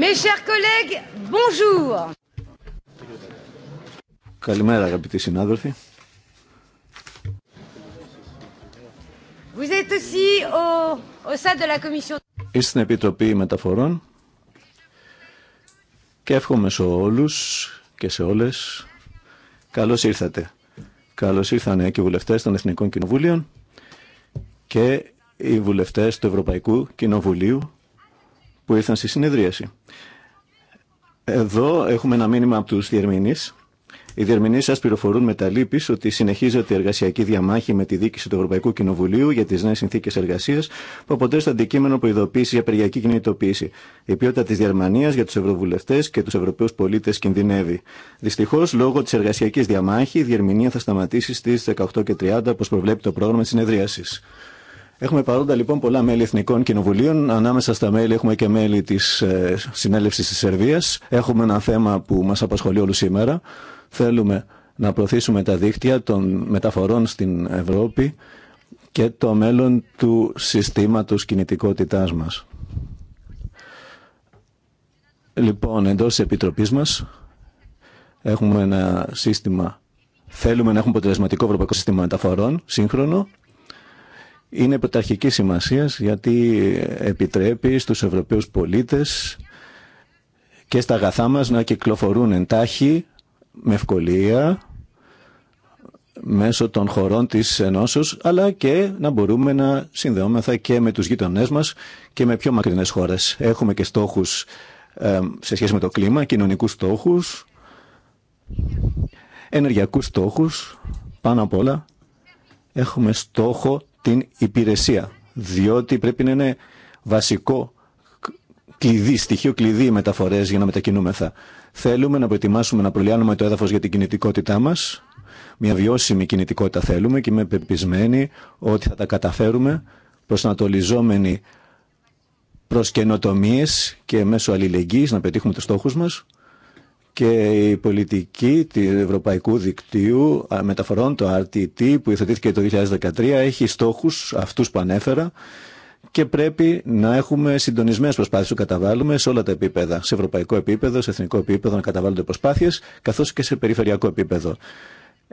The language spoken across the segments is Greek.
chers collègues, bonjour. Καλημέρα αγαπητοί συνάδελφοι. Vous êtes aussi au, au sein de la commission. Είστε στην Επιτροπή Μεταφορών και εύχομαι σε όλους και σε όλες καλώς ήρθατε. Καλώς ήρθανε και οι βουλευτές των Εθνικών Κοινοβουλίων και οι βουλευτές του Ευρωπαϊκού Κοινοβουλίου που ήρθαν στη συνεδρίαση. Εδώ έχουμε ένα μήνυμα από τους διερμηνείς. Οι διερμηνείς σας πληροφορούν με τα λύπης ότι συνεχίζεται η εργασιακή διαμάχη με τη δίκηση του Ευρωπαϊκού Κοινοβουλίου για τις νέες συνθήκες εργασίας που το αντικείμενο που προειδοποίηση για περιακή κινητοποίηση. Η ποιότητα της Γερμανίας για τους ευρωβουλευτές και τους ευρωπαίους πολίτες κινδυνεύει. Δυστυχώς, λόγω της εργασιακής διαμάχη, η διερμηνία θα σταματήσει στις 18.30 όπω προβλέπει το πρόγραμμα συνεδρίασης. Έχουμε παρόντα λοιπόν πολλά μέλη εθνικών κοινοβουλίων. Ανάμεσα στα μέλη έχουμε και μέλη τη ε, συνέλευση τη Σερβία. Έχουμε ένα θέμα που μα απασχολεί όλου σήμερα. Θέλουμε να προωθήσουμε τα δίκτυα των μεταφορών στην Ευρώπη και το μέλλον του συστήματος κινητικότητάς μας. Λοιπόν, εντός της Επιτροπής μας έχουμε ένα σύστημα, θέλουμε να έχουμε αποτελεσματικό ευρωπαϊκό σύστημα μεταφορών, σύγχρονο είναι πρωταρχική σημασία γιατί επιτρέπει στους Ευρωπαίους πολίτες και στα αγαθά μας να κυκλοφορούν εντάχει με ευκολία μέσω των χωρών της Ενώσεως αλλά και να μπορούμε να συνδεόμεθα και με τους γειτονέ μας και με πιο μακρινές χώρες. Έχουμε και στόχους ε, σε σχέση με το κλίμα, κοινωνικούς στόχους, ενεργειακούς στόχους, πάνω απ' όλα έχουμε στόχο την υπηρεσία, διότι πρέπει να είναι βασικό κλειδί, στοιχείο κλειδί οι μεταφορές για να μετακινούμεθα. Θέλουμε να προετοιμάσουμε να προλιάνουμε το έδαφος για την κινητικότητά μας, μια βιώσιμη κινητικότητα θέλουμε και είμαι πεπισμένη ότι θα τα καταφέρουμε προσανατολιζόμενοι προς καινοτομίε και μέσω αλληλεγγύης να πετύχουμε τους στόχους μας και η πολιτική του Ευρωπαϊκού Δικτύου Μεταφορών, το RTT, που υιοθετήθηκε το 2013, έχει στόχους, αυτούς που ανέφερα, και πρέπει να έχουμε συντονισμένε προσπάθειε που καταβάλουμε σε όλα τα επίπεδα. Σε ευρωπαϊκό επίπεδο, σε εθνικό επίπεδο να καταβάλλονται προσπάθειε, καθώ και σε περιφερειακό επίπεδο.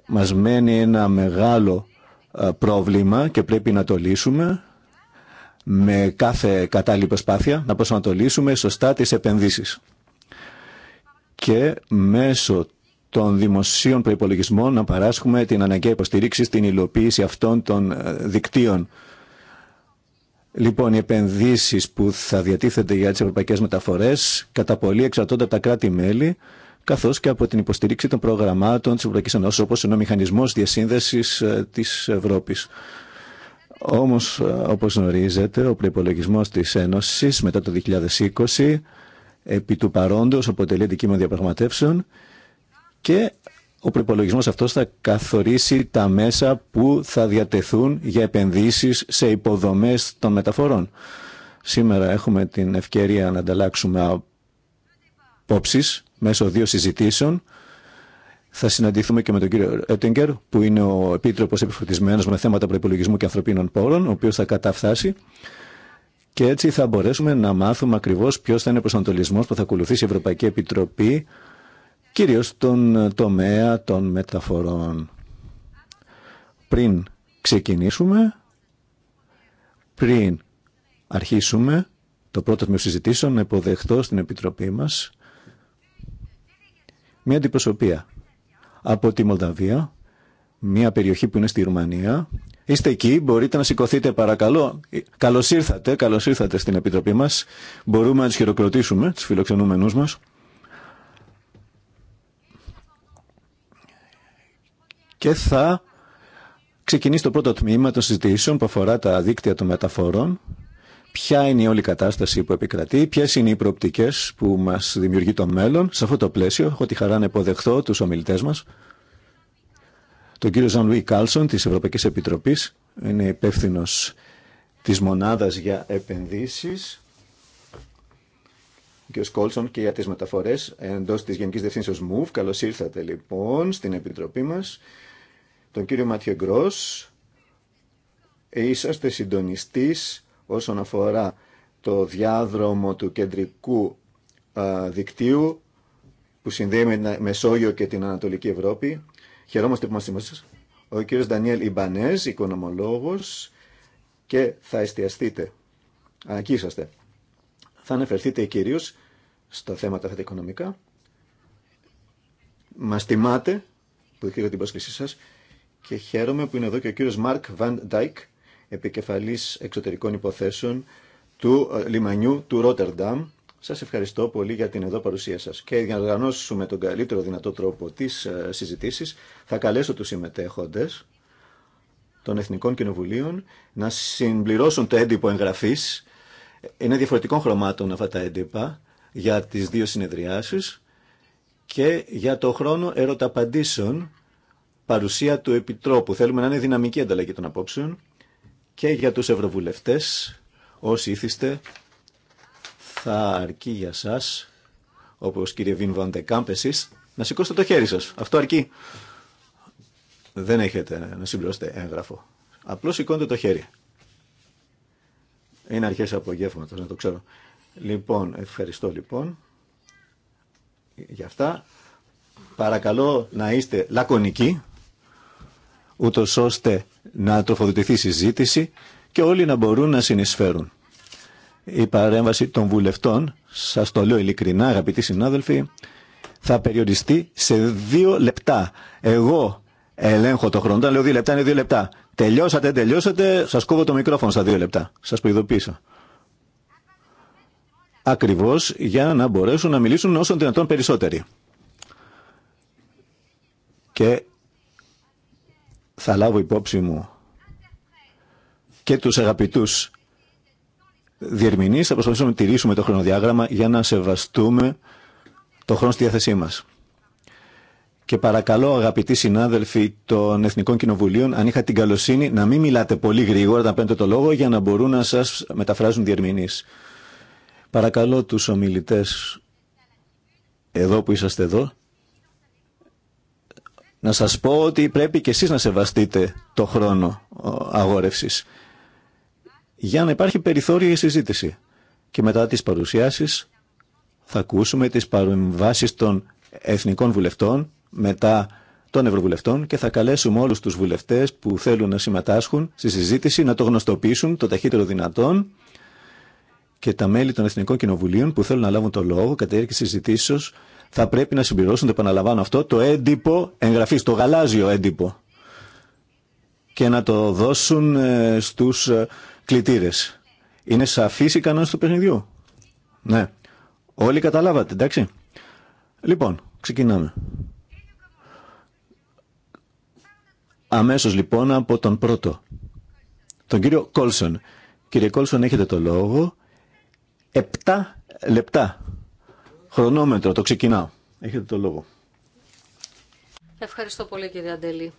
Μα μένει ένα μεγάλο πρόβλημα και πρέπει να το λύσουμε με κάθε κατάλληλη προσπάθεια να προσανατολίσουμε σωστά τις επενδύσεις και μέσω των δημοσίων προϋπολογισμών να παράσχουμε την αναγκαία υποστηρίξη στην υλοποίηση αυτών των ε, δικτύων. Λοιπόν, οι επενδύσει που θα διατίθενται για τι ευρωπαϊκέ μεταφορέ, κατά πολύ εξαρτώνται από τα κράτη-μέλη καθώ και από την υποστηρίξη των προγραμμάτων τη Ευρωπαϊκή Ένωση, όπω είναι ο μηχανισμό διασύνδεσης ε, τη Ευρώπη. Όμω, ε, όπω γνωρίζετε, ο προπολογισμό τη Ένωση μετά το 2020 επί του παρόντος αποτελεί αντικείμενο διαπραγματεύσεων και ο προπολογισμό αυτός θα καθορίσει τα μέσα που θα διατεθούν για επενδύσεις σε υποδομές των μεταφορών. Σήμερα έχουμε την ευκαιρία να ανταλλάξουμε απόψεις μέσω δύο συζητήσεων. Θα συναντηθούμε και με τον κύριο Έττιγκερ, που είναι ο επίτροπος επιφορτισμένος με θέματα προπολογισμού και ανθρωπίνων πόρων, ο οποίος θα καταφτάσει και έτσι θα μπορέσουμε να μάθουμε ακριβώς ποιο θα είναι ο προσανατολισμό που θα ακολουθήσει η Ευρωπαϊκή Επιτροπή κυρίω στον ε, τομέα των μεταφορών. Πριν ξεκινήσουμε, πριν αρχίσουμε το πρώτο τμήμα συζητήσεων να υποδεχτώ στην Επιτροπή μας μια αντιπροσωπεία από τη Μολδαβία, μια περιοχή που είναι στη Ρουμανία Είστε εκεί, μπορείτε να σηκωθείτε παρακαλώ. Καλώ ήρθατε, καλώ ήρθατε στην Επιτροπή μα. Μπορούμε να του χειροκροτήσουμε, του φιλοξενούμενου μα. Και θα ξεκινήσει το πρώτο τμήμα των συζητήσεων που αφορά τα δίκτυα των μεταφορών. Ποια είναι η όλη κατάσταση που επικρατεί, ποιε είναι οι προοπτικέ που μα δημιουργεί το μέλλον. Σε αυτό το πλαίσιο, έχω τη χαρά να υποδεχθώ του ομιλητέ μα τον κύριο Ζαν Λουί Κάλσον της Ευρωπαϊκής Επιτροπής, είναι υπεύθυνο της Μονάδας για Επενδύσεις, ο κύριος Κόλσον και για τις μεταφορές εντός της Γενικής Διευθύνσεως ΜΟΥΒ. Καλώς ήρθατε λοιπόν στην Επιτροπή μας. Τον κύριο Μάτιο Γκρός, ε, είσαστε συντονιστής όσον αφορά το διάδρομο του κεντρικού δικτύου που συνδέει με τη Μεσόγειο και την Ανατολική Ευρώπη Χαιρόμαστε που μας θυμάστε. Ο κύριος Δανιέλ Ιμπανές, οικονομολόγος και θα εστιαστείτε. Ανακοίσαστε. Θα αναφερθείτε κυρίω στα θέματα αυτά τα οικονομικά. Μας τιμάτε που δείχνει την πρόσκλησή σας και χαίρομαι που είναι εδώ και ο κύριος Μάρκ Βαν Ντάικ, επικεφαλής εξωτερικών υποθέσεων του ε, λιμανιού του Ρότερνταμ σας ευχαριστώ πολύ για την εδώ παρουσία σας και για να οργανώσουμε τον καλύτερο δυνατό τρόπο τις ε, συζητήσεις θα καλέσω τους συμμετέχοντες των Εθνικών Κοινοβουλίων να συμπληρώσουν το έντυπο εγγραφής. Είναι διαφορετικών χρωμάτων αυτά τα έντυπα για τις δύο συνεδριάσεις και για το χρόνο ερωταπαντήσεων παρουσία του Επιτρόπου. Θέλουμε να είναι δυναμική ανταλλαγή των απόψεων και για τους Ευρωβουλευτές όσοι ήθιστε θα αρκεί για σας, όπως κύριε Βιν Βαντεκάμπ να σηκώσετε το χέρι σα. Αυτό αρκεί. Δεν έχετε να συμπληρώσετε έγγραφο. Απλώς σηκώνετε το χέρι. Είναι αρχές απογεύματο, να το ξέρω. Λοιπόν, ευχαριστώ λοιπόν για αυτά. Παρακαλώ να είστε λακωνικοί, ούτως ώστε να τροφοδοτηθεί η συζήτηση και όλοι να μπορούν να συνεισφέρουν η παρέμβαση των βουλευτών, σας το λέω ειλικρινά αγαπητοί συνάδελφοι, θα περιοριστεί σε δύο λεπτά. Εγώ ελέγχω το χρόνο, λέω δύο λεπτά είναι δύο λεπτά. Τελειώσατε, τελειώσατε, σας κόβω το μικρόφωνο στα δύο λεπτά. Σας προειδοποίησα. Ακριβώς για να μπορέσουν να μιλήσουν όσων δυνατόν περισσότεροι. Και θα λάβω υπόψη μου και τους αγαπητούς διερμηνείς θα προσπαθήσουμε να τηρήσουμε το χρονοδιάγραμμα για να σεβαστούμε το χρόνο στη διάθεσή μας. Και παρακαλώ αγαπητοί συνάδελφοι των Εθνικών Κοινοβουλίων, αν είχα την καλοσύνη να μην μιλάτε πολύ γρήγορα να παίρνετε το λόγο για να μπορούν να σας μεταφράζουν διερμηνείς. Παρακαλώ τους ομιλητές εδώ που είσαστε εδώ να σας πω ότι πρέπει και εσείς να σεβαστείτε το χρόνο αγόρευσης για να υπάρχει περιθώριο για συζήτηση. Και μετά τις παρουσιάσεις θα ακούσουμε τις παρεμβάσεις των εθνικών βουλευτών, μετά των Ευρωβουλευτών και θα καλέσουμε όλους τους βουλευτές που θέλουν να συμμετάσχουν στη συζήτηση να το γνωστοποιήσουν το ταχύτερο δυνατόν και τα μέλη των Εθνικών Κοινοβουλίων που θέλουν να λάβουν το λόγο κατά τη συζητήσεω θα πρέπει να συμπληρώσουν, το επαναλαμβάνω αυτό, το έντυπο εγγραφή, το γαλάζιο έντυπο και να το δώσουν ε, στους ε, Κλητήρε. Είναι σαφή η κανόνα του παιχνιδιού. Ναι. Όλοι καταλάβατε, εντάξει. Λοιπόν, ξεκινάμε. Αμέσως λοιπόν από τον πρώτο, τον κύριο Κόλσον. Κύριε Κόλσον, έχετε το λόγο. Επτά λεπτά. Χρονόμετρο, το ξεκινάω. Έχετε το λόγο. Ευχαριστώ πολύ κύριε Αντελή.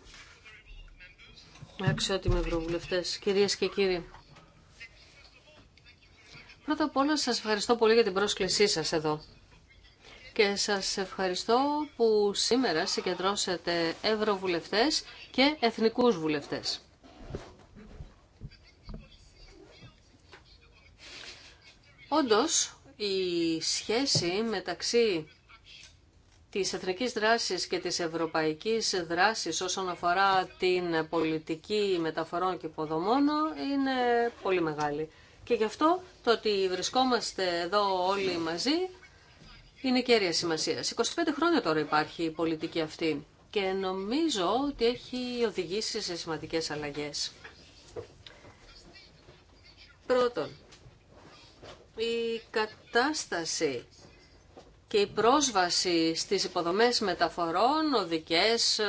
Αξιότιμοι ευρωβουλευτές, κυρίες και κύριοι. Πρώτα απ' όλα σας ευχαριστώ πολύ για την πρόσκλησή σας εδώ. Και σας ευχαριστώ που σήμερα συγκεντρώσετε ευρωβουλευτές και εθνικούς βουλευτές. Όντως, η σχέση μεταξύ της εθνικής δράσης και της ευρωπαϊκής δράσης όσον αφορά την πολιτική μεταφορών και υποδομών είναι πολύ μεγάλη. Και γι' αυτό το ότι βρισκόμαστε εδώ όλοι μαζί είναι κέρια σημασία. 25 χρόνια τώρα υπάρχει η πολιτική αυτή και νομίζω ότι έχει οδηγήσει σε σημαντικές αλλαγές. Πρώτον, η κατάσταση και η πρόσβαση στις υποδομές μεταφορών, οδικές, ε,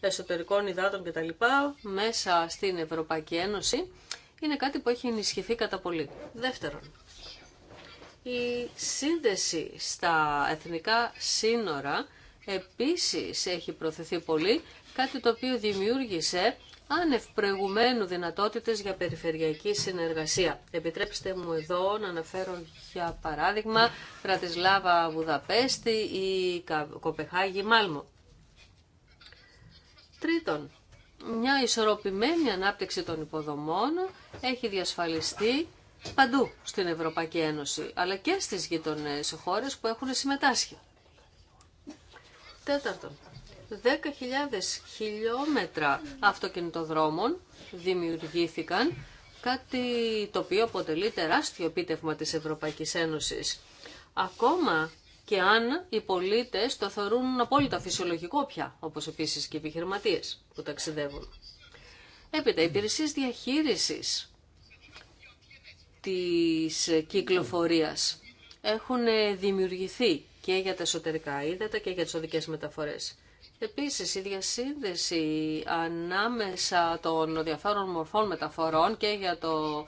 εσωτερικών υδάτων κτλ. μέσα στην Ευρωπαϊκή Ένωση είναι κάτι που έχει ενισχυθεί κατά πολύ. Δεύτερον, η σύνδεση στα εθνικά σύνορα επίσης έχει προθεθεί πολύ, κάτι το οποίο δημιούργησε άνευ προηγουμένου δυνατότητες για περιφερειακή συνεργασία. Επιτρέψτε μου εδώ να αναφέρω για παράδειγμα Πρατισλάβα Βουδαπέστη ή Κοπεχάγη Μάλμο. Τρίτον, μια ισορροπημένη ανάπτυξη των υποδομών έχει διασφαλιστεί παντού στην Ευρωπαϊκή Ένωση, αλλά και στις γειτονές χώρες που έχουν συμμετάσχει. Τέταρτον, 10.000 χιλιόμετρα αυτοκινητοδρόμων δημιουργήθηκαν, κάτι το οποίο αποτελεί τεράστιο επίτευγμα της Ευρωπαϊκής Ένωσης. Ακόμα και αν οι πολίτε το θεωρούν απόλυτα φυσιολογικό πια, όπως επίσης και οι επιχειρηματίε που ταξιδεύουν. Έπειτα, οι υπηρεσίε διαχείρισης τη κυκλοφορία έχουν δημιουργηθεί και για τα εσωτερικά ύδατα και για τις οδικές μεταφορές. Επίσης, η διασύνδεση ανάμεσα των διαφόρων μορφών μεταφορών και για το,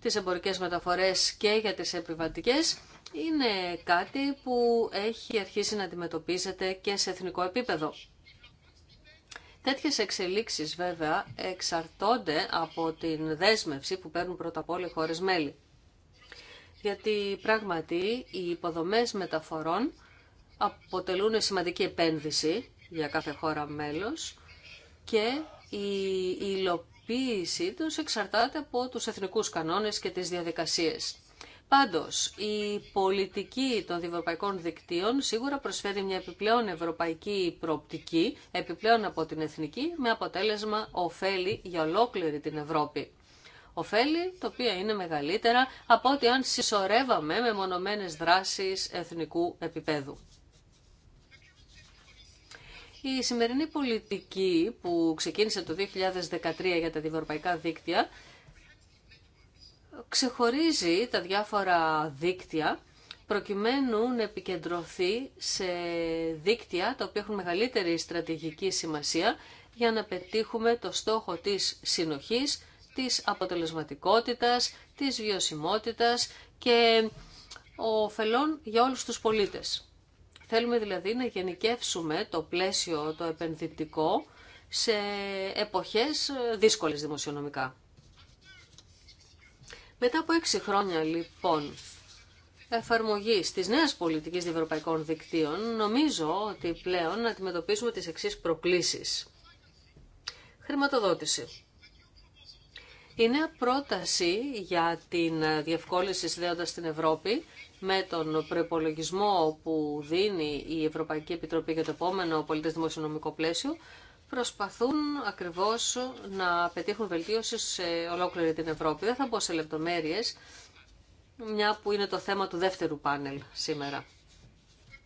τις εμπορικές μεταφορές και για τις επιβατικές είναι κάτι που έχει αρχίσει να αντιμετωπίζεται και σε εθνικό επίπεδο. Τέτοιες εξελίξεις βέβαια εξαρτώνται από την δέσμευση που παίρνουν πρώτα απ' όλα οι χώρες μέλη. Γιατί πράγματι οι υποδομές μεταφορών αποτελούν σημαντική επένδυση για κάθε χώρα μέλος και η υλοποίησή τους εξαρτάται από τους εθνικούς κανόνες και τις διαδικασίες. Πάντω, η πολιτική των διευρωπαϊκών δικτύων σίγουρα προσφέρει μια επιπλέον ευρωπαϊκή προοπτική, επιπλέον από την εθνική, με αποτέλεσμα ωφέλη για ολόκληρη την Ευρώπη. Οφέλη, το οποίο είναι μεγαλύτερα από ότι αν συσσωρεύαμε με μονομένες δράσεις εθνικού επίπεδου. Η σημερινή πολιτική που ξεκίνησε το 2013 για τα διευρωπαϊκά δίκτυα ξεχωρίζει τα διάφορα δίκτυα προκειμένου να επικεντρωθεί σε δίκτυα τα οποία έχουν μεγαλύτερη στρατηγική σημασία για να πετύχουμε το στόχο της συνοχής, της αποτελεσματικότητας, της βιωσιμότητας και οφελών για όλους τους πολίτες. Θέλουμε δηλαδή να γενικεύσουμε το πλαίσιο το επενδυτικό σε εποχές δύσκολες δημοσιονομικά. Μετά από έξι χρόνια λοιπόν εφαρμογή τη νέα πολιτική διευρωπαϊκών δικτύων, νομίζω ότι πλέον να αντιμετωπίσουμε τι εξή προκλήσει. Χρηματοδότηση. Η νέα πρόταση για την διευκόλυνση συνδέοντας την Ευρώπη με τον προπολογισμό που δίνει η Ευρωπαϊκή Επιτροπή για το επόμενο πολιτισμο δημοσιονομικό πλαίσιο προσπαθούν ακριβώς να πετύχουν βελτίωση σε ολόκληρη την Ευρώπη. Δεν θα μπω σε λεπτομέρειες, μια που είναι το θέμα του δεύτερου πάνελ σήμερα.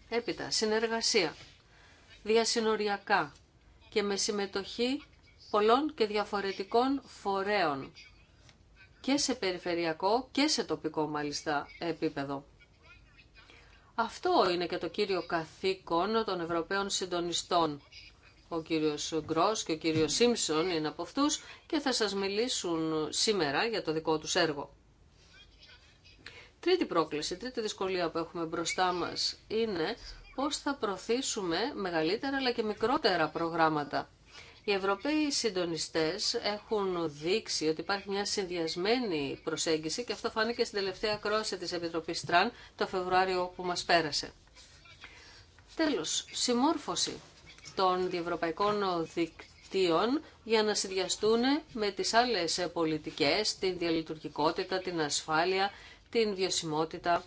Έπειτα, συνεργασία, διασυνοριακά και με συμμετοχή πολλών και διαφορετικών φορέων και σε περιφερειακό και σε τοπικό μάλιστα επίπεδο. Αυτό είναι και το κύριο καθήκον των Ευρωπαίων συντονιστών ο κύριος Γκρός και ο κύριος Σίμψον είναι από αυτούς και θα σας μιλήσουν σήμερα για το δικό τους έργο. Τρίτη πρόκληση, τρίτη δυσκολία που έχουμε μπροστά μας είναι πώς θα προωθήσουμε μεγαλύτερα αλλά και μικρότερα προγράμματα. Οι Ευρωπαίοι συντονιστές έχουν δείξει ότι υπάρχει μια συνδυασμένη προσέγγιση και αυτό φάνηκε στην τελευταία κρόση της Επιτροπής Τραν το Φεβρουάριο που μας πέρασε. Τέλος, συμμόρφωση των διευρωπαϊκών δικτύων για να συνδυαστούν με τις άλλες πολιτικές, την διαλειτουργικότητα, την ασφάλεια, την βιωσιμότητα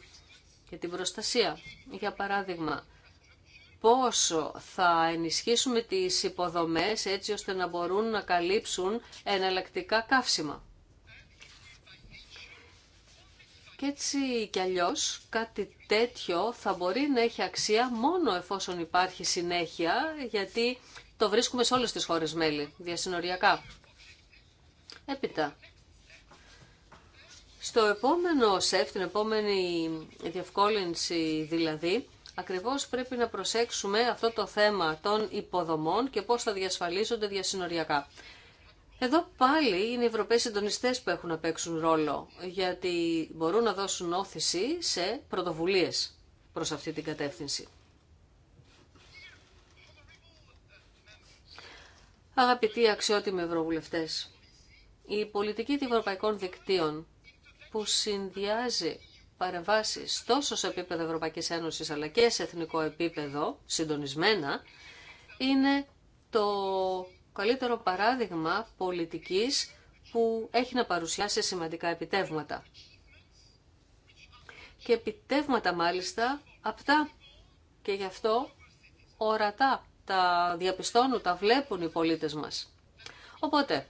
και την προστασία. Για παράδειγμα, πόσο θα ενισχύσουμε τις υποδομές έτσι ώστε να μπορούν να καλύψουν εναλλακτικά καύσιμα. Και έτσι κι αλλιώς κάτι τέτοιο θα μπορεί να έχει αξία μόνο εφόσον υπάρχει συνέχεια, γιατί το βρίσκουμε σε όλες τις χώρες μέλη, διασυνοριακά. Έπειτα, στο επόμενο ΣΕΦ, την επόμενη διευκόλυνση δηλαδή, ακριβώς πρέπει να προσέξουμε αυτό το θέμα των υποδομών και πώς θα διασφαλίζονται διασυνοριακά. Εδώ πάλι είναι οι Ευρωπαίοι συντονιστέ που έχουν να παίξουν ρόλο, γιατί μπορούν να δώσουν όθηση σε πρωτοβουλίε προς αυτή την κατεύθυνση. Αγαπητοί αξιότιμοι ευρωβουλευτές, η πολιτική των ευρωπαϊκών δικτύων που συνδυάζει παρεμβάσει τόσο σε επίπεδο Ευρωπαϊκής Ένωσης αλλά και σε εθνικό επίπεδο, συντονισμένα, είναι το καλύτερο παράδειγμα πολιτικής που έχει να παρουσιάσει σημαντικά επιτεύγματα. Και επιτεύγματα μάλιστα απτά και γι' αυτό ορατά τα διαπιστώνουν, τα βλέπουν οι πολίτες μας. Οπότε,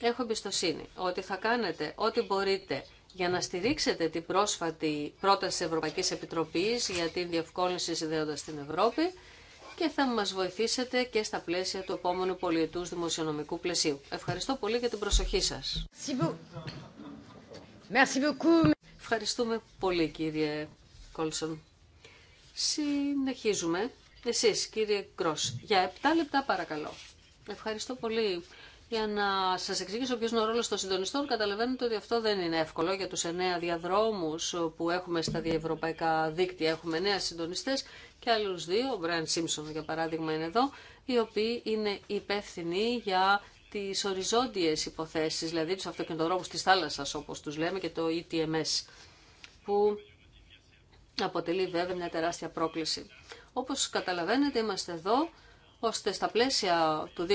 έχω εμπιστοσύνη ότι θα κάνετε ό,τι μπορείτε για να στηρίξετε την πρόσφατη πρόταση της Ευρωπαϊκής Επιτροπής για την διευκόλυνση συνδέοντας στην Ευρώπη και θα μας βοηθήσετε και στα πλαίσια του επόμενου πολιετούς δημοσιονομικού πλαισίου. Ευχαριστώ πολύ για την προσοχή σας. Ευχαριστούμε πολύ κύριε Κόλσον. Συνεχίζουμε. Εσείς κύριε Γκρός, για 7 λεπτά παρακαλώ. Ευχαριστώ πολύ. Για να σας εξηγήσω ποιος είναι ο ρόλος των συντονιστών, καταλαβαίνετε ότι αυτό δεν είναι εύκολο για τους εννέα διαδρόμους που έχουμε στα διευρωπαϊκά δίκτυα. Έχουμε νέα συντονιστές και άλλους δύο, ο Μπραν Σίμψον για παράδειγμα είναι εδώ, οι οποίοι είναι υπεύθυνοι για τις οριζόντιες υποθέσεις, δηλαδή τους αυτοκινητοδρόμους της θάλασσας όπως τους λέμε και το ETMS, που αποτελεί βέβαια μια τεράστια πρόκληση. Όπως καταλαβαίνετε είμαστε εδώ ώστε στα πλαίσια του 2030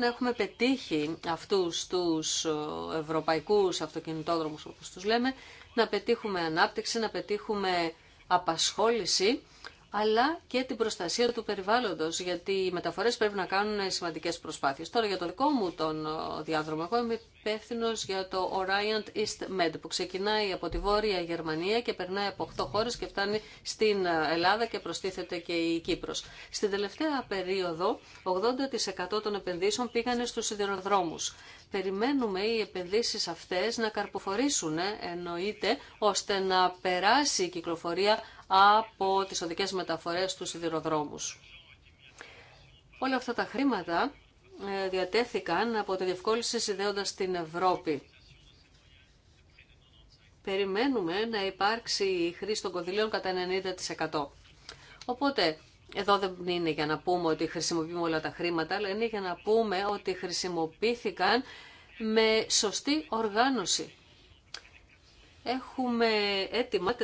να έχουμε πετύχει αυτούς τους ε, ευρωπαϊκούς αυτοκινητόδρομους όπως τους λέμε, να πετύχουμε ανάπτυξη, να πετύχουμε απασχόληση, αλλά και την προστασία του περιβάλλοντος, γιατί οι μεταφορές πρέπει να κάνουν σημαντικές προσπάθειες. Τώρα για το δικό μου τον διάδρομο, εγώ είμαι υπεύθυνο για το Orient East Med, που ξεκινάει από τη Βόρεια Γερμανία και περνάει από 8 χώρες και φτάνει στην ε, Ελλάδα και προστίθεται και η Κύπρος. Στην τελευταία περίοδο, 80% των επενδύσεων πήγανε στους σιδηροδρόμους. Περιμένουμε οι επενδύσεις αυτές να καρποφορήσουν, ε, εννοείται, ώστε να περάσει η κυκλοφορία από τις οδικές μεταφορές του σιδηροδρόμους. Όλα αυτά τα χρήματα ε, διατέθηκαν από τη διευκόλυνση συνδέοντας την Ευρώπη. Περιμένουμε να υπάρξει η χρήση των κονδυλίων κατά 90%. Οπότε, εδώ δεν είναι για να πούμε ότι χρησιμοποιούμε όλα τα χρήματα, αλλά είναι για να πούμε ότι χρησιμοποιήθηκαν με σωστή οργάνωση έχουμε έτοιμα 410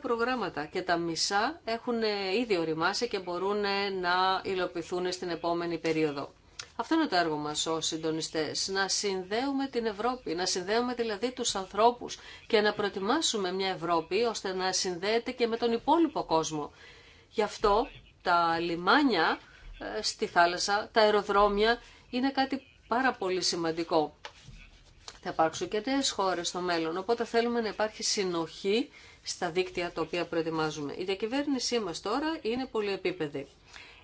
προγράμματα και τα μισά έχουν ήδη οριμάσει και μπορούν να υλοποιηθούν στην επόμενη περίοδο. Αυτό είναι το έργο μας ως συντονιστές, να συνδέουμε την Ευρώπη, να συνδέουμε δηλαδή τους ανθρώπους και να προετοιμάσουμε μια Ευρώπη ώστε να συνδέεται και με τον υπόλοιπο κόσμο. Γι' αυτό τα λιμάνια ε, στη θάλασσα, τα αεροδρόμια είναι κάτι πάρα πολύ σημαντικό. Θα υπάρξουν και τέτοιες χώρες στο μέλλον. Οπότε θέλουμε να υπάρχει συνοχή στα δίκτυα τα οποία προετοιμάζουμε. Η διακυβέρνησή μας τώρα είναι πολυεπίπεδη.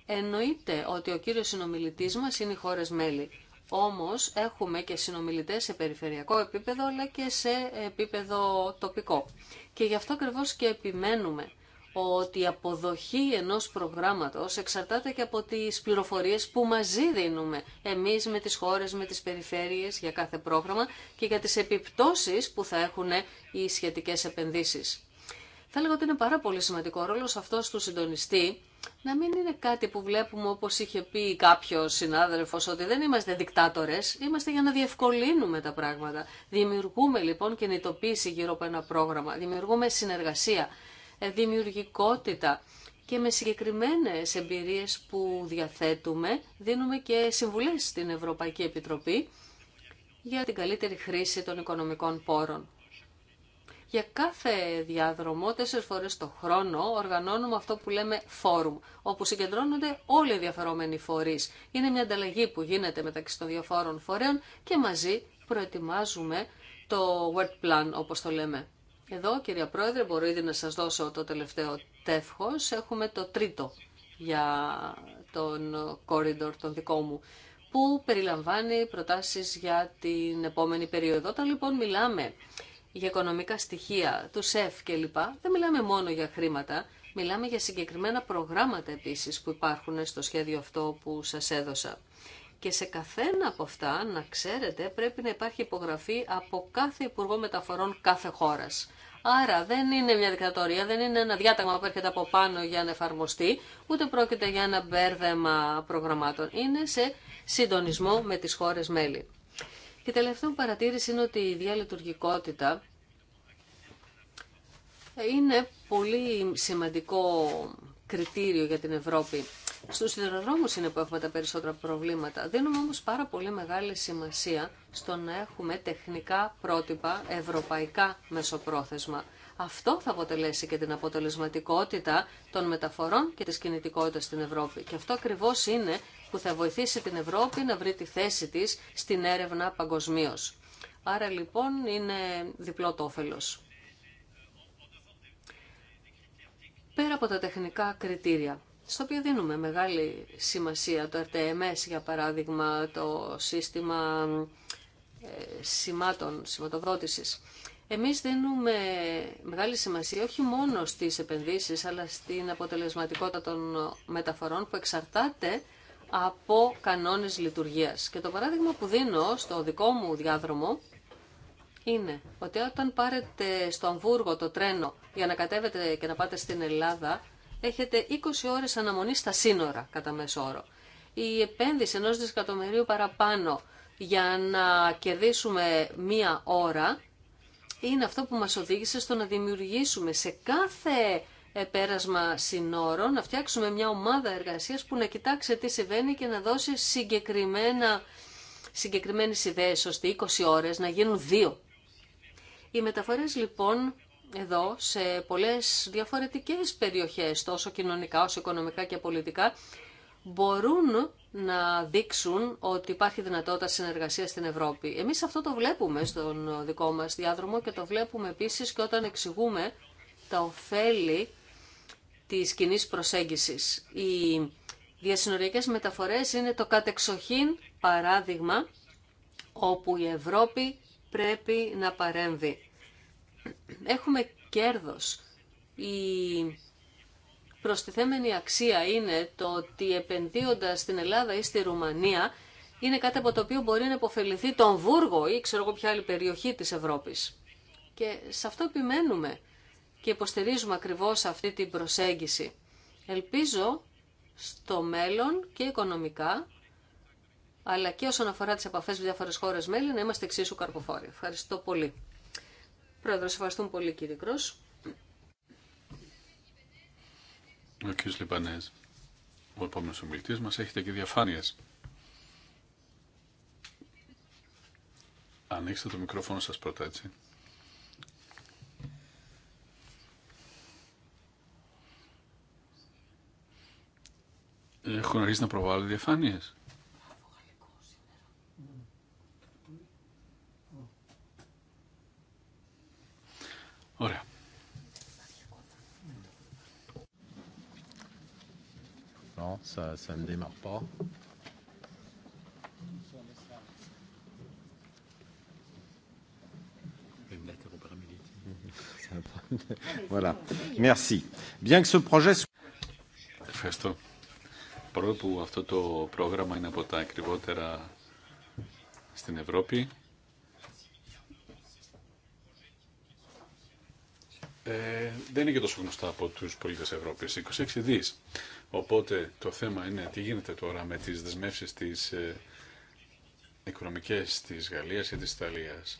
Εννοείται ότι ο κύριος συνομιλητή μας είναι οι χώρε μέλη. όμως έχουμε και συνομιλητέ σε περιφερειακό επίπεδο αλλά και σε επίπεδο τοπικό. Και γι' αυτό ακριβώ και επιμένουμε ότι η αποδοχή ενός προγράμματος εξαρτάται και από τις πληροφορίες που μαζί δίνουμε εμείς με τις χώρες, με τις περιφέρειες για κάθε πρόγραμμα και για τις επιπτώσεις που θα έχουν οι σχετικές επενδύσεις. Θα λέγω ότι είναι πάρα πολύ σημαντικό ο ρόλος αυτός του συντονιστή να μην είναι κάτι που βλέπουμε όπως είχε πει κάποιος συνάδελφος ότι δεν είμαστε δικτάτορες, είμαστε για να διευκολύνουμε τα πράγματα. Δημιουργούμε λοιπόν κινητοποίηση γύρω από ένα πρόγραμμα, δημιουργούμε συνεργασία δημιουργικότητα και με συγκεκριμένες εμπειρίες που διαθέτουμε δίνουμε και συμβουλές στην Ευρωπαϊκή Επιτροπή για την καλύτερη χρήση των οικονομικών πόρων. Για κάθε διάδρομο, τέσσερις φορές το χρόνο, οργανώνουμε αυτό που λέμε φόρουμ, όπου συγκεντρώνονται όλοι οι διαφορομενοί φορείς. Είναι μια ανταλλαγή που γίνεται μεταξύ των διαφόρων φορέων και μαζί προετοιμάζουμε το work plan, όπως το λέμε. Εδώ, κυρία Πρόεδρε, μπορώ ήδη να σας δώσω το τελευταίο τεύχος. Έχουμε το τρίτο για τον κόριντορ, τον δικό μου, που περιλαμβάνει προτάσεις για την επόμενη περίοδο. Όταν λοιπόν μιλάμε για οικονομικά στοιχεία, του ΣΕΦ κλπ, δεν μιλάμε μόνο για χρήματα, μιλάμε για συγκεκριμένα προγράμματα επίσης που υπάρχουν στο σχέδιο αυτό που σας έδωσα. Και σε καθένα από αυτά, να ξέρετε, πρέπει να υπάρχει υπογραφή από κάθε Υπουργό Μεταφορών κάθε χώρας. Άρα δεν είναι μια δικτατορία, δεν είναι ένα διάταγμα που έρχεται από πάνω για να εφαρμοστεί, ούτε πρόκειται για ένα μπέρδεμα προγραμμάτων. Είναι σε συντονισμό με τις χώρες μέλη. Και τελευταία παρατήρηση είναι ότι η διαλειτουργικότητα είναι πολύ σημαντικό κριτήριο για την Ευρώπη. Στου σιδηροδρόμους είναι που έχουμε τα περισσότερα προβλήματα. Δίνουμε όμως πάρα πολύ μεγάλη σημασία στο να έχουμε τεχνικά πρότυπα ευρωπαϊκά μεσοπρόθεσμα. Αυτό θα αποτελέσει και την αποτελεσματικότητα των μεταφορών και της κινητικότητας στην Ευρώπη. Και αυτό ακριβώς είναι που θα βοηθήσει την Ευρώπη να βρει τη θέση της στην έρευνα παγκοσμίω. Άρα λοιπόν είναι διπλό το όφελος. Πέρα από τα τεχνικά κριτήρια, στο οποίο δίνουμε μεγάλη σημασία. Το RTMS, για παράδειγμα, το σύστημα ε, σημάτων, σηματοδότησης. Εμείς δίνουμε μεγάλη σημασία όχι μόνο στις επενδύσεις, αλλά στην αποτελεσματικότητα των μεταφορών που εξαρτάται από κανόνες λειτουργίας. Και το παράδειγμα που δίνω στο δικό μου διάδρομο είναι ότι όταν πάρετε στο Αμβούργο το τρένο για να κατέβετε και να πάτε στην Ελλάδα, έχετε 20 ώρες αναμονή στα σύνορα κατά μέσο όρο. Η επένδυση ενός δισεκατομμυρίου παραπάνω για να κερδίσουμε μία ώρα είναι αυτό που μας οδήγησε στο να δημιουργήσουμε σε κάθε πέρασμα συνόρων, να φτιάξουμε μια ομάδα εργασίας που να κοιτάξει τι συμβαίνει και να δώσει συγκεκριμένα, συγκεκριμένες ιδέες, ώστε 20 ώρες να γίνουν δύο. Οι μεταφορές λοιπόν εδώ σε πολλές διαφορετικές περιοχές, τόσο κοινωνικά όσο οικονομικά και πολιτικά, μπορούν να δείξουν ότι υπάρχει δυνατότητα συνεργασίας στην Ευρώπη. Εμείς αυτό το βλέπουμε στον δικό μας διάδρομο και το βλέπουμε επίσης και όταν εξηγούμε τα ωφέλη της κοινή προσέγγισης. Οι διασυνοριακές μεταφορές είναι το κατεξοχήν παράδειγμα όπου η Ευρώπη πρέπει να παρέμβει έχουμε κέρδος. Η προστιθέμενη αξία είναι το ότι επενδύοντας στην Ελλάδα ή στη Ρουμανία είναι κάτι από το οποίο μπορεί να υποφεληθεί τον Βούργο ή ξέρω εγώ ποια άλλη περιοχή της Ευρώπης. Και σε αυτό επιμένουμε και υποστηρίζουμε ακριβώς αυτή την προσέγγιση. Ελπίζω στο μέλλον και οικονομικά, αλλά και όσον αφορά τις επαφές με διάφορες χώρες μέλη, να είμαστε εξίσου καρποφόροι. Ευχαριστώ πολύ. Πρόεδρος, ευχαριστούμε πολύ κύριε Κρό. Ο κύριος Λιμπανέ, ο επόμενο ομιλητή μα έχετε και διαφάνειε. Ανοίξτε το μικρόφωνο σας πρώτα, έτσι. Έχουν αρχίσει να προβάλλουν διαφάνειες. Ωραία. Ευχαριστώ. Παρόλο που αυτό το πρόγραμμα είναι από τα ακριβότερα στην Ευρώπη, ε, δεν είναι και τόσο γνωστά από τους πολίτες Ευρώπης. 26 δι. Οπότε το θέμα είναι τι γίνεται τώρα με τις δεσμεύσεις τη ε, οικονομικές της Γαλλίας και της Ιταλίας.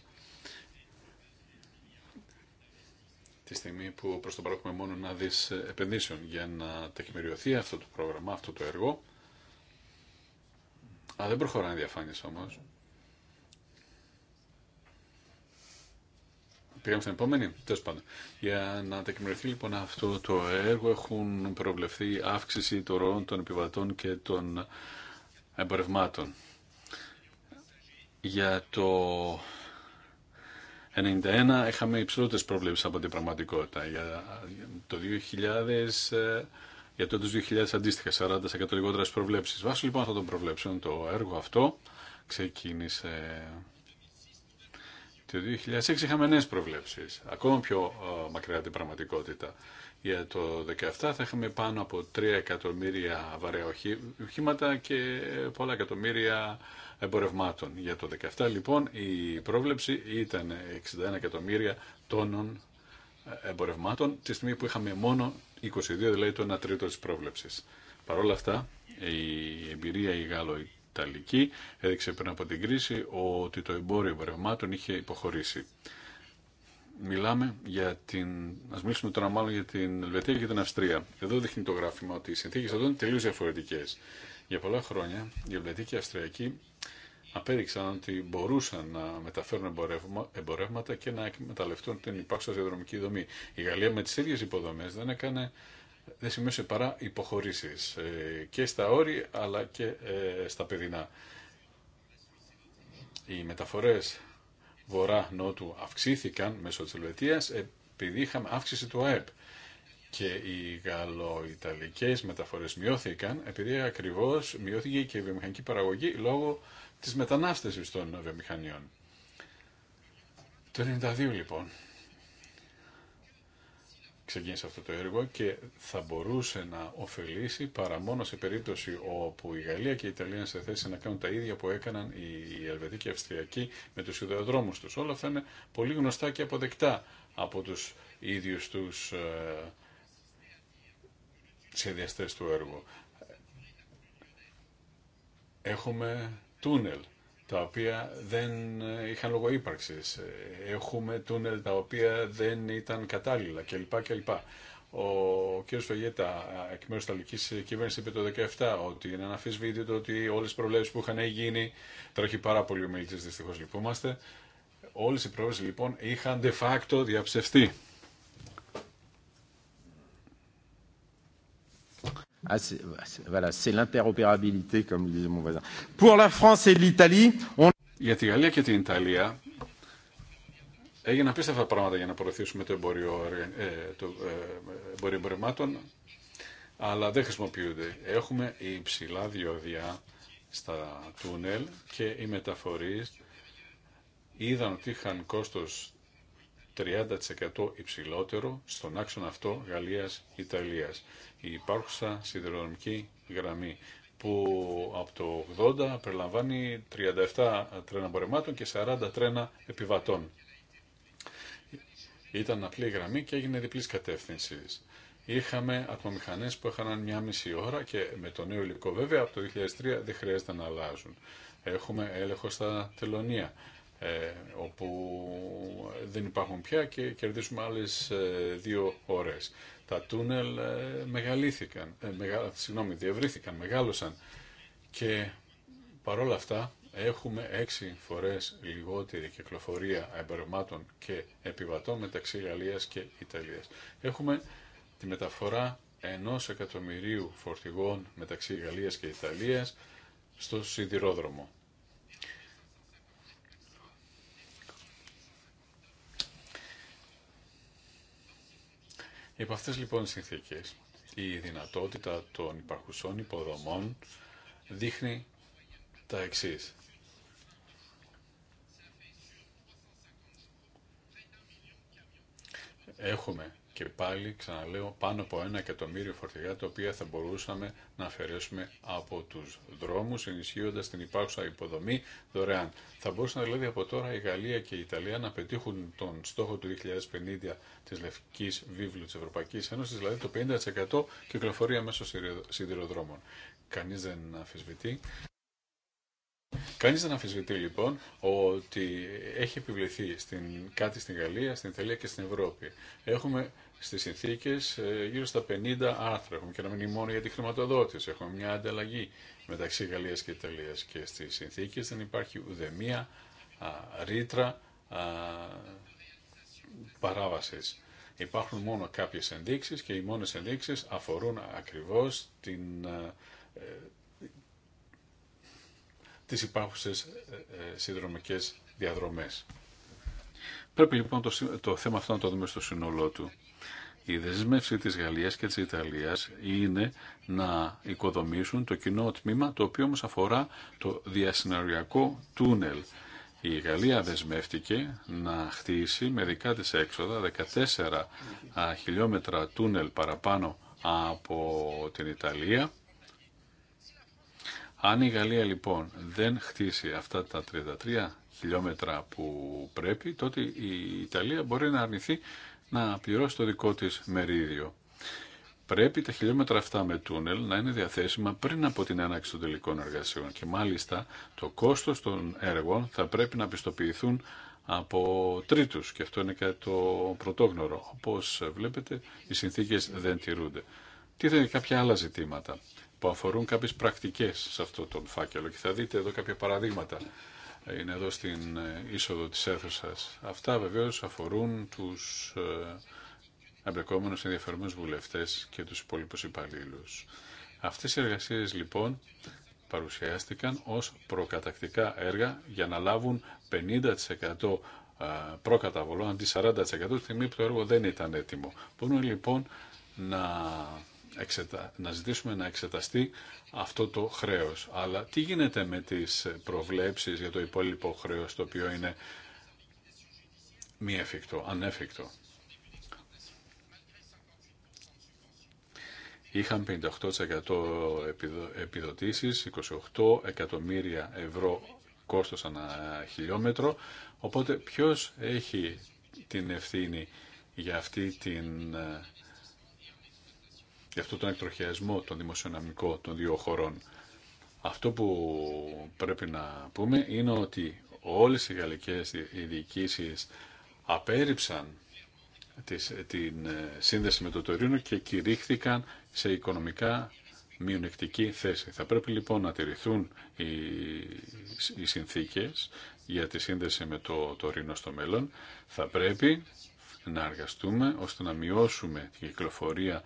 Τη στιγμή που προ το παρόν έχουμε μόνο να δεις ε, επενδύσεων για να τεκμηριωθεί αυτό το πρόγραμμα, αυτό το έργο. Αλλά δεν προχωράνε διαφάνειες όμως. Πήγαμε στην επόμενη, τέλο πάντων. Για να τεκμηριωθεί λοιπόν αυτό το έργο έχουν προβλεφθεί αύξηση των ροών των επιβατών και των εμπορευμάτων. Για το 1991 είχαμε υψηλότερε προβλέψει από την πραγματικότητα. Για το 2000 για το 2000 αντίστοιχα 40% λιγότερε προβλέψει. Βάσει λοιπόν αυτών των προβλέψεων το έργο αυτό ξεκίνησε το 2006 είχαμε νέες προβλέψεις, ακόμα πιο μακριά την πραγματικότητα. Για το 2017 θα είχαμε πάνω από 3 εκατομμύρια βαρέα οχήματα και πολλά εκατομμύρια εμπορευμάτων. Για το 2017 λοιπόν η πρόβλεψη ήταν 61 εκατομμύρια τόνων ε, εμπορευμάτων, τη στιγμή που είχαμε μόνο 22, δηλαδή το 1 τρίτο της πρόβλεψης. Παρ' όλα αυτά, η εμπειρία η Γάλλο Ιταλική έδειξε πριν από την κρίση ότι το εμπόριο εμπορευμάτων είχε υποχωρήσει. Μιλάμε για την. Α μιλήσουμε τώρα μάλλον για την Ελβετία και την Αυστρία. Εδώ δείχνει το γράφημα ότι οι συνθήκε εδώ είναι τελείω διαφορετικέ. Για πολλά χρόνια οι Ελβετία και οι Αυστριακή απέδειξαν ότι μπορούσαν να μεταφέρουν εμπορεύμα, εμπορεύματα και να εκμεταλλευτούν την υπάρχουσα διαδρομική δομή. Η Γαλλία με τι ίδιε υποδομέ δεν έκανε δεν σημαίνει παρά υποχωρήσεις ε, και στα όρη αλλά και ε, στα παιδινά. Οι μεταφορές βορρά-νότου αυξήθηκαν μέσω της Ελβετίας επειδή είχαμε αύξηση του ΑΕΠ και οι γαλλοϊταλικές μεταφορές μειώθηκαν επειδή ακριβώς μειώθηκε και η βιομηχανική παραγωγή λόγω της μετανάστευσης των βιομηχανιών. Το 92 λοιπόν ξεκίνησε αυτό το έργο και θα μπορούσε να ωφελήσει παρά μόνο σε περίπτωση όπου η Γαλλία και η Ιταλία είναι σε θέση να κάνουν τα ίδια που έκαναν οι Ελβετοί και οι Αυστριακοί με τους ιδεοδρόμους τους. Όλα αυτά είναι πολύ γνωστά και αποδεκτά από τους ίδιους τους ε, σχεδιαστές του έργου. Έχουμε τούνελ τα οποία δεν ε, είχαν λόγο ύπαρξης. Ε, έχουμε τούνελ τα οποία δεν ήταν κατάλληλα κλπ. κλπ. Ο κ. Φεγέτα, ε, εκ μέρου τη Ιταλική κυβέρνηση, είπε το 2017 ότι είναι ένα αφισβήτητο ότι όλε οι προβλέψει που είχαν γίνει, τρέχει πάρα πολύ ο μιλητή, δυστυχώ λυπούμαστε, όλε οι προβλέψει λοιπόν είχαν de facto διαψευστεί. Για τη Γαλλία και την Ιταλία έγιναν απίστευτα πράγματα για να προωθήσουμε το εμπόριο, ε, το ε, εμπόριο εμπορευμάτων, αλλά δεν χρησιμοποιούνται. Έχουμε υψηλά διόδια στα τούνελ και οι μεταφορείς είδαν ότι είχαν κόστος 30% υψηλότερο στον άξονα αυτό Γαλλίας-Ιταλίας η υπάρχουσα σιδηροδρομική γραμμή που από το 80 περιλαμβάνει 37 τρένα πορεμάτων και 40 τρένα επιβατών. Ήταν απλή γραμμή και έγινε διπλής κατεύθυνση. Είχαμε ατμομηχανές που έχαναν μια μισή ώρα και με το νέο υλικό βέβαια από το 2003 δεν χρειάζεται να αλλάζουν. Έχουμε έλεγχο στα τελωνία ε, όπου δεν υπάρχουν πια και κερδίσουμε άλλες ε, δύο ώρες. Τα τούνελ ε, μεγαλήθηκαν, ε, μεγα, μεγάλωσαν και παρόλα αυτά έχουμε έξι φορές λιγότερη κυκλοφορία εμπορευμάτων και επιβατών μεταξύ Γαλλίας και Ιταλίας. Έχουμε τη μεταφορά ενός εκατομμυρίου φορτηγών μεταξύ Γαλλίας και Ιταλίας στο σιδηρόδρομο. Υπό αυτές λοιπόν συνθήκες, η δυνατότητα των υπαρχουσών υποδομών δείχνει τα εξής. Έχουμε και πάλι ξαναλέω πάνω από ένα εκατομμύριο φορτηγά τα οποία θα μπορούσαμε να αφαιρέσουμε από τους δρόμους ενισχύοντας την υπάρχουσα υποδομή δωρεάν. Θα μπορούσαν δηλαδή από τώρα η Γαλλία και η Ιταλία να πετύχουν τον στόχο του 2050 της Λευκής Βίβλου της Ευρωπαϊκής Ένωσης, δηλαδή το 50% κυκλοφορία μέσω σιδηροδρόμων. Κανείς δεν αφισβητεί. Κανεί δεν αμφισβητεί λοιπόν ότι έχει επιβληθεί στην, κάτι στην Γαλλία, στην Ιταλία και στην Ευρώπη. Έχουμε στι συνθήκε ε, γύρω στα 50 άρθρα. Έχουμε και ένα μόνο για τη χρηματοδότηση. Έχουμε μια ανταλλαγή μεταξύ Γαλλία και Ιταλία. Και στι συνθήκε δεν υπάρχει ουδέμια ρήτρα παράβαση. Υπάρχουν μόνο κάποιες ενδείξεις και οι μόνες ενδείξεις αφορούν ακριβώς την, ε, τις υπάρχουσες ε, ε, συνδρομικές διαδρομές. Πρέπει λοιπόν το, το θέμα αυτό να το δούμε στο σύνολό του. Η δεσμεύση της Γαλλίας και της Ιταλίας είναι να οικοδομήσουν το κοινό τμήμα το οποίο όμως αφορά το διασυναριακό τούνελ. Η Γαλλία δεσμεύτηκε να χτίσει με δικά της έξοδα 14 χιλιόμετρα τούνελ παραπάνω από την Ιταλία αν η Γαλλία λοιπόν δεν χτίσει αυτά τα 33 χιλιόμετρα που πρέπει, τότε η Ιταλία μπορεί να αρνηθεί να πληρώσει το δικό της μερίδιο. Πρέπει τα χιλιόμετρα αυτά με τούνελ να είναι διαθέσιμα πριν από την έναξη των τελικών εργασιών και μάλιστα το κόστος των έργων θα πρέπει να πιστοποιηθούν από τρίτους και αυτό είναι το πρωτόγνωρο. Όπως βλέπετε οι συνθήκες δεν τηρούνται. Τίθενται κάποια άλλα ζητήματα που αφορούν κάποιες πρακτικές σε αυτό τον φάκελο και θα δείτε εδώ κάποια παραδείγματα είναι εδώ στην ε, είσοδο της αίθουσα. Αυτά βεβαίως αφορούν τους ε, εμπλεκόμενους ενδιαφερόμενους βουλευτές και τους υπόλοιπους υπαλλήλου. Αυτές οι εργασίες λοιπόν παρουσιάστηκαν ως προκατακτικά έργα για να λάβουν 50% ε, προκαταβολών αντί 40% τη στιγμή που το έργο δεν ήταν έτοιμο. Μπορούμε λοιπόν να να ζητήσουμε να εξεταστεί αυτό το χρέος. Αλλά τι γίνεται με τις προβλέψεις για το υπόλοιπο χρέος, το οποίο είναι μη εφικτό, ανέφικτο. Είχαν 58% επιδοτήσεις, 28 εκατομμύρια ευρώ κόστος ανά χιλιόμετρο. Οπότε ποιος έχει την ευθύνη για αυτή την ε, για αυτόν τον εκτροχιασμό τον δημοσιονομικών των δύο χωρών. Αυτό που πρέπει να πούμε είναι ότι όλες οι γαλλικές διοικήσεις απέρριψαν τη την ε, σύνδεση με το Τωρίνο και κηρύχθηκαν σε οικονομικά μειονεκτική θέση. Θα πρέπει λοιπόν να τηρηθούν οι, οι συνθήκες για τη σύνδεση με το Τωρίνο στο μέλλον. Θα πρέπει να εργαστούμε ώστε να μειώσουμε την κυκλοφορία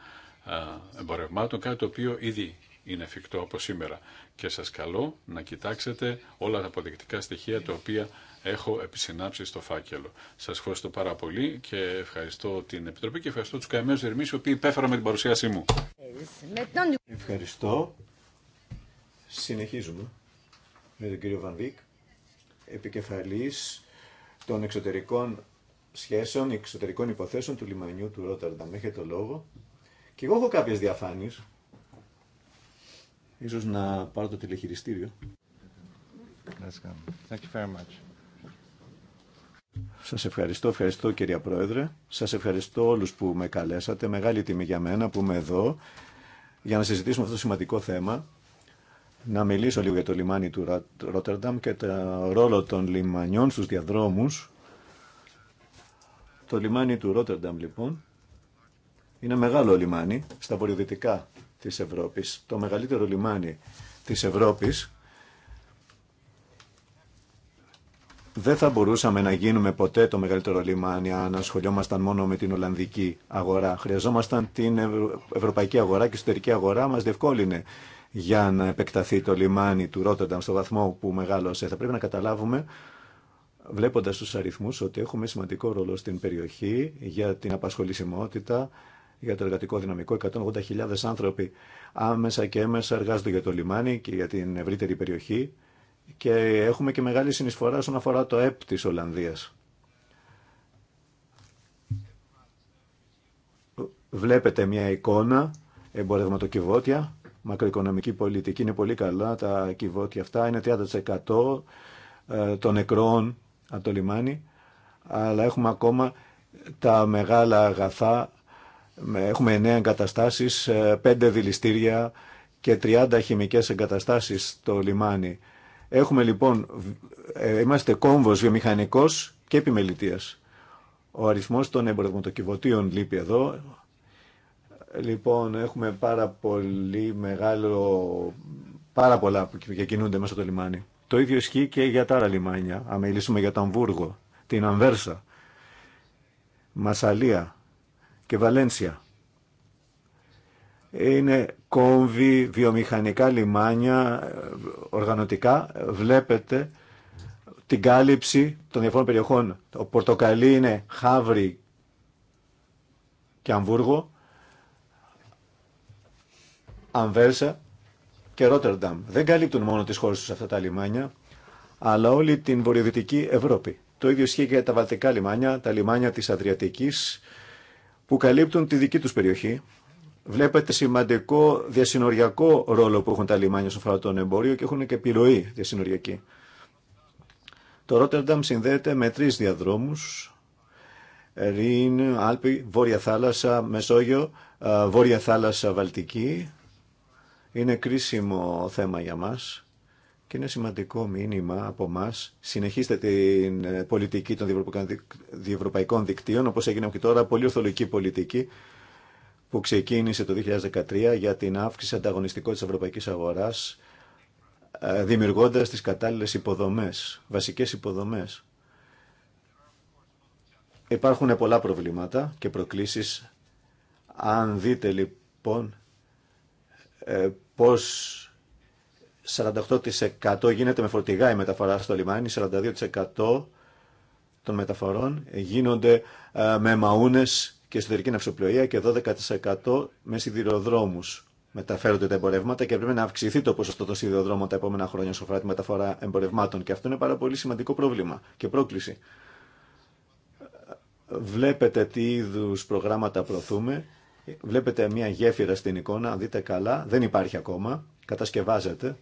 ε, εμπορευμάτων, κάτι το οποίο ήδη είναι εφικτό από σήμερα. Και σας καλώ να κοιτάξετε όλα τα αποδεικτικά στοιχεία τα οποία έχω επισυνάψει στο φάκελο. Σας ευχαριστώ πάρα πολύ και ευχαριστώ την Επιτροπή και ευχαριστώ τους καημένους ερμή οι οποίοι υπέφεραν με την παρουσίασή μου. Ευχαριστώ. Συνεχίζουμε με τον κύριο Βανδίκ, επικεφαλής των εξωτερικών σχέσεων, εξωτερικών υποθέσεων του λιμανιού του Ρότερνταμ. Έχετε το λόγο. Και εγώ έχω κάποιες διαφάνειες. Ίσως να πάρω το τηλεχειριστήριο. Σας ευχαριστώ, ευχαριστώ κυρία Πρόεδρε. Σας ευχαριστώ όλους που με καλέσατε. Μεγάλη τιμή για μένα που είμαι εδώ για να συζητήσουμε αυτό το σημαντικό θέμα. Να μιλήσω λίγο για το λιμάνι του Ρότερνταμ και το ρόλο των λιμανιών στους διαδρόμους. Το λιμάνι του Ρότερνταμ λοιπόν είναι μεγάλο λιμάνι στα βορειοδυτικά της Ευρώπης, το μεγαλύτερο λιμάνι της Ευρώπης. Δεν θα μπορούσαμε να γίνουμε ποτέ το μεγαλύτερο λιμάνι αν ασχολιόμασταν μόνο με την Ολλανδική αγορά. Χρειαζόμασταν την Ευρωπαϊκή αγορά και η εσωτερική αγορά μας διευκόλυνε για να επεκταθεί το λιμάνι του Ρότερνταμ στο βαθμό που μεγάλωσε. Θα πρέπει να καταλάβουμε βλέποντας τους αριθμούς ότι έχουμε σημαντικό ρόλο στην περιοχή για την απασχολησιμότητα, για το εργατικό δυναμικό. 180.000 άνθρωποι άμεσα και έμεσα εργάζονται για το λιμάνι και για την ευρύτερη περιοχή και έχουμε και μεγάλη συνεισφορά όσον αφορά το ΕΠ της Ολλανδίας. Βλέπετε μια εικόνα εμπορευματοκιβώτια, μακροοικονομική πολιτική είναι πολύ καλά, τα κιβώτια αυτά είναι 30% ε, των νεκρών από το λιμάνι, αλλά έχουμε ακόμα τα μεγάλα αγαθά Έχουμε 9 εγκαταστάσεις, 5 ε, δηληστήρια και 30 χημικές εγκαταστάσεις στο λιμάνι. Έχουμε λοιπόν, ε, είμαστε κόμβος βιομηχανικός και επιμελητίας. Ο αριθμός των εμπορευματοκιβωτίων λείπει εδώ. Λοιπόν, έχουμε πάρα πολύ μεγάλο, πάρα πολλά που κινούνται μέσα στο λιμάνι. Το ίδιο ισχύει και για τα άλλα λιμάνια. Αν μιλήσουμε για το Αμβούργο, την Αμβέρσα, Μασαλία, και Βαλένσια. Είναι κόμβοι, βιομηχανικά λιμάνια, οργανωτικά. Βλέπετε την κάλυψη των διαφόρων περιοχών. Το πορτοκαλί είναι Χαύρι και Αμβούργο, Αμβέρσα και Ρότερνταμ. Δεν καλύπτουν μόνο τις χώρες τους αυτά τα λιμάνια, αλλά όλη την βορειοδυτική Ευρώπη. Το ίδιο ισχύει και για τα βαλτικά λιμάνια, τα λιμάνια της Αδριατικής, που καλύπτουν τη δική τους περιοχή. Βλέπετε σημαντικό διασυνοριακό ρόλο που έχουν τα λιμάνια στον φορά των εμπόριο και έχουν και επιρροή διασυνοριακή. Το Ρότερνταμ συνδέεται με τρεις διαδρόμους, Ρίν, Άλπη, Βόρεια Θάλασσα, Μεσόγειο, Βόρεια Θάλασσα, Βαλτική. Είναι κρίσιμο θέμα για μας και είναι σημαντικό μήνυμα από εμά. Συνεχίστε την ε, πολιτική των διευρωπαϊκών δικτύων, όπως έγινε και τώρα, πολύ ορθολογική πολιτική που ξεκίνησε το 2013 για την αύξηση ανταγωνιστικότητας τη Ευρωπαϊκή αγοράς, ε, δημιουργώντα τι κατάλληλε υποδομές, βασικές υποδομές. Υπάρχουν πολλά προβλήματα και προκλήσεις. Αν δείτε λοιπόν ε, πώς 48% γίνεται με φορτηγά η μεταφορά στο λιμάνι, 42% των μεταφορών γίνονται ε, με μαούνες και εσωτερική ναυσοπλοεία και 12% με σιδηροδρόμους μεταφέρονται τα εμπορεύματα και πρέπει να αυξηθεί το ποσοστό των σιδηροδρόμων τα επόμενα χρόνια όσον αφορά τη μεταφορά εμπορευμάτων και αυτό είναι πάρα πολύ σημαντικό πρόβλημα και πρόκληση. Βλέπετε τι είδου προγράμματα προωθούμε. Βλέπετε μια γέφυρα στην εικόνα, δείτε καλά, δεν υπάρχει ακόμα, κατασκευάζεται.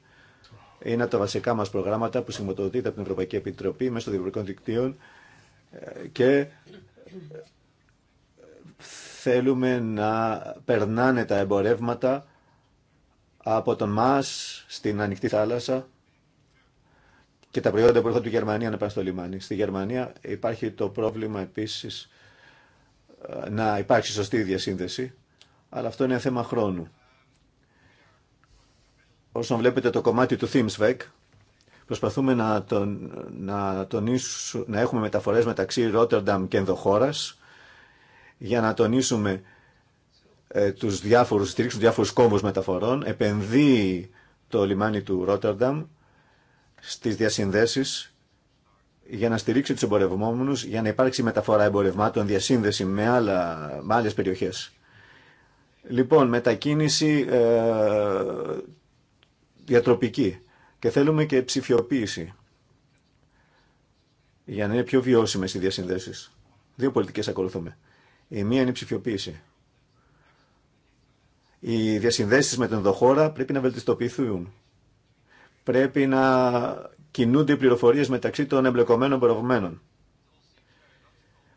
Είναι από τα βασικά μας προγράμματα που σηματοδοτείται από την Ευρωπαϊκή Επιτροπή μέσω διευρωπαϊκών δικτύων ε, και ε, θέλουμε να περνάνε τα εμπορεύματα από τον ΜΑΣ στην ανοιχτή θάλασσα και τα προϊόντα που έρχονται από τη Γερμανία να πάνε στο λιμάνι. Στη Γερμανία υπάρχει το πρόβλημα επίσης ε, να υπάρξει σωστή διασύνδεση, αλλά αυτό είναι θέμα χρόνου. Όσον βλέπετε το κομμάτι του ThemesVec, προσπαθούμε να, τον, να, έχουμε μεταφορές μεταξύ Ρότερνταμ και ενδοχώρας για να τονίσουμε ε, τους διάφορους, διάφορους κόμβους μεταφορών, επενδύει το λιμάνι του Ρότερνταμ στις διασυνδέσεις για να στηρίξει τους εμπορευόμενους, για να υπάρξει μεταφορά εμπορευμάτων, διασύνδεση με, άλλα, με άλλες περιοχές. Λοιπόν, μετακίνηση ε, διατροπική και θέλουμε και ψηφιοποίηση για να είναι πιο βιώσιμες οι διασυνδέσεις. Δύο πολιτικές ακολουθούμε. Η μία είναι η ψηφιοποίηση. Οι διασυνδέσεις με τον ενδοχώρα πρέπει να βελτιστοποιηθούν. Πρέπει να κινούνται οι πληροφορίες μεταξύ των εμπλεκομένων προηγουμένων.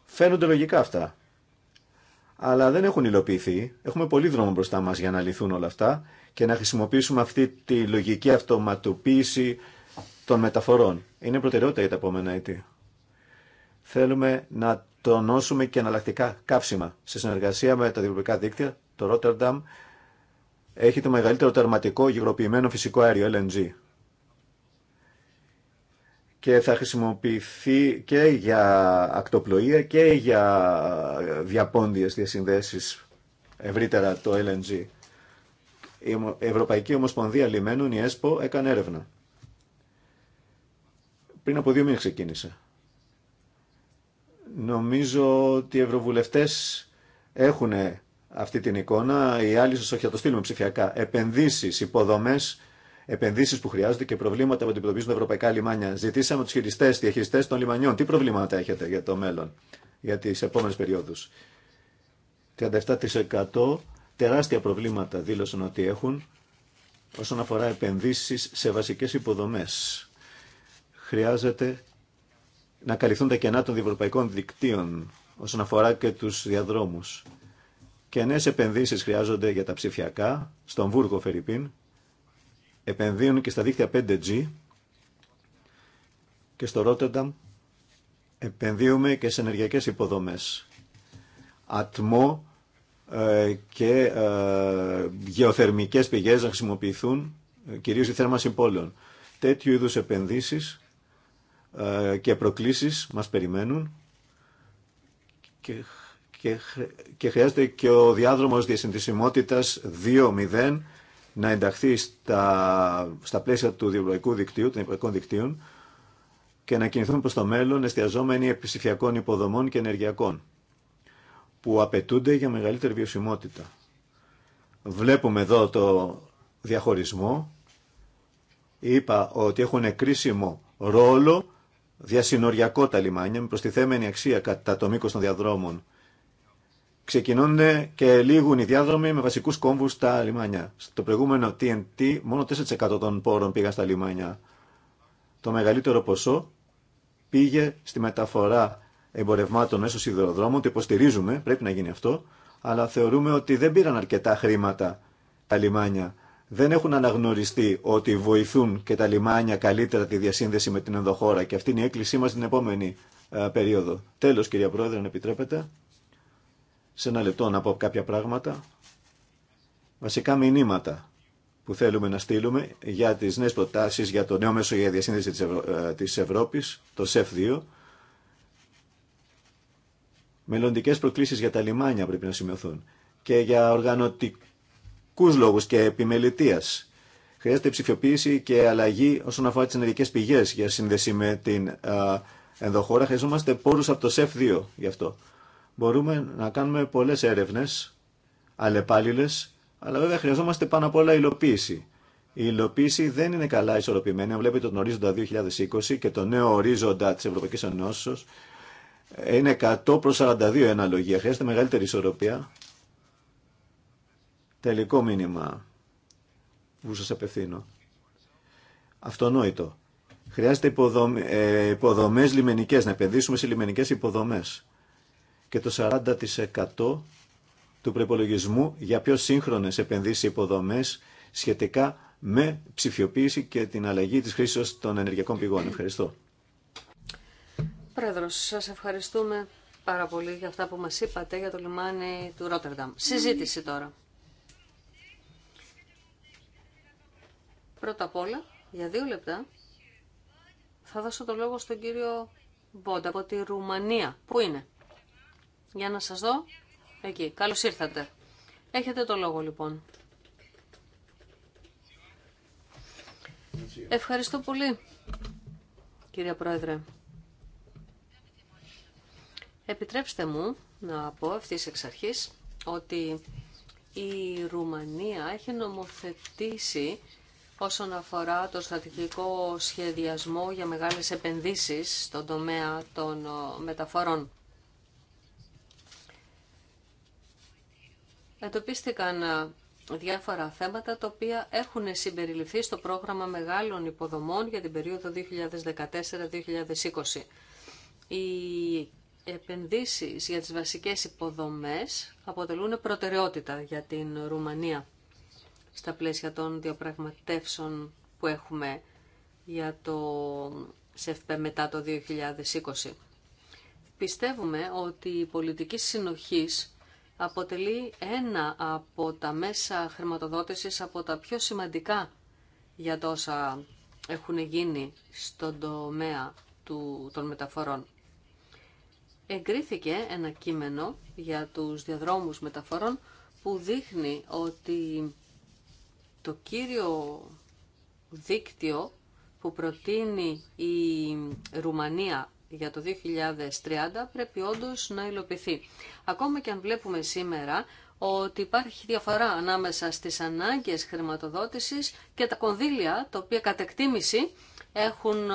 Φαίνονται λογικά αυτά αλλά δεν έχουν υλοποιηθεί. Έχουμε πολύ δρόμο μπροστά μας για να λυθούν όλα αυτά και να χρησιμοποιήσουμε αυτή τη λογική αυτοματοποίηση των μεταφορών. Είναι προτεραιότητα για τα επόμενα έτη. Θέλουμε να τονώσουμε και εναλλακτικά καύσιμα σε συνεργασία με τα διευρωπαϊκά δίκτυα. Το Rotterdam έχει το μεγαλύτερο τερματικό γεγροποιημένο φυσικό αέριο LNG και θα χρησιμοποιηθεί και για ακτοπλοεία και για διαπόντιες διασυνδέσεις ευρύτερα το LNG. Η Ευρωπαϊκή Ομοσπονδία Λιμένων, η ΕΣΠΟ, έκανε έρευνα. Πριν από δύο μήνες ξεκίνησε. Νομίζω ότι οι ευρωβουλευτές έχουν αυτή την εικόνα, οι άλλοι σας όχι θα το στείλουμε ψηφιακά. Επενδύσεις, υποδομές επενδύσει που χρειάζονται και προβλήματα που αντιμετωπίζουν τα ευρωπαϊκά λιμάνια. Ζητήσαμε του χειριστέ, διαχειριστέ των λιμανιών. Τι προβλήματα έχετε για το μέλλον, για τι επόμενε περιόδου. 37% τεράστια προβλήματα δήλωσαν ότι έχουν όσον αφορά επενδύσεις σε βασικές υποδομές. Χρειάζεται να καλυφθούν τα κενά των διευρωπαϊκών δικτύων όσον αφορά και τους διαδρόμους. Και νέες επενδύσεις χρειάζονται για τα ψηφιακά, στον Βούργο Φερρυπίν, επενδύουν και στα δίκτυα 5G και στο Rotterdam επενδύουμε και σε ενεργειακές υποδομές. Ατμό ε, και ε, γεωθερμικές πηγές να χρησιμοποιηθούν, ε, κυρίως η θέρμανση πόλεων. Τέτοιου είδους επενδύσεις ε, και προκλήσεις μας περιμένουν και, και, χρειάζεται και ο διάδρομος διασυντησιμότητας 2.0 να ενταχθεί στα, στα πλαίσια του διευρωπαϊκού δικτύου, των ευρωπαϊκών δικτύων και να κινηθούν προς το μέλλον εστιαζόμενοι επιστηφιακών υποδομών και ενεργειακών που απαιτούνται για μεγαλύτερη βιωσιμότητα. Βλέπουμε εδώ το διαχωρισμό. Είπα ότι έχουν κρίσιμο ρόλο διασυνοριακό τα λιμάνια με προστιθέμενη αξία κατά το μήκος των διαδρόμων Ξεκινούν και λήγουν οι διάδρομοι με βασικούς κόμβους στα λιμάνια. Στο προηγούμενο TNT μόνο 4% των πόρων πήγαν στα λιμάνια. Το μεγαλύτερο ποσό πήγε στη μεταφορά εμπορευμάτων μέσω σιδηροδρόμων, το υποστηρίζουμε, πρέπει να γίνει αυτό, αλλά θεωρούμε ότι δεν πήραν αρκετά χρήματα τα λιμάνια. Δεν έχουν αναγνωριστεί ότι βοηθούν και τα λιμάνια καλύτερα τη διασύνδεση με την ενδοχώρα και αυτή είναι η έκκλησή μας την επόμενη ε, περίοδο. Τέλος, κυρία Πρόεδρε, αν επιτρέπετε σε ένα λεπτό να πω κάποια πράγματα. Βασικά μηνύματα που θέλουμε να στείλουμε για τις νέες προτάσεις για το νέο μέσο για διασύνδεση της, Ευρω... Ε, της Ευρώπης, το ΣΕΦ2. Μελλοντικές προκλήσεις για τα λιμάνια πρέπει να σημειωθούν και για οργανωτικούς λόγους και επιμελητίας. Χρειάζεται ψηφιοποίηση και αλλαγή όσον αφορά τις ενεργικές πηγές για σύνδεση με την ε, ενδοχώρα. Χρειαζόμαστε πόρους από το ΣΕΦ2 γι' αυτό. Μπορούμε να κάνουμε πολλές έρευνες, αλλεπάλληλες, αλλά βέβαια χρειαζόμαστε πάνω απ' όλα υλοποίηση. Η υλοποίηση δεν είναι καλά ισορροπημένη. Αν βλέπετε τον ορίζοντα 2020 και το νέο ορίζοντα της Ευρωπαϊκής Ενώσεως, είναι 100 προς 42 αναλογία. Χρειάζεται μεγαλύτερη ισορροπία. Τελικό μήνυμα που σας απευθύνω. Αυτονόητο. Χρειάζεται υποδομ... Ε, υποδομές λιμενικές, να επενδύσουμε σε λιμενικές υποδομές και το 40% του προπολογισμού για πιο σύγχρονες επενδύσεις υποδομές σχετικά με ψηφιοποίηση και την αλλαγή της χρήσης των ενεργειακών πηγών. Ευχαριστώ. Πρόεδρος, σας ευχαριστούμε πάρα πολύ για αυτά που μας είπατε για το λιμάνι του Ρότερνταμ. Συζήτηση τώρα. Πρώτα απ' όλα, για δύο λεπτά, θα δώσω το λόγο στον κύριο Μπόντα από τη Ρουμανία. Πού είναι? Για να σας δω. Εκεί. Καλώς ήρθατε. Έχετε το λόγο λοιπόν. Ευχαριστώ πολύ, κύριε Πρόεδρε. Επιτρέψτε μου να πω ευθύς εξ αρχής ότι η Ρουμανία έχει νομοθετήσει όσον αφορά το στρατηγικό σχεδιασμό για μεγάλες επενδύσεις στον τομέα των μεταφορών. εντοπίστηκαν ε, διάφορα θέματα τα οποία έχουν συμπεριληφθεί στο πρόγραμμα μεγάλων υποδομών για την περίοδο 2014-2020. Οι επενδύσεις για τις βασικές υποδομές αποτελούν προτεραιότητα για την Ρουμανία στα πλαίσια των διαπραγματεύσεων που έχουμε για το ΣΕΦΠΕ μετά το 2020. Πιστεύουμε ότι η πολιτική συνοχής αποτελεί ένα από τα μέσα χρηματοδότησης από τα πιο σημαντικά για τόσα έχουν γίνει στον τομέα του, των μεταφορών. Εγκρίθηκε ένα κείμενο για τους διαδρόμους μεταφορών που δείχνει ότι το κύριο δίκτυο που προτείνει η Ρουμανία για το 2030 πρέπει όντως να υλοποιηθεί. Ακόμα και αν βλέπουμε σήμερα ότι υπάρχει διαφορά ανάμεσα στις ανάγκες χρηματοδότησης και τα κονδύλια, τα οποία κατ' έχουν ε,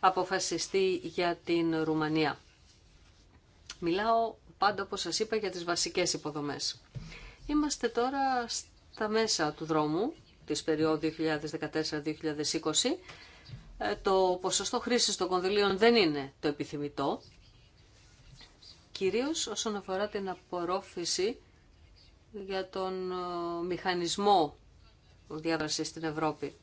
αποφασιστεί για την Ρουμανία. Μιλάω πάντα, όπως σας είπα, για τις βασικές υποδομές. Είμαστε τώρα στα μέσα του δρόμου της περίοδου 2014-2020 ε, το ποσοστό χρήσης των κονδυλίων δεν είναι το επιθυμητό, κυρίως όσον αφορά την απορρόφηση για τον ε, μηχανισμό διάβαση στην Ευρώπη.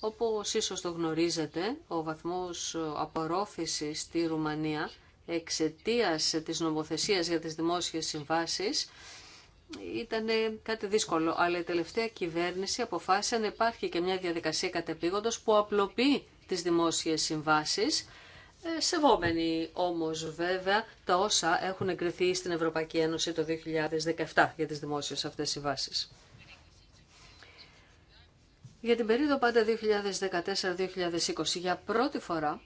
Όπως ίσως το γνωρίζετε, ο βαθμός ε, απορρόφησης στη Ρουμανία εξαιτίας της νομοθεσίας για τις δημόσιες συμβάσεις ήταν κάτι δύσκολο, αλλά η τελευταία κυβέρνηση αποφάσισε να υπάρχει και μια διαδικασία κατεπήγοντος που απλοποιεί τις δημόσιες συμβάσεις, ε, σεβόμενοι όμως βέβαια τα όσα έχουν εγκριθεί στην Ευρωπαϊκή Ένωση το 2017 για τις δημόσιες αυτές συμβάσεις. Για την περίοδο πάντα 2014-2020, για πρώτη φορά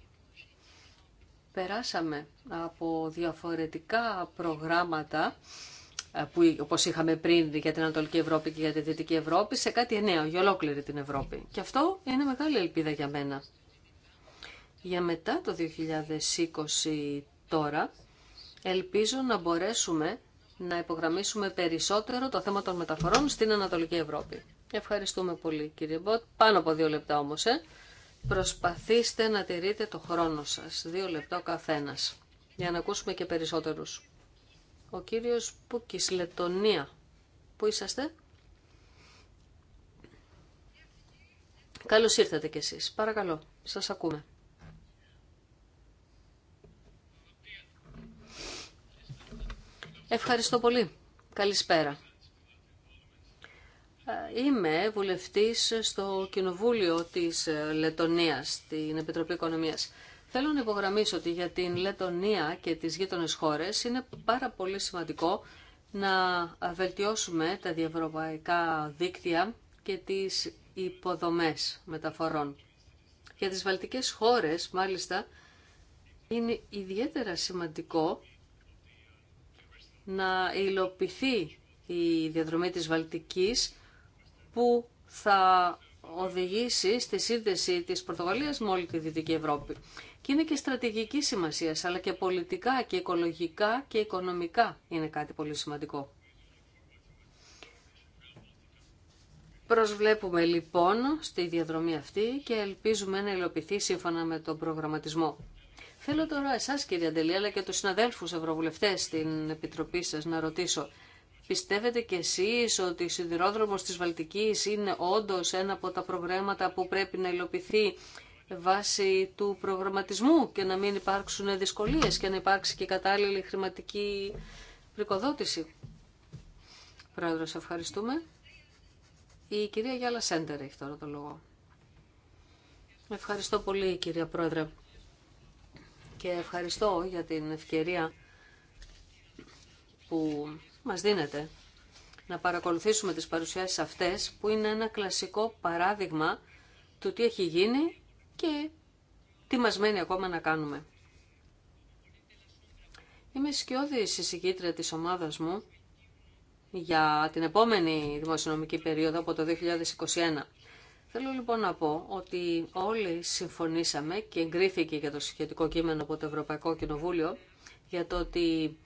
περάσαμε από διαφορετικά προγράμματα ε, που όπως είχαμε πριν για την Ανατολική Ευρώπη και για τη Δυτική Ευρώπη, σε κάτι νέο για ολόκληρη την Ευρώπη. Και αυτό είναι μεγάλη ελπίδα για μένα για μετά το 2020 τώρα, ελπίζω να μπορέσουμε να υπογραμμίσουμε περισσότερο το θέμα των μεταφορών στην Ανατολική Ευρώπη. Ευχαριστούμε πολύ κύριε Μπότ. Πάνω από δύο λεπτά όμως, ε. Προσπαθήστε να τηρείτε το χρόνο σας. Δύο λεπτά ο καθένας. Για να ακούσουμε και περισσότερους. Ο κύριος Πούκης, Λετωνία. Πού είσαστε? Καλώς ήρθατε κι εσείς. Παρακαλώ, σας ακούμε. Ευχαριστώ πολύ. Καλησπέρα. Ε, είμαι βουλευτής στο Κοινοβούλιο της ε, Λετωνίας, στην Επιτροπή Οικονομίας. Θέλω να υπογραμμίσω ότι για την Λετωνία και τις γείτονες χώρες είναι πάρα πολύ σημαντικό να βελτιώσουμε τα διευρωπαϊκά δίκτυα και τις υποδομές μεταφορών. Για τις βαλτικές χώρες, μάλιστα, είναι ιδιαίτερα σημαντικό να υλοποιηθεί η διαδρομή της Βαλτικής που θα οδηγήσει στη σύνδεση της Πορτογαλίας με όλη τη Δυτική Ευρώπη. Και είναι και στρατηγική σημασία, αλλά και πολιτικά και οικολογικά και οικονομικά είναι κάτι πολύ σημαντικό. Προσβλέπουμε λοιπόν στη διαδρομή αυτή και ελπίζουμε να υλοποιηθεί σύμφωνα με τον προγραμματισμό. Θέλω τώρα εσά, κύριε Αντελή, αλλά και του συναδέλφου ευρωβουλευτές στην Επιτροπή σας να ρωτήσω. Πιστεύετε κι εσείς ότι ο σιδηρόδρομος της Βαλτικής είναι όντως ένα από τα προγράμματα που πρέπει να υλοποιηθεί βάσει του προγραμματισμού και να μην υπάρξουν δυσκολίες και να υπάρξει και κατάλληλη χρηματική πρικοδότηση. σε ευχαριστούμε. Η κυρία Γιάλα Σέντερ έχει τώρα το λόγο. Ευχαριστώ πολύ κυρία Πρόεδρε και ευχαριστώ για την ευκαιρία που μας δίνεται να παρακολουθήσουμε τις παρουσιάσεις αυτές που είναι ένα κλασικό παράδειγμα του τι έχει γίνει και τι μας μένει ακόμα να κάνουμε. Είμαι σκιώδη συζητήτρια της ομάδας μου για την επόμενη δημοσιονομική περίοδο από το 2021. Θέλω λοιπόν να πω ότι όλοι συμφωνήσαμε και εγκρίθηκε για το σχετικό κείμενο από το Ευρωπαϊκό Κοινοβούλιο για το ότι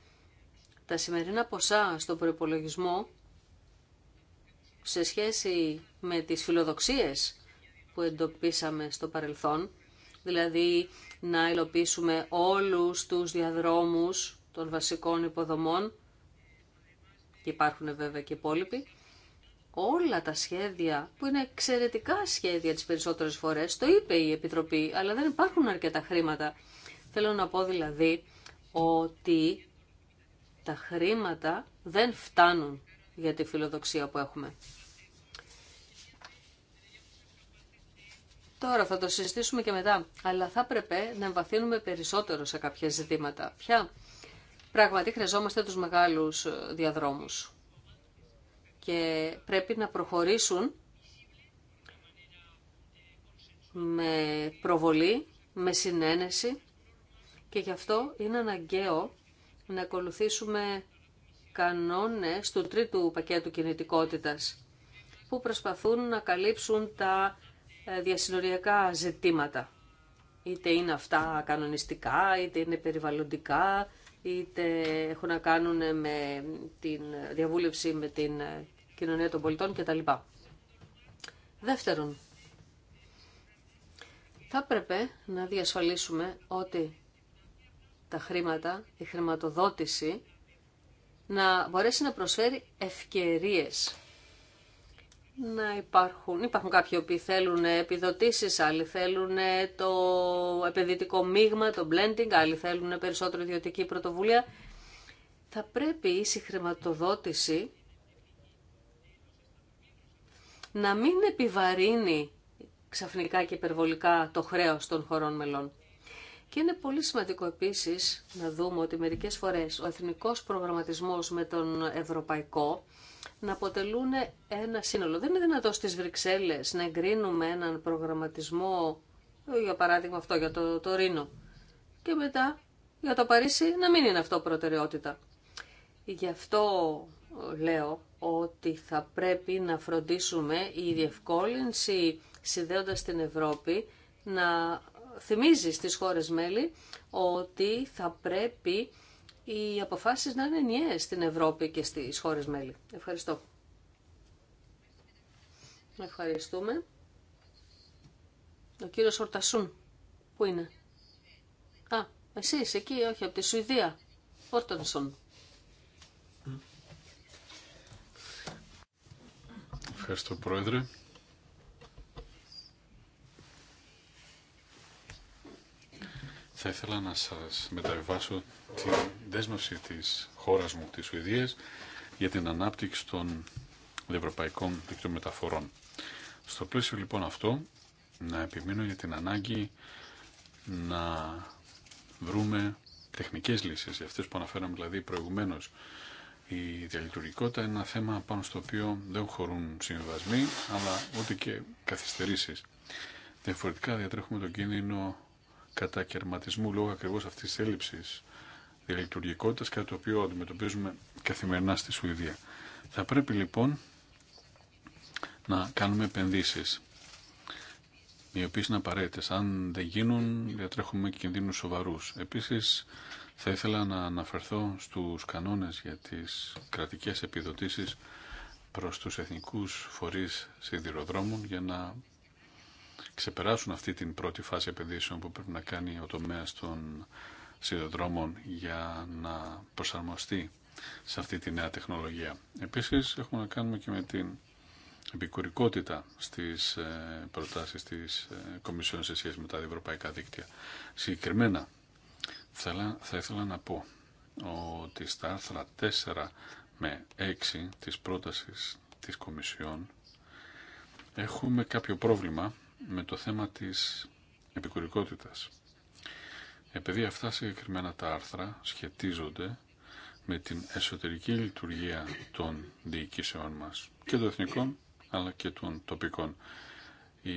τα σημερινά ποσά στον προπολογισμό σε σχέση με τις φιλοδοξίες που εντοπίσαμε στο παρελθόν, δηλαδή να υλοποιήσουμε όλους τους διαδρόμους των βασικών υποδομών, και υπάρχουν βέβαια και υπόλοιποι, όλα τα σχέδια, που είναι εξαιρετικά σχέδια τις περισσότερες φορές, το είπε η Επιτροπή, αλλά δεν υπάρχουν αρκετά χρήματα. Θέλω να πω δηλαδή ότι τα χρήματα δεν φτάνουν για τη φιλοδοξία που έχουμε. Τώρα θα το συζητήσουμε και μετά, αλλά θα πρέπει να εμβαθύνουμε περισσότερο σε κάποια ζητήματα. Πια, πραγματικά χρειαζόμαστε τους μεγάλους ε, διαδρόμους και πρέπει να προχωρήσουν με προβολή, με συνένεση και γι' αυτό είναι αναγκαίο να ακολουθήσουμε κανόνες του τρίτου πακέτου κινητικότητας που προσπαθούν να καλύψουν τα ε, διασυνοριακά ζητήματα. Είτε είναι αυτά κανονιστικά, είτε είναι περιβαλλοντικά, είτε έχουν να κάνουν με την διαβούλευση με την κοινωνία των πολιτών κτλ. Δεύτερον, θα έπρεπε να διασφαλίσουμε ότι τα χρήματα, η χρηματοδότηση, να μπορέσει να προσφέρει ευκαιρίες να υπάρχουν. Υπάρχουν κάποιοι που θέλουν επιδοτήσεις, άλλοι θέλουν το επενδυτικό μείγμα, το blending, άλλοι θέλουν περισσότερο ιδιωτική πρωτοβουλία. Θα πρέπει η συγχρηματοδότηση να μην επιβαρύνει ξαφνικά και υπερβολικά το χρέος των χωρών μελών. Και είναι πολύ σημαντικό επίσης να δούμε ότι μερικές φορές ο εθνικός προγραμματισμός με τον ευρωπαϊκό να αποτελούν ένα σύνολο. Δεν είναι δυνατό στις Βρυξέλλες να εγκρίνουμε έναν προγραμματισμό, για παράδειγμα αυτό για το τορίνο και μετά για το Παρίσι να μην είναι αυτό προτεραιότητα. Γι' αυτό λέω ότι θα πρέπει να φροντίσουμε η διευκόλυνση συνδέοντας την Ευρώπη να θυμίζει στις χώρες μέλη ότι θα πρέπει οι αποφάσεις να είναι ενιαίες στην Ευρώπη και στις χώρες μέλη. Ευχαριστώ. Ευχαριστούμε. Ο κύριος Ορτασούν. Πού είναι? Α, εσείς εκεί, όχι, από τη Σουηδία. Ορτασούν. Ευχαριστώ, Πρόεδρε. Θα ήθελα να σας μεταβιβάσω την δέσμευση της χώρας μου, της Σουηδίας, για την ανάπτυξη των ευρωπαϊκών δικτύων μεταφορών. Στο πλαίσιο λοιπόν αυτό, να επιμείνω για την ανάγκη να βρούμε τεχνικές λύσεις, για αυτές που αναφέραμε δηλαδή προηγουμένως. Η διαλειτουργικότητα είναι ένα θέμα πάνω στο οποίο δεν χωρούν συμβασμοί, αλλά ούτε και καθυστερήσεις. Διαφορετικά διατρέχουμε τον κίνδυνο κερματισμού λόγω ακριβώς αυτής της έλλειψης διαλειτουργικότητας, κάτι το οποίο αντιμετωπίζουμε καθημερινά στη Σουηδία. Θα πρέπει λοιπόν να κάνουμε επενδύσει, οι οποίε είναι απαραίτητε. Αν δεν γίνουν, διατρέχουμε κινδύνου σοβαρού. Επίση, θα ήθελα να αναφερθώ στου κανόνε για τι κρατικέ επιδοτήσει προ του εθνικού φορεί σιδηροδρόμων για να ξεπεράσουν αυτή την πρώτη φάση επενδύσεων που πρέπει να κάνει ο τομέας των σιδηροδρόμων για να προσαρμοστεί σε αυτή τη νέα τεχνολογία. Επίσης έχουμε να κάνουμε και με την επικουρικότητα στις ε, προτάσεις της ε, Κομισιόν σε σχέση με τα ευρωπαϊκά δίκτυα. Συγκεκριμένα θα, θα ήθελα να πω ότι στα άρθρα 4 με 6 της πρότασης της Κομισιόν έχουμε κάποιο πρόβλημα με το θέμα της επικουρικότητας. Επειδή αυτά συγκεκριμένα τα άρθρα σχετίζονται με την εσωτερική λειτουργία των διοικήσεών μας και των εθνικών αλλά και των τοπικών. Η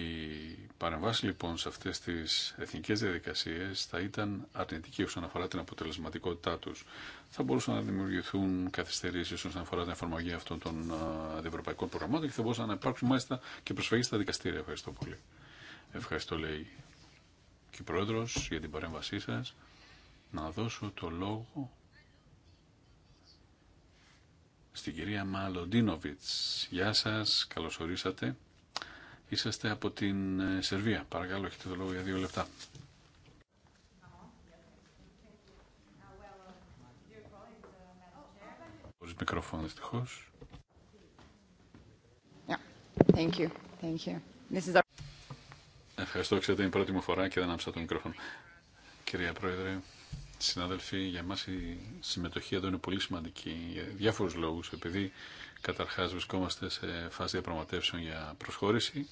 παρεμβάση λοιπόν σε αυτές τις εθνικές διαδικασίες θα ήταν αρνητική όσον αφορά την αποτελεσματικότητά τους. Θα μπορούσαν να δημιουργηθούν καθυστερήσεις όσον αφορά την εφαρμογή αυτών των ευρωπαϊκών προγραμμάτων και θα μπορούσαν να υπάρξουν μάλιστα και προσφυγή στα δικαστήρια. Ευχαριστώ πολύ. Ευχαριστώ λέει και η Πρόεδρος για την παρέμβασή σας. Να δώσω το λόγο στην κυρία Μαλοντίνοβιτς. Γεια σας, καλώς ορίσατε. Είσαστε από την ε, Σερβία. Παρακαλώ, έχετε το λόγο για δύο λεπτά. Χωρίς μικρόφωνο, δυστυχώς. Yeah. Thank you. Thank you. This is Ευχαριστώ, ξέρετε, είναι η πρώτη μου φορά και δεν άψα το μικρόφωνο. Κυρία Πρόεδρε, συνάδελφοι, για εμά η συμμετοχή εδώ είναι πολύ σημαντική για διάφορου λόγου επειδή καταρχάς βρισκόμαστε σε φάση διαπραγματεύσεων για προσχώρηση,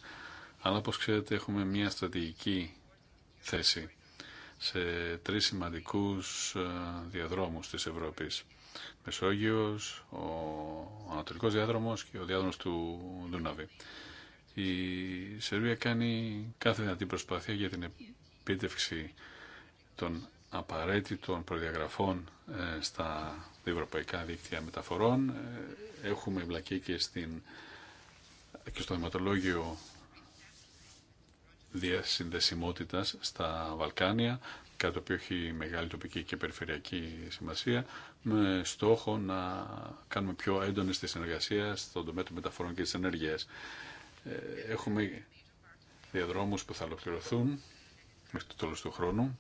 αλλά όπως ξέρετε έχουμε μια στρατηγική θέση σε τρεις σημαντικούς ε, διαδρόμους της Ευρώπης. Μεσόγειος, ο Ανατολικός Διάδρομος και ο Διάδρομος του Δούναβη. Η Σερβία κάνει κάθε δυνατή προσπάθεια για την επίτευξη των απαραίτητων προδιαγραφών ε, στα ευρωπαϊκά δίκτυα μεταφορών. Ε, έχουμε εμπλακεί και, στην, και στο δημοτολόγιο διασυνδεσιμότητας στα Βαλκάνια, κάτι το οποίο έχει μεγάλη τοπική και περιφερειακή σημασία, με στόχο να κάνουμε πιο έντονες τη συνεργασία στον τομέα των μεταφορών και της ενέργειας. Ε, έχουμε διαδρόμους που θα ολοκληρωθούν μέχρι το τέλος του χρόνου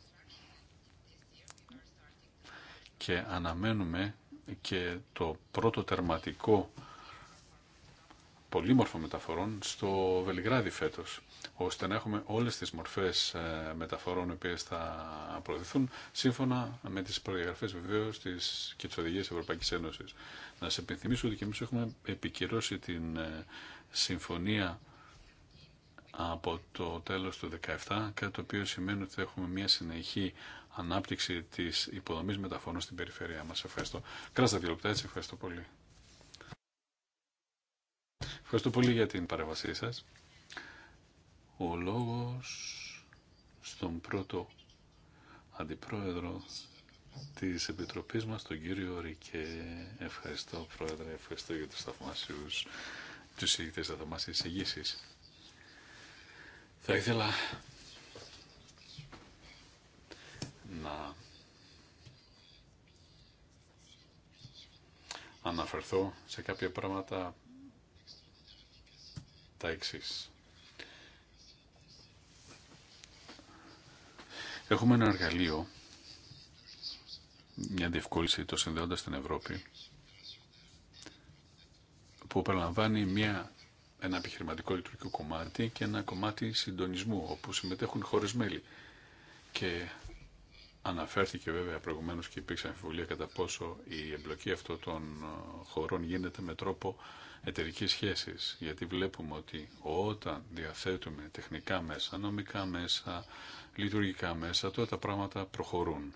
και αναμένουμε και το πρώτο τερματικό πολύμορφο μεταφορών στο Βελιγράδι φέτος, ώστε να έχουμε όλες τις μορφές ε, μεταφορών οι οποίες θα προωθηθούν σύμφωνα με τις προδιαγραφές βεβαίως της, και τις οδηγίες Ευρωπαϊκής Ένωσης. Να σε επιθυμίσω ότι και εμείς έχουμε επικυρώσει την ε, συμφωνία από το τέλος του 2017, κάτι το οποίο σημαίνει ότι έχουμε μια συνεχή ανάπτυξη της υποδομής μεταφορών στην περιφέρεια μας. Ευχαριστώ. Κράστα δύο λεπτά, έτσι ευχαριστώ πολύ. Ευχαριστώ πολύ για την παρεμβασή σας. Ο λόγος στον πρώτο αντιπρόεδρο της Επιτροπής μας, τον κύριο Ρικέ. Ευχαριστώ, Πρόεδρε, ευχαριστώ για τους θαυμάσιους τους συζητές θα μας εισηγήσεις. Θα ήθελα να αναφερθώ σε κάποια πράγματα τα εξής. Έχουμε ένα εργαλείο, μια διευκόλυνση το συνδέοντα στην Ευρώπη, που περιλαμβάνει μια, ένα επιχειρηματικό λειτουργικό κομμάτι και ένα κομμάτι συντονισμού όπου συμμετέχουν χώρες μέλη. Και αναφέρθηκε βέβαια προηγουμένως και υπήρξε αμφιβολία κατά πόσο η εμπλοκή αυτών των ε, χωρών γίνεται με τρόπο εταιρική σχέση. Γιατί βλέπουμε ότι όταν διαθέτουμε τεχνικά μέσα, νομικά μέσα, λειτουργικά μέσα, τότε τα πράγματα προχωρούν.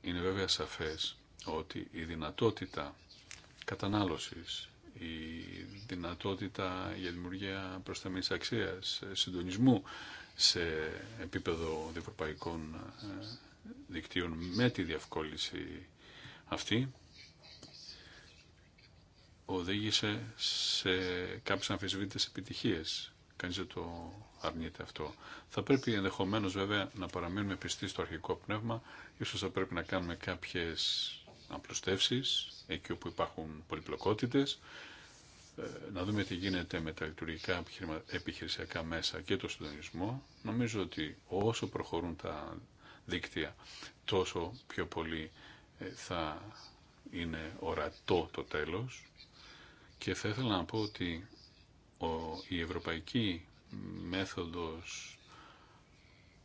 Είναι βέβαια σαφές ότι η δυνατότητα κατανάλωσης, η δυνατότητα για δημιουργία προσταμής αξίας, συντονισμού σε επίπεδο διευρωπαϊκών ε, δικτύων με τη διευκόλυνση αυτή οδήγησε σε κάποιες αμφισβήτητες επιτυχίες. Κανείς δεν το αρνείται αυτό. Θα πρέπει ενδεχομένως βέβαια να παραμείνουμε πιστοί στο αρχικό πνεύμα. Ίσως θα πρέπει να κάνουμε κάποιες απλουστεύσεις εκεί όπου υπάρχουν πολυπλοκότητες, ε, να δούμε τι γίνεται με τα λειτουργικά επιχειρησιακά μέσα και το συντονισμό. Νομίζω ότι όσο προχωρούν τα δίκτυα, τόσο πιο πολύ ε, θα είναι ορατό το τέλος και θα ήθελα να πω ότι η ευρωπαϊκή μέθοδος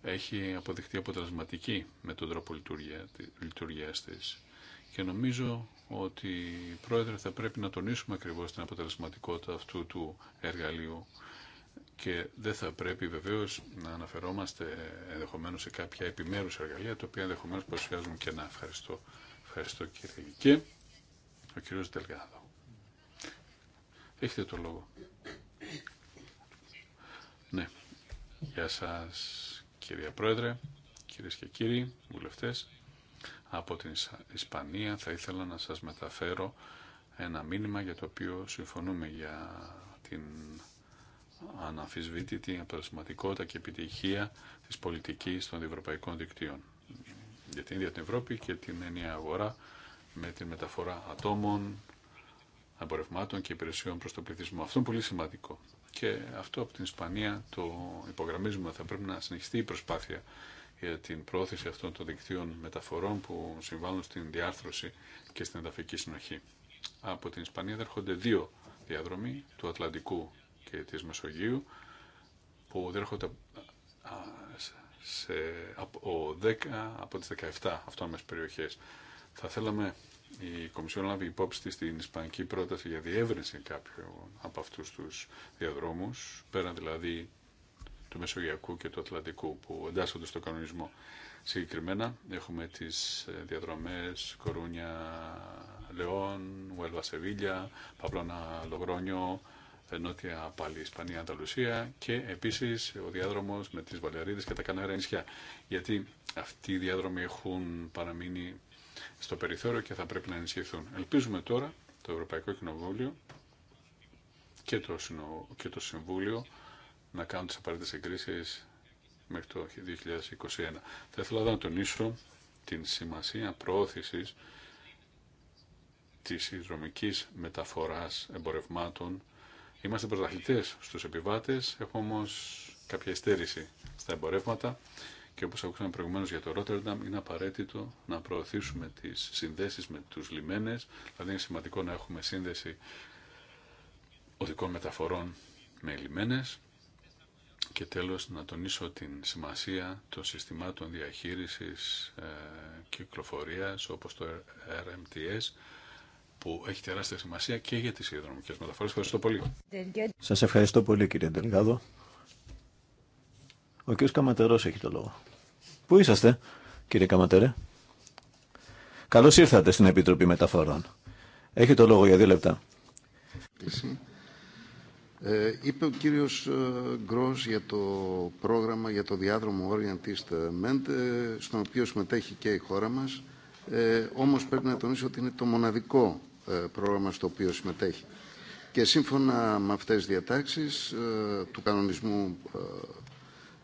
έχει αποδειχτεί αποτελεσματική με τον τρόπο λειτουργίας της και νομίζω ότι, Πρόεδρε, θα πρέπει να τονίσουμε ακριβώς την αποτελεσματικότητα αυτού του εργαλείου και δεν θα πρέπει βεβαίως να αναφερόμαστε ενδεχομένως σε κάποια επιμέρους εργαλεία, τα οποία ενδεχομένως παρουσιάζουν και να ευχαριστώ. Ευχαριστώ κύριε και ο κύριος Δελγάδο. Έχετε το λόγο. Ναι. Γεια σας κυρία Πρόεδρε, κυρίες και κύριοι βουλευτές από την Ισπανία θα ήθελα να σας μεταφέρω ένα μήνυμα για το οποίο συμφωνούμε για την αναμφισβήτητη αποτελεσματικότητα και επιτυχία της πολιτικής των ευρωπαϊκών δικτύων για την ίδια την Ευρώπη και την ενιαία αγορά με την μεταφορά ατόμων, εμπορευμάτων και υπηρεσιών προς τον πληθυσμό. Αυτό είναι πολύ σημαντικό. Και αυτό από την Ισπανία το υπογραμμίζουμε. Θα πρέπει να συνεχιστεί η προσπάθεια για την πρόθεση αυτών των δικτύων μεταφορών που συμβάλλουν στην διάρθρωση και στην ενταφική συνοχή. Από την Ισπανία δέρχονται δύο διαδρομοί, του Ατλαντικού και της Μεσογείου, που δέρχονται σε, από, 10, από τις 17 αυτόμες περιοχές. Θα θέλαμε η Κομισιόν λάβει υπόψη της την ισπανική πρόταση για διεύρυνση κάποιου από αυτούς τους διαδρόμους, πέραν δηλαδή του Μεσογειακού και του Ατλαντικού που εντάσσονται στο κανονισμό. Συγκεκριμένα έχουμε τις ε, διαδρομές Κορούνια Λεόν, Ουέλβα Σεβίλια, Παπλώνα Λογρόνιο, ε, Νότια πάλι Ισπανία Ανταλουσία και επίσης ο διάδρομος με τις Βαλιαρίδες και τα Κανάρια νησιά. Γιατί αυτοί οι διάδρομοι έχουν παραμείνει στο περιθώριο και θα πρέπει να ενισχυθούν. Ελπίζουμε τώρα το Ευρωπαϊκό Κοινοβούλιο και το Συμβούλιο να κάνουν τις απαραίτητες εγκρίσεις μέχρι το 2021. Θα ήθελα να τονίσω την σημασία προώθησης της συνδρομικής μεταφοράς εμπορευμάτων. Είμαστε πρωταθλητές στους επιβάτες, έχουμε όμως κάποια στέρηση στα εμπορεύματα και όπως ακούσαμε προηγουμένως για το Ρότερνταμ είναι απαραίτητο να προωθήσουμε τις συνδέσεις με τους λιμένες, δηλαδή είναι σημαντικό να έχουμε σύνδεση οδικών μεταφορών με λιμένες και τέλος να τονίσω την σημασία των συστημάτων διαχείρισης ε, κυκλοφορίας όπως το RMTS που έχει τεράστια σημασία και για τις υδρομικές μεταφορές. Ευχαριστώ πολύ. Σας ευχαριστώ πολύ κύριε Ντελγάδο. Ο κύριος Καματερός έχει το λόγο. Πού είσαστε κύριε Καματερέ. Καλώς ήρθατε στην Επιτροπή Μεταφορών. Έχει το λόγο για δύο λεπτά. Ε, είπε ο κύριος ε, Γκρός για το πρόγραμμα, για το διάδρομο Orient East ε, στον οποίο συμμετέχει και η χώρα μας. Ε, όμως πρέπει να τονίσω ότι είναι το μοναδικό πρόγραμμα στο οποίο συμμετέχει. Και σύμφωνα με αυτές τις διατάξεις του κανονισμού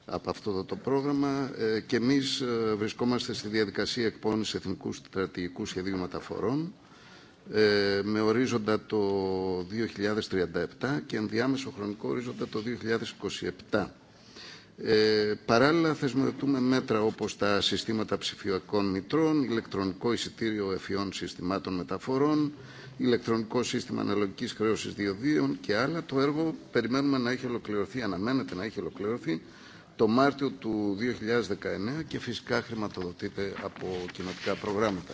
από αυτό το πρόγραμμα και εμείς βρισκόμαστε στη διαδικασία εκπόνησης εθνικού στρατηγικού σχεδίου μεταφορών ε, με ορίζοντα το 2037 και ενδιάμεσο χρονικό ορίζοντα το 2027. Ε, παράλληλα θεσμοθετούμε μέτρα όπως τα συστήματα ψηφιακών μητρών, ηλεκτρονικό εισιτήριο εφιών συστημάτων μεταφορών, ηλεκτρονικό σύστημα αναλογικής χρέωσης διοδίων και άλλα. Το έργο περιμένουμε να έχει ολοκληρωθεί, αναμένεται να έχει ολοκληρωθεί το Μάρτιο του 2019 και φυσικά χρηματοδοτείται από κοινοτικά προγράμματα.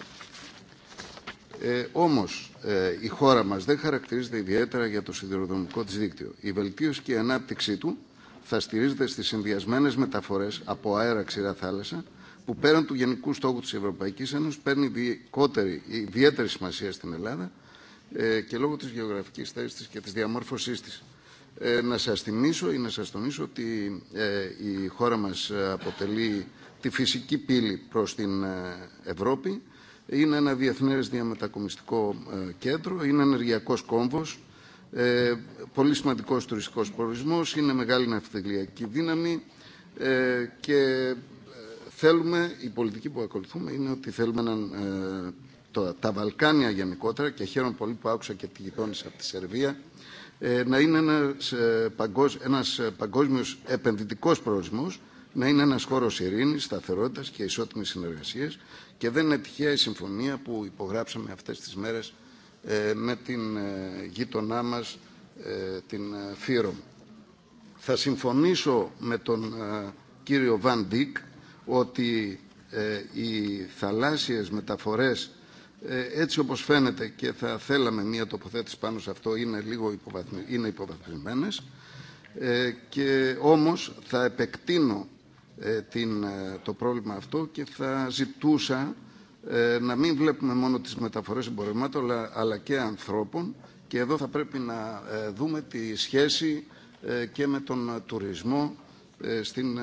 Ε, όμως ε, η χώρα μας δεν χαρακτηρίζεται ιδιαίτερα για το σιδηροδρομικό της δίκτυο. Η βελτίωση και η ανάπτυξή του θα στηρίζεται στις συνδυασμένε μεταφορές από αέρα ξηρά θάλασσα που πέραν του γενικού στόχου της Ευρωπαϊκής Ένωσης παίρνει ιδιαίτερη σημασία στην Ελλάδα ε, και λόγω της γεωγραφικής θέσης της και της διαμόρφωσής της. Ε, να σας θυμίσω ή να σας τονίσω ότι ε, η χώρα μας αποτελεί τη φυσική πύλη προς την ε, Ευρώπη είναι ένα διεθνές διαμετακομιστικό ε, κέντρο, είναι ενεργειακός κόμβος, ε, πολύ σημαντικός τουριστικός προορισμός, είναι μεγάλη ναυτιλιακή δύναμη ε, και θέλουμε, η πολιτική που ακολουθούμε είναι ότι θέλουμε το, τα Βαλκάνια γενικότερα και χαίρομαι πολύ που άκουσα και τη γειτόνισσα από τη Σερβία να είναι ένας, ένας παγκόσμιος επενδυτικός προορισμός να είναι ένας χώρος ειρήνης, σταθερότητας και ισότιμης συνεργασίας και δεν είναι τυχαία η συμφωνία που υπογράψαμε αυτέ τι μέρε ε, με την ε, γείτονά μα, ε, την Φύρομ. Θα συμφωνήσω με τον κύριο Βαν Ντίκ ότι οι θαλάσσιες μεταφορές έτσι όπως φαίνεται και θα θέλαμε μία τοποθέτηση πάνω σε αυτό είναι λίγο είναι υποβαθμισμένες και όμως θα επεκτείνω ε, την, ε, το πρόβλημα αυτό και θα ζητούσα ε, να μην βλέπουμε μόνο τις μεταφορές εμπορευμάτων αλλά, και ανθρώπων και εδώ θα πρέπει να δούμε τη σχέση και με τον τουρισμό στην,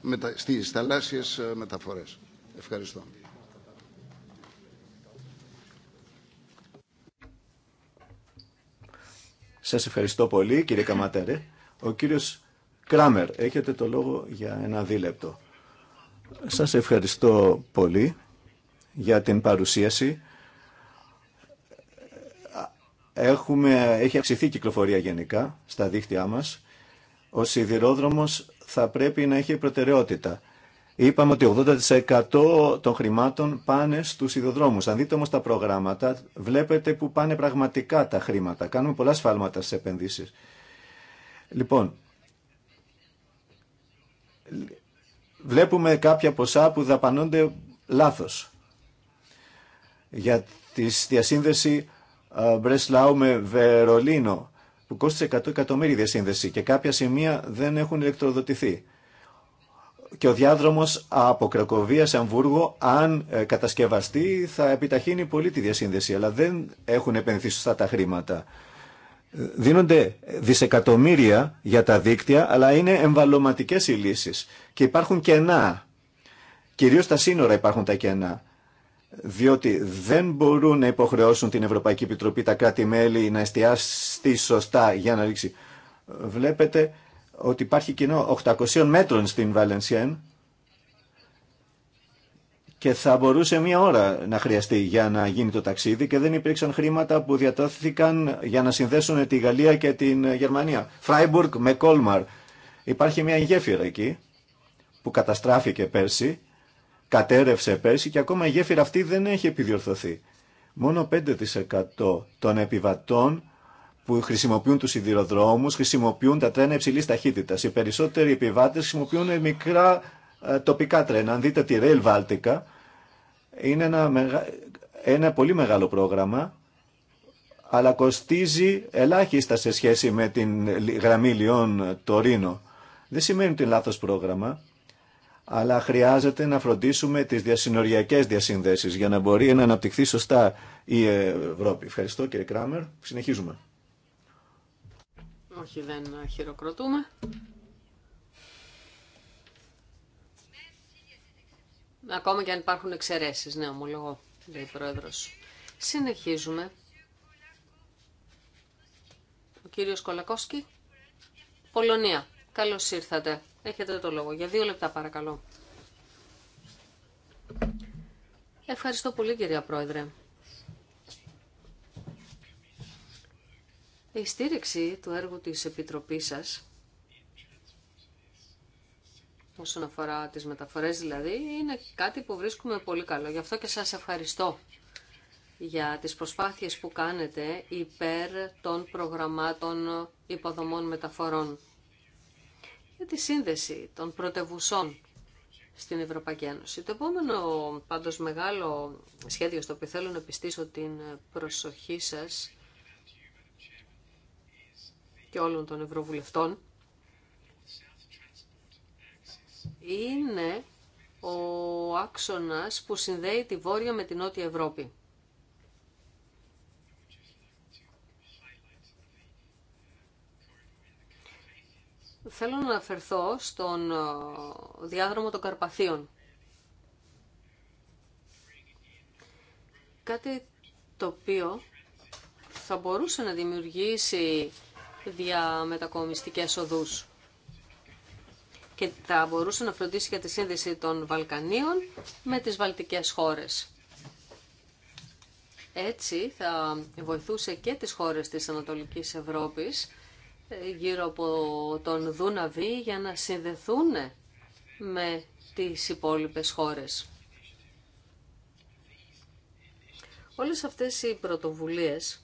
μετα, στις θαλάσσιες μεταφορές. Ευχαριστώ. Σας ευχαριστώ πολύ κύριε Καματέρε. Ο κύριος Κράμερ, έχετε το λόγο για ένα δίλεπτο. Σας ευχαριστώ πολύ για την παρουσίαση. Έχουμε, έχει αυξηθεί η κυκλοφορία γενικά στα δίχτυά μας. Ο σιδηρόδρομος θα πρέπει να έχει προτεραιότητα. Είπαμε ότι 80% των χρημάτων πάνε στους σιδηροδρόμους. Αν δείτε όμως τα προγράμματα, βλέπετε που πάνε πραγματικά τα χρήματα. Κάνουμε πολλά σφάλματα στις επενδύσεις. Λοιπόν, βλέπουμε κάποια ποσά που δαπανώνται λάθος για τη διασύνδεση ε, Μπρεσλάου με Βερολίνο που κόστησε 100 εκατομμύρια διασύνδεση και κάποια σημεία δεν έχουν ηλεκτροδοτηθεί. Και ο διάδρομος από Κρακοβία σε Αμβούργο, αν ε, κατασκευαστεί, θα επιταχύνει πολύ τη διασύνδεση, αλλά δεν έχουν επενδυθεί σωστά τα χρήματα δίνονται δισεκατομμύρια για τα δίκτυα, αλλά είναι εμβαλωματικέ οι λύσεις και υπάρχουν κενά. κυρίω στα σύνορα υπάρχουν τα κενά, διότι δεν μπορούν να υποχρεώσουν την Ευρωπαϊκή Επιτροπή τα κράτη-μέλη να εστιάσει σωστά για να ρίξει. Βλέπετε ότι υπάρχει κοινό 800 μέτρων στην Βαλενσιέν και θα μπορούσε μία ώρα να χρειαστεί για να γίνει το ταξίδι και δεν υπήρξαν χρήματα που διατάθηκαν για να συνδέσουν τη Γαλλία και την Γερμανία. Φράιμπουργκ με Κόλμαρ. Υπάρχει μία γέφυρα εκεί που καταστράφηκε πέρσι, κατέρευσε πέρσι και ακόμα η γέφυρα αυτή δεν έχει επιδιορθωθεί. Μόνο 5% των επιβατών που χρησιμοποιούν τους σιδηροδρόμους, χρησιμοποιούν τα τρένα υψηλής ταχύτητας. Οι περισσότεροι επιβάτες χρησιμοποιούν μικρά ε, τοπικά τρένα. Αν δείτε τη Rail Baltica, είναι ένα, ένα πολύ μεγάλο πρόγραμμα, αλλά κοστίζει ελάχιστα σε σχέση με την γραμμή Λιών Τωρίνο. Δεν σημαίνει ότι είναι λάθος πρόγραμμα, αλλά χρειάζεται να φροντίσουμε τις διασυνοριακές διασύνδεσεις για να μπορεί να αναπτυχθεί σωστά η Ευρώπη. Ευχαριστώ κύριε Κράμερ. Συνεχίζουμε. Όχι, δεν χειροκροτούμε. Ακόμα και αν υπάρχουν εξαιρέσεις, ναι, ομολογώ, λέει ο Πρόεδρος. Συνεχίζουμε. Ο κύριος Κολακόσκι, Πολωνία. Καλώς ήρθατε. Έχετε το λόγο. Για δύο λεπτά παρακαλώ. Ευχαριστώ πολύ κυρία Πρόεδρε. Η στήριξη του έργου της Επιτροπής σας όσον αφορά τις μεταφορές δηλαδή, είναι κάτι που βρίσκουμε πολύ καλό. Γι' αυτό και σας ευχαριστώ για τις προσπάθειες που κάνετε υπέρ των προγραμμάτων υποδομών μεταφορών για τη σύνδεση των πρωτευουσών στην Ευρωπαϊκή Ένωση. Το επόμενο πάντως μεγάλο σχέδιο στο οποίο θέλω να πιστήσω την προσοχή σας και όλων των Ευρωβουλευτών είναι ο άξονας που συνδέει τη Βόρεια με τη Νότια Ευρώπη. Θέλω να αναφερθώ στον ε, διάδρομο των Καρπαθίων. Κάτι το οποίο θα μπορούσε να δημιουργήσει διαμετακομιστικές οδούς και θα μπορούσε να φροντίσει για τη σύνδεση των Βαλκανίων με τις Βαλτικές χώρες. Έτσι θα βοηθούσε και τις χώρες της Ανατολικής Ευρώπης ε, γύρω από τον Δούναβη για να συνδεθούν με τις υπόλοιπες χώρες. Όλες αυτές οι πρωτοβουλίες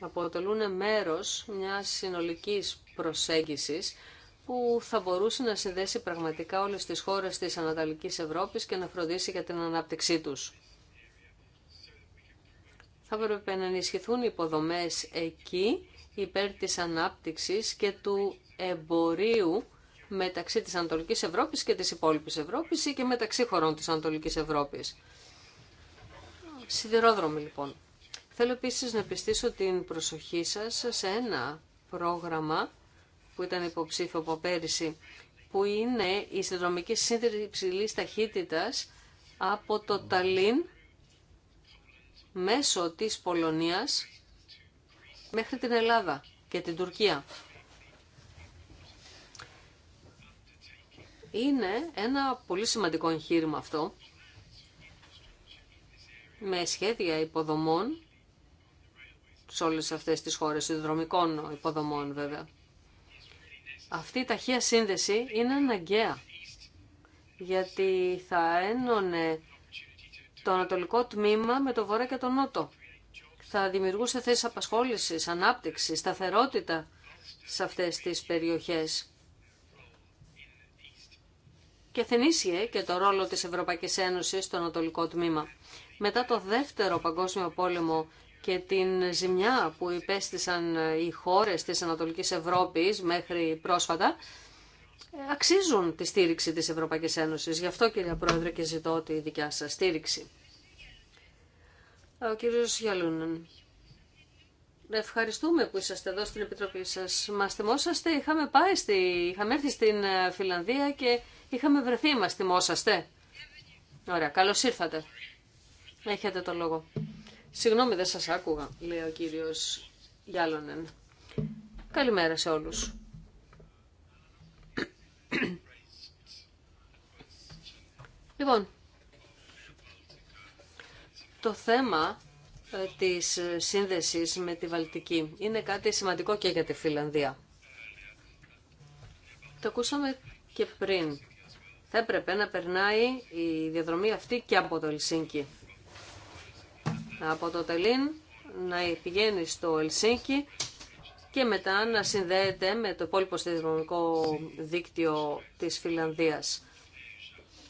αποτελούν μέρος μιας συνολικής προσέγγισης που θα μπορούσε να συνδέσει πραγματικά όλες τις χώρες της Ανατολικής Ευρώπης και να φροντίσει για την ανάπτυξή τους. Θα έπρεπε να ενισχυθούν οι υποδομές εκεί υπέρ της ανάπτυξης και του εμπορίου μεταξύ της Ανατολικής Ευρώπης και της υπόλοιπης Ευρώπης ή και μεταξύ χωρών της Ανατολικής Ευρώπης. Σιδηρόδρομοι λοιπόν. Θέλω επίσης να πιστήσω την προσοχή σας σε ένα πρόγραμμα που ήταν υποψήφιο από πέρυσι, που είναι η συνδρομική σύνδεση υψηλή ταχύτητα από το Ταλίν μέσω της Πολωνίας μέχρι την Ελλάδα και την Τουρκία. Είναι ένα πολύ σημαντικό εγχείρημα αυτό, με σχέδια υποδομών σε όλες αυτές τις χώρες, συνδρομικών υποδομών βέβαια. Αυτή η ταχεία σύνδεση είναι αναγκαία γιατί θα ένωνε το ανατολικό τμήμα με το βορρά και το νότο. Θα δημιουργούσε θέσεις απασχόλησης, ανάπτυξη, σταθερότητα σε αυτές τις περιοχές. Και θα και το ρόλο της Ευρωπαϊκής Ένωσης στο ανατολικό τμήμα. Μετά το δεύτερο παγκόσμιο πόλεμο και την ζημιά που υπέστησαν οι χώρες της Ανατολικής Ευρώπης μέχρι πρόσφατα, αξίζουν τη στήριξη της Ευρωπαϊκής Ένωσης. Γι' αυτό, κύριε Πρόεδρε, και ζητώ τη δικιά σας στήριξη. Ο κύριος Γιαλούνεν. Ευχαριστούμε που είσαστε εδώ στην Επιτροπή σας. Μας θυμόσαστε, είχαμε, πάει στη... είχαμε έρθει στην ε, Φιλανδία και είχαμε βρεθεί, μας θυμόσαστε. Ωραία, καλώς ήρθατε. Έχετε το λόγο. Συγγνώμη, δεν σας άκουγα, λέει ο κύριος Γιάλωνεν. Καλημέρα σε όλους. Λοιπόν, το θέμα ε, της ε, σύνδεσης με τη Βαλτική είναι κάτι σημαντικό και για τη Φιλανδία. Το ακούσαμε και πριν. Θα έπρεπε να περνάει η διαδρομή αυτή και από το Ελσίνκι από το Τελίν να πηγαίνει στο Ελσίνκι και μετά να συνδέεται με το υπόλοιπο σιδηροδρομικό δίκτυο της Φιλανδίας.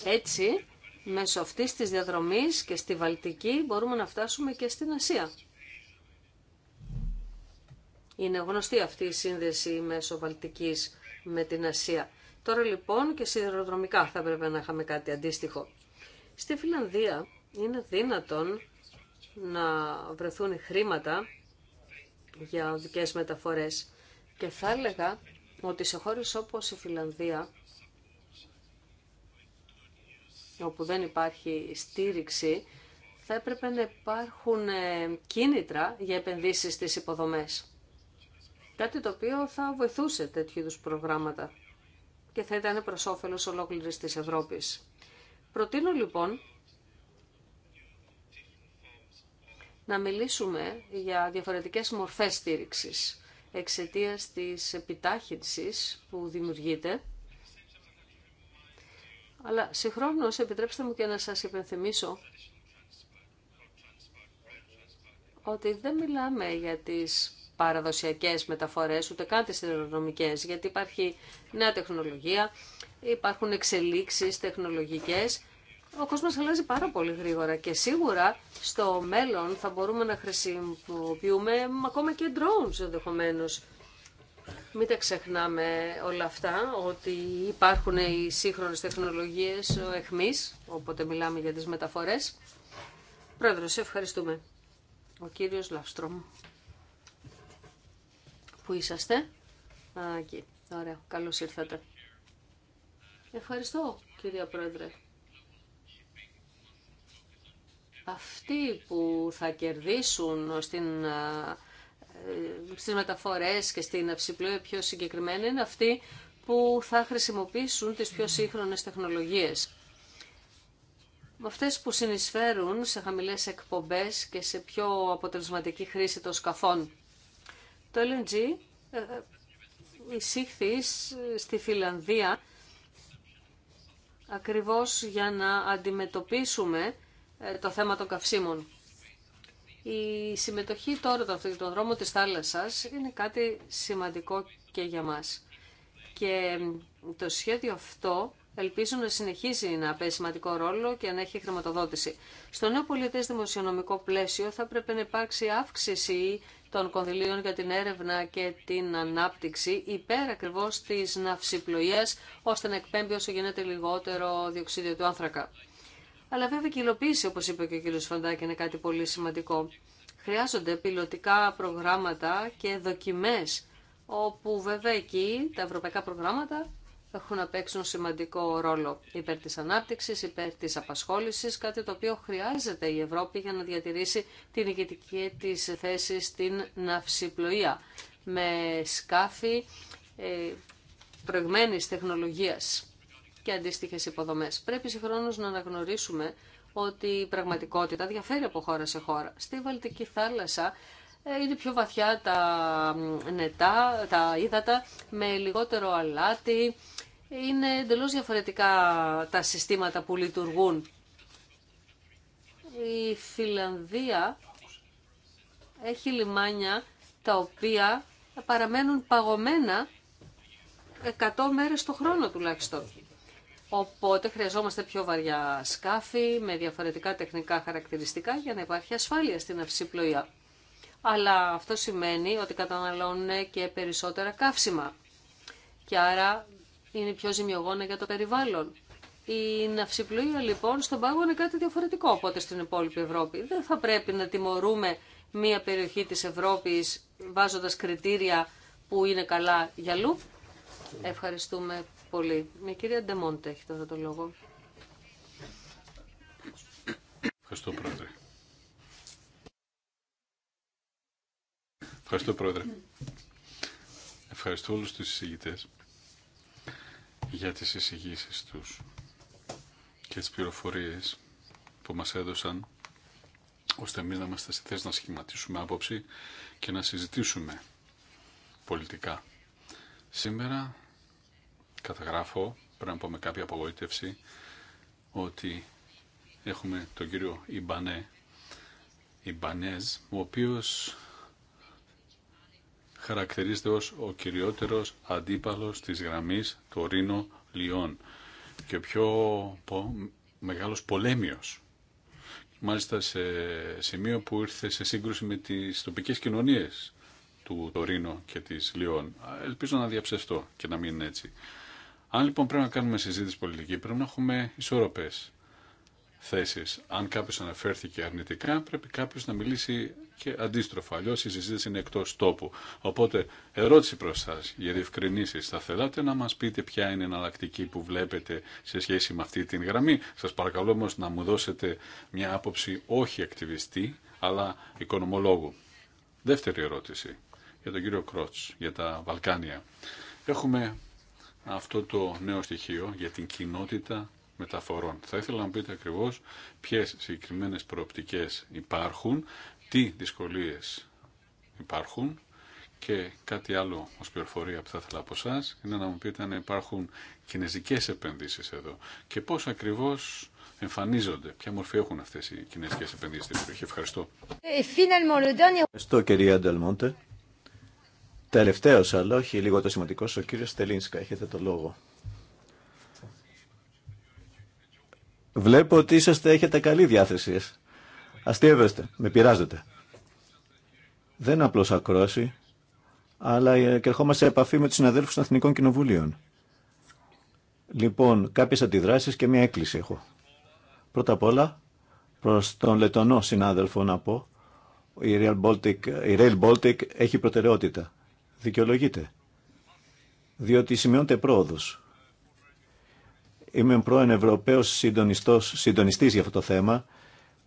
Έτσι, μέσω αυτής της διαδρομής και στη Βαλτική μπορούμε να φτάσουμε και στην Ασία. Είναι γνωστή αυτή η σύνδεση μέσω Βαλτικής με την Ασία. Τώρα λοιπόν και σιδηροδρομικά θα έπρεπε να είχαμε κάτι αντίστοιχο. Στη Φιλανδία είναι δυνατόν να βρεθούν χρήματα για οδικές μεταφορές. Και θα έλεγα ότι σε χώρες όπως η Φιλανδία, όπου δεν υπάρχει στήριξη, θα έπρεπε να υπάρχουν ε, κίνητρα για επενδύσεις στις υποδομές. Κάτι το οποίο θα βοηθούσε τέτοιου είδου προγράμματα και θα ήταν προς όφελος ολόκληρης της Ευρώπης. Προτείνω λοιπόν να μιλήσουμε για διαφορετικές μορφές στήριξης εξαιτίας της επιτάχυνσης που δημιουργείται. Αλλά συγχρόνως επιτρέψτε μου και να σας υπενθυμίσω ότι δεν μιλάμε για τις παραδοσιακές μεταφορές, ούτε καν τις γιατί υπάρχει νέα τεχνολογία, υπάρχουν εξελίξεις τεχνολογικές ο κόσμος αλλάζει πάρα πολύ γρήγορα και σίγουρα στο μέλλον θα μπορούμε να χρησιμοποιούμε ακόμα και drones ενδεχομένω. Μην τα ξεχνάμε όλα αυτά, ότι υπάρχουν οι σύγχρονες τεχνολογίες ο εχμής, όποτε μιλάμε για τις μεταφορές. Πρόεδρος, ευχαριστούμε. Ο κύριος Λαυστρόμ. Πού είσαστε? Α, εκεί. Ωραία. Καλώς ήρθατε. Ευχαριστώ, κυρία Πρόεδρε αυτοί που θα κερδίσουν στην, ε, στις μεταφορές και στην αυσιπλοεία πιο συγκεκριμένα είναι αυτοί που θα χρησιμοποιήσουν τις πιο σύγχρονες τεχνολογίες. Με αυτές που συνεισφέρουν σε χαμηλές εκπομπές και σε πιο αποτελεσματική χρήση των σκαφών. Το LNG ε, εισήχθη στη Φιλανδία ακριβώς για να αντιμετωπίσουμε ε, το θέμα των καυσίμων. Η συμμετοχή τώρα των δρόμο της θάλασσας είναι κάτι σημαντικό και για μας. Και το σχέδιο αυτό ελπίζω να συνεχίσει να παίζει σημαντικό ρόλο και να έχει χρηματοδότηση. Στο νέο πολιτές δημοσιονομικό πλαίσιο θα πρέπει να υπάρξει αύξηση των κονδυλίων για την έρευνα και την ανάπτυξη υπέρ ακριβώ τη ναυσιπλοεία, ώστε να εκπέμπει όσο γίνεται λιγότερο διοξίδιο του άνθρακα. Αλλά βέβαια και η υλοποίηση, όπως είπε και ο κ. Φαντάκη, είναι κάτι πολύ σημαντικό. Χρειάζονται πιλωτικά προγράμματα και δοκιμές, όπου βέβαια εκεί τα ευρωπαϊκά προγράμματα έχουν να παίξουν σημαντικό ρόλο υπέρ της ανάπτυξης, υπέρ της απασχόλησης, κάτι το οποίο χρειάζεται η Ευρώπη για να διατηρήσει την ηγετική της θέση στην ναυσιπλοεία με σκάφη ε, προηγμένης τεχνολογίας και αντίστοιχε υποδομές. Πρέπει συγχρόνω να αναγνωρίσουμε ότι η πραγματικότητα διαφέρει από χώρα σε χώρα. Στη Βαλτική θάλασσα ε, είναι πιο βαθιά τα νετά, τα ύδατα, με λιγότερο αλάτι. Είναι εντελώ διαφορετικά τα συστήματα που λειτουργούν. Η Φιλανδία έχει λιμάνια τα οποία παραμένουν παγωμένα 100 μέρες το χρόνο τουλάχιστον. Οπότε χρειαζόμαστε πιο βαριά σκάφη με διαφορετικά τεχνικά χαρακτηριστικά για να υπάρχει ασφάλεια στην πλοία. Αλλά αυτό σημαίνει ότι καταναλώνουν και περισσότερα καύσιμα και άρα είναι πιο ζημιογόνα για το περιβάλλον. Η ναυσιπλοεία λοιπόν στον πάγο είναι κάτι διαφορετικό από ό,τι στην υπόλοιπη Ευρώπη. Δεν θα πρέπει να τιμωρούμε μία περιοχή της Ευρώπης βάζοντας κριτήρια που είναι καλά για λουπ. Ευχαριστούμε πολύ. με κυρία Ντεμόντε έχει τώρα το λόγο. Ευχαριστώ, Πρόεδρε. Ευχαριστώ, Πρόεδρε. Ευχαριστώ όλους τους εισηγητές για τις εισηγήσεις τους και τις πληροφορίες που μας έδωσαν ώστε εμείς να είμαστε σε θέση να σχηματίσουμε άποψη και να συζητήσουμε πολιτικά. Σήμερα καταγράφω, πρέπει να πω με κάποια απογοήτευση, ότι έχουμε τον κύριο Ιμπανέ, Ιμπανέζ, ο οποίος χαρακτηρίζεται ως ο κυριότερος αντίπαλος της γραμμής Τωρίνο Λιών και ο πιο μεγάλος πολέμιος. Μάλιστα σε σημείο που ήρθε σε σύγκρουση με τις τοπικές κοινωνίες του Τωρίνο και της λιόν. Ελπίζω να διαψευστώ και να μην είναι έτσι. Αν λοιπόν πρέπει να κάνουμε συζήτηση πολιτική, πρέπει να έχουμε ισορροπέ θέσει. Αν κάποιο αναφέρθηκε αρνητικά, πρέπει κάποιο να μιλήσει και αντίστροφα. Αλλιώ η συζήτηση είναι εκτό τόπου. Οπότε, ερώτηση προ εσά για διευκρινήσει. Θα θέλατε να μα πείτε ποια είναι η εναλλακτική που βλέπετε σε σχέση με αυτή την γραμμή. Σα παρακαλώ όμω να μου δώσετε μια άποψη όχι ακτιβιστή, αλλά οικονομολόγου. Δεύτερη ερώτηση για τον κύριο Κρότ για τα Βαλκάνια. Έχουμε αυτό το νέο στοιχείο για την κοινότητα μεταφορών. Θα ήθελα να μου πείτε ακριβώς ποιες συγκεκριμένες προοπτικές υπάρχουν, τι δυσκολίες υπάρχουν και κάτι άλλο ως πληροφορία που θα ήθελα από εσά είναι να μου πείτε αν υπάρχουν κινέζικες επενδύσεις εδώ και πώς ακριβώς εμφανίζονται, ποια μορφή έχουν αυτές οι κινέζικες επενδύσεις στην περιοχή. Ευχαριστώ. Ευχαριστώ κυρία Ντελμόντερ. Τελευταίο αλλά όχι λίγο το σημαντικό, ο κύριος Τελίνσκα. Έχετε το λόγο. Βλέπω ότι είσαστε, έχετε καλή διάθεση. Αστείευεστε, με πειράζετε. Δεν είναι απλώς ακρόαση, αλλά ε, και ερχόμαστε σε επαφή με του συναδέλφου των Εθνικών Κοινοβουλίων. Λοιπόν, κάποιε αντιδράσει και μια έκκληση έχω. Πρώτα απ' όλα, προς τον Λετωνό συνάδελφο να πω, η Rail Baltic, η Rail Baltic έχει προτεραιότητα δικαιολογείται, διότι σημειώνεται πρόοδο. Είμαι πρώην Ευρωπαίο συντονιστή για αυτό το θέμα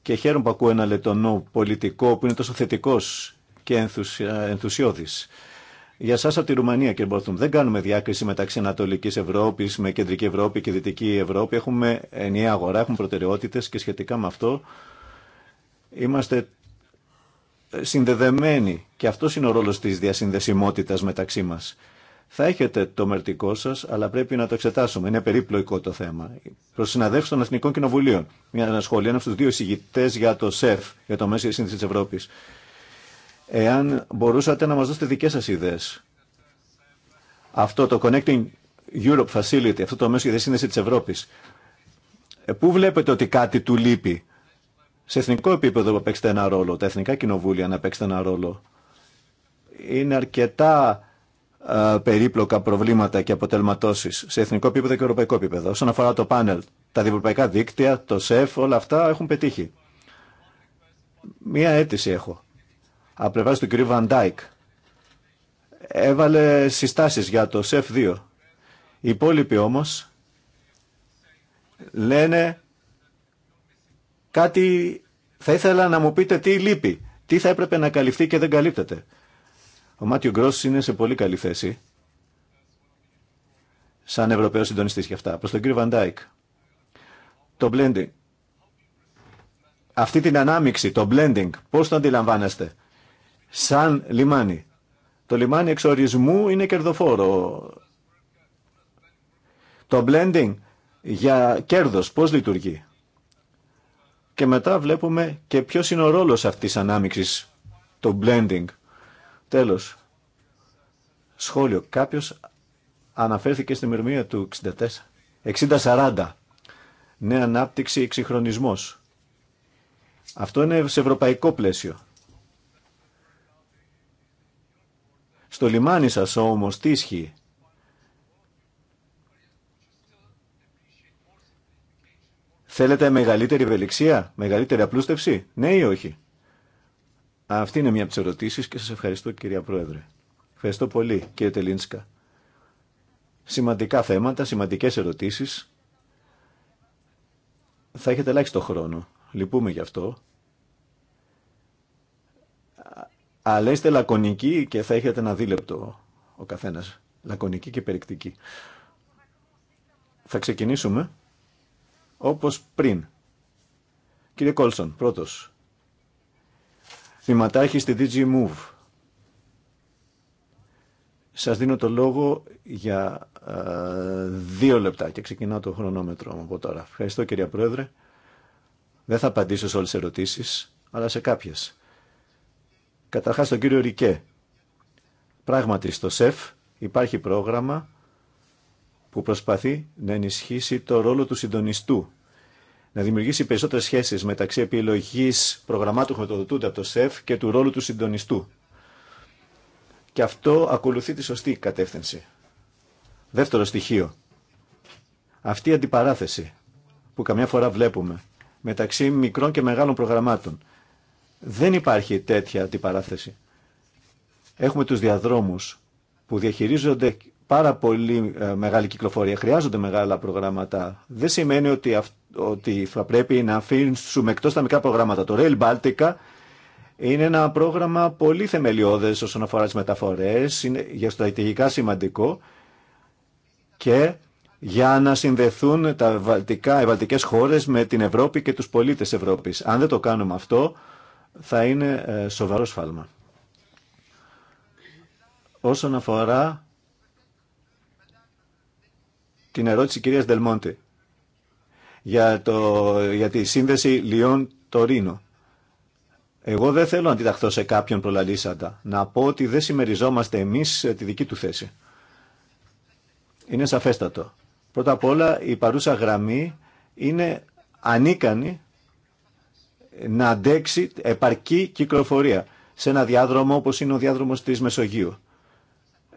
και χαίρομαι που ακούω ένα λετωνό πολιτικό που είναι τόσο θετικό και ενθουσιώδης. Για εσά από τη Ρουμανία, κύριε Μπόρθουμ, δεν κάνουμε διάκριση μεταξύ Ανατολική Ευρώπη με Κεντρική Ευρώπη και Δυτική Ευρώπη. Έχουμε ενιαία αγορά, έχουμε προτεραιότητε και σχετικά με αυτό είμαστε συνδεδεμένοι και αυτό είναι ο ρόλος της διασυνδεσιμότητας μεταξύ μας. Θα έχετε το μερτικό σας, αλλά πρέπει να το εξετάσουμε. Είναι περίπλοκο το θέμα. Προς συναδέλφου των Εθνικών Κοινοβουλίων. Μια σχόλια, ένα από του δύο εισηγητέ για το ΣΕΦ, για το Μέσο σύνδεση τη Ευρώπης. Εάν μπορούσατε να μας δώσετε δικές σας ιδέες, Αυτό το Connecting Europe Facility, αυτό το μέσο για τη σύνδεση της Ευρώπη. Ε, πού βλέπετε ότι κάτι του λείπει σε εθνικό επίπεδο να παίξετε ένα ρόλο, τα εθνικά κοινοβούλια να παίξετε ένα ρόλο. Είναι αρκετά ε, περίπλοκα προβλήματα και αποτελματώσεις σε εθνικό επίπεδο και ευρωπαϊκό επίπεδο. Όσον αφορά το πάνελ, τα διευρωπαϊκά δίκτυα, το ΣΕΦ, όλα αυτά έχουν πετύχει. Μία αίτηση έχω. Από πλευρά του κ. Βαντάικ. Έβαλε συστάσεις για το ΣΕΦ 2. Οι υπόλοιποι όμως λένε Κάτι θα ήθελα να μου πείτε τι λείπει, τι θα έπρεπε να καλυφθεί και δεν καλύπτεται. Ο Μάτιο Γκρός είναι σε πολύ καλή θέση, σαν Ευρωπαίος συντονιστής για αυτά. Προς τον κύριο Βαντάικ, το blending, αυτή την ανάμιξη, το blending, πώς το αντιλαμβάνεστε, σαν λιμάνι. Το λιμάνι εξορισμού είναι κερδοφόρο. Το blending για κέρδος πώς λειτουργεί και μετά βλέπουμε και ποιος είναι ο ρόλος αυτής της ανάμειξης, το blending. Τέλος, σχόλιο. Κάποιος αναφέρθηκε στην ημερομηνία του 64. 60-40. Νέα ανάπτυξη, εξυγχρονισμός. Αυτό είναι σε ευρωπαϊκό πλαίσιο. Στο λιμάνι σας όμως τι ισχύει. Θέλετε μεγαλύτερη ευελιξία, μεγαλύτερη απλούστευση, ναι ή όχι. Αυτή είναι μια από τι ερωτήσει και σα ευχαριστώ κυρία Πρόεδρε. Ευχαριστώ πολύ κύριε Τελίνσκα. Σημαντικά θέματα, σημαντικέ ερωτήσει. Θα έχετε ελάχιστο χρόνο. Λυπούμε γι' αυτό. Αλλά είστε λακωνικοί και θα έχετε ένα δίλεπτο ο καθένας. Λακωνικοί και περιεκτικοί. Θα ξεκινήσουμε όπως πριν. Κύριε Κόλσον, πρώτος. Θυματάρχη στη DG Move. Σας δίνω το λόγο για δύο λεπτά και ξεκινάω το χρονόμετρο από τώρα. Ευχαριστώ κυρία Πρόεδρε. Δεν θα απαντήσω σε όλες τις ερωτήσεις, αλλά σε κάποιες. Καταρχάς τον κύριο Ρικέ. Πράγματι στο ΣΕΦ υπάρχει πρόγραμμα που προσπαθεί να ενισχύσει το ρόλο του συντονιστού, να δημιουργήσει περισσότερες σχέσεις μεταξύ επιλογής προγραμμάτων που από το ΣΕΦ και του ρόλου του συντονιστού. Και αυτό ακολουθεί τη σωστή κατεύθυνση. Δεύτερο στοιχείο. Αυτή η αντιπαράθεση που καμιά φορά βλέπουμε μεταξύ μικρών και μεγάλων προγραμμάτων. Δεν υπάρχει τέτοια αντιπαράθεση. Έχουμε τους διαδρόμους που διαχειρίζονται πάρα πολύ ε, μεγάλη κυκλοφορία. Χρειάζονται μεγάλα προγράμματα. Δεν σημαίνει ότι, ότι θα πρέπει να αφήσουμε εκτό τα μικρά προγράμματα. Το Rail Baltica είναι ένα πρόγραμμα πολύ θεμελιώδες όσον αφορά τι μεταφορές, είναι για στρατηγικά σημαντικό και για να συνδεθούν τα βαλτικά, οι χώρες με την Ευρώπη και του πολίτε Ευρώπη. Αν δεν το κάνουμε αυτό, θα είναι ε, σοβαρό σφάλμα. Όσον αφορά την ερώτηση της κυρίας Δελμόντε για, το, για τη σύνδεση Λιών-Τωρίνο. Εγώ δεν θέλω να αντιταχθώ σε κάποιον προλαλήσαντα. Να πω ότι δεν συμμεριζόμαστε εμείς τη δική του θέση. Είναι σαφέστατο. Πρώτα απ' όλα η παρούσα γραμμή είναι ανίκανη να αντέξει επαρκή κυκλοφορία σε ένα διάδρομο όπως είναι ο διάδρομος της Μεσογείου.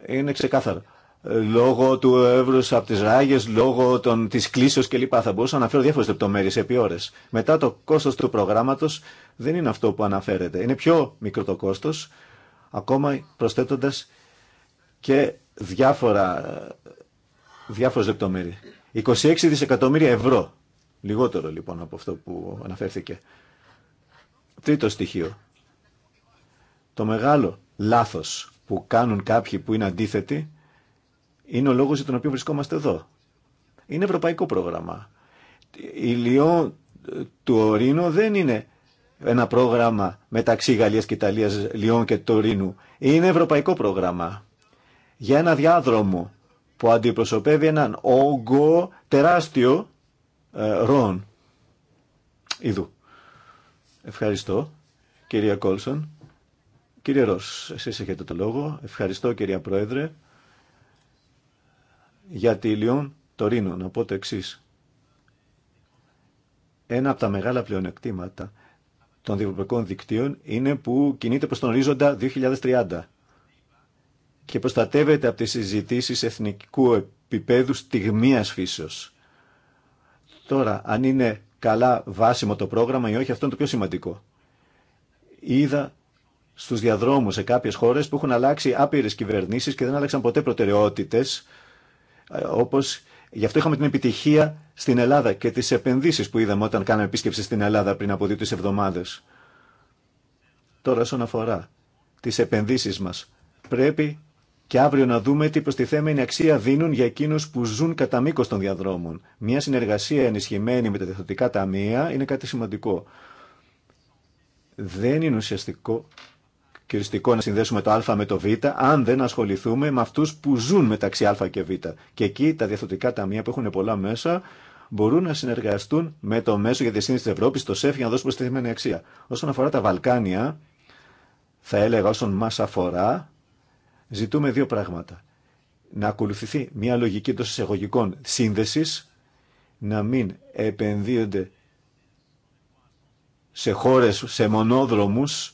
Είναι ξεκάθαρο λόγω του ευρου από τι ράγε, λόγω των, κλίσεω κλπ. Θα μπορούσα να αναφέρω διάφορε λεπτομέρειε επί ώρε. Μετά το κόστος του προγράμματος δεν είναι αυτό που αναφέρεται. Είναι πιο μικρό το κόστος, ακόμα προσθέτοντας και διάφορα, διάφορες λεπτομέρειες. 26 δισεκατομμύρια ευρώ. Λιγότερο λοιπόν από αυτό που αναφέρθηκε. Τρίτο στοιχείο. Το μεγάλο λάθος που κάνουν κάποιοι που είναι αντίθετοι είναι ο λόγος για τον οποίο βρισκόμαστε εδώ. Είναι ευρωπαϊκό πρόγραμμα. Η Λιόν ε, του Ορίνου δεν είναι ένα πρόγραμμα μεταξύ Γαλλίας και Ιταλίας, Λιών και του Ορίνου. Είναι ευρωπαϊκό πρόγραμμα για ένα διάδρομο που αντιπροσωπεύει έναν όγκο τεράστιο ε, ροών. Ευχαριστώ, κυρία Κόλσον. Κύριε Ρος, εσείς έχετε το λόγο. Ευχαριστώ, κυρία Πρόεδρε για τη Λιόν Τωρίνο, να πω το εξή. Ένα από τα μεγάλα πλεονεκτήματα των διευρωπαϊκών δικτύων είναι που κινείται προς τον ορίζοντα 2030 και προστατεύεται από τις συζητήσεις εθνικού επίπεδου στιγμίας φύσεως. Τώρα, αν είναι καλά βάσιμο το πρόγραμμα ή όχι, αυτό είναι το πιο σημαντικό. Είδα στους διαδρόμους σε κάποιες χώρες που έχουν αλλάξει άπειρες κυβερνήσεις και δεν άλλαξαν ποτέ προτεραιότητες ε, όπως γι' αυτό είχαμε την επιτυχία στην Ελλάδα και τις επενδύσεις που είδαμε όταν κάναμε επίσκεψη στην Ελλάδα πριν από δύο-τρει εβδομάδες. Τώρα όσον αφορά τις επενδύσεις μας, πρέπει και αύριο να δούμε τι προστιθέμενη αξία δίνουν για εκείνου που ζουν κατά μήκο των διαδρόμων. Μια συνεργασία ενισχυμένη με τα διεθντικά ταμεία είναι κάτι σημαντικό. Δεν είναι ουσιαστικό κυριστικό να συνδέσουμε το α με το β, αν δεν ασχοληθούμε με αυτούς που ζουν μεταξύ α και β. Και εκεί τα διαθωτικά ταμεία που έχουν πολλά μέσα μπορούν να συνεργαστούν με το μέσο για τη σύνδεση της Ευρώπης, το ΣΕΦ, για να δώσουν προστιθέμενη αξία. Όσον αφορά τα Βαλκάνια, θα έλεγα όσον μας αφορά, ζητούμε δύο πράγματα. Να ακολουθηθεί μια λογική των εισαγωγικών σύνδεσης, να μην επενδύονται σε χώρες, σε μονόδρομους,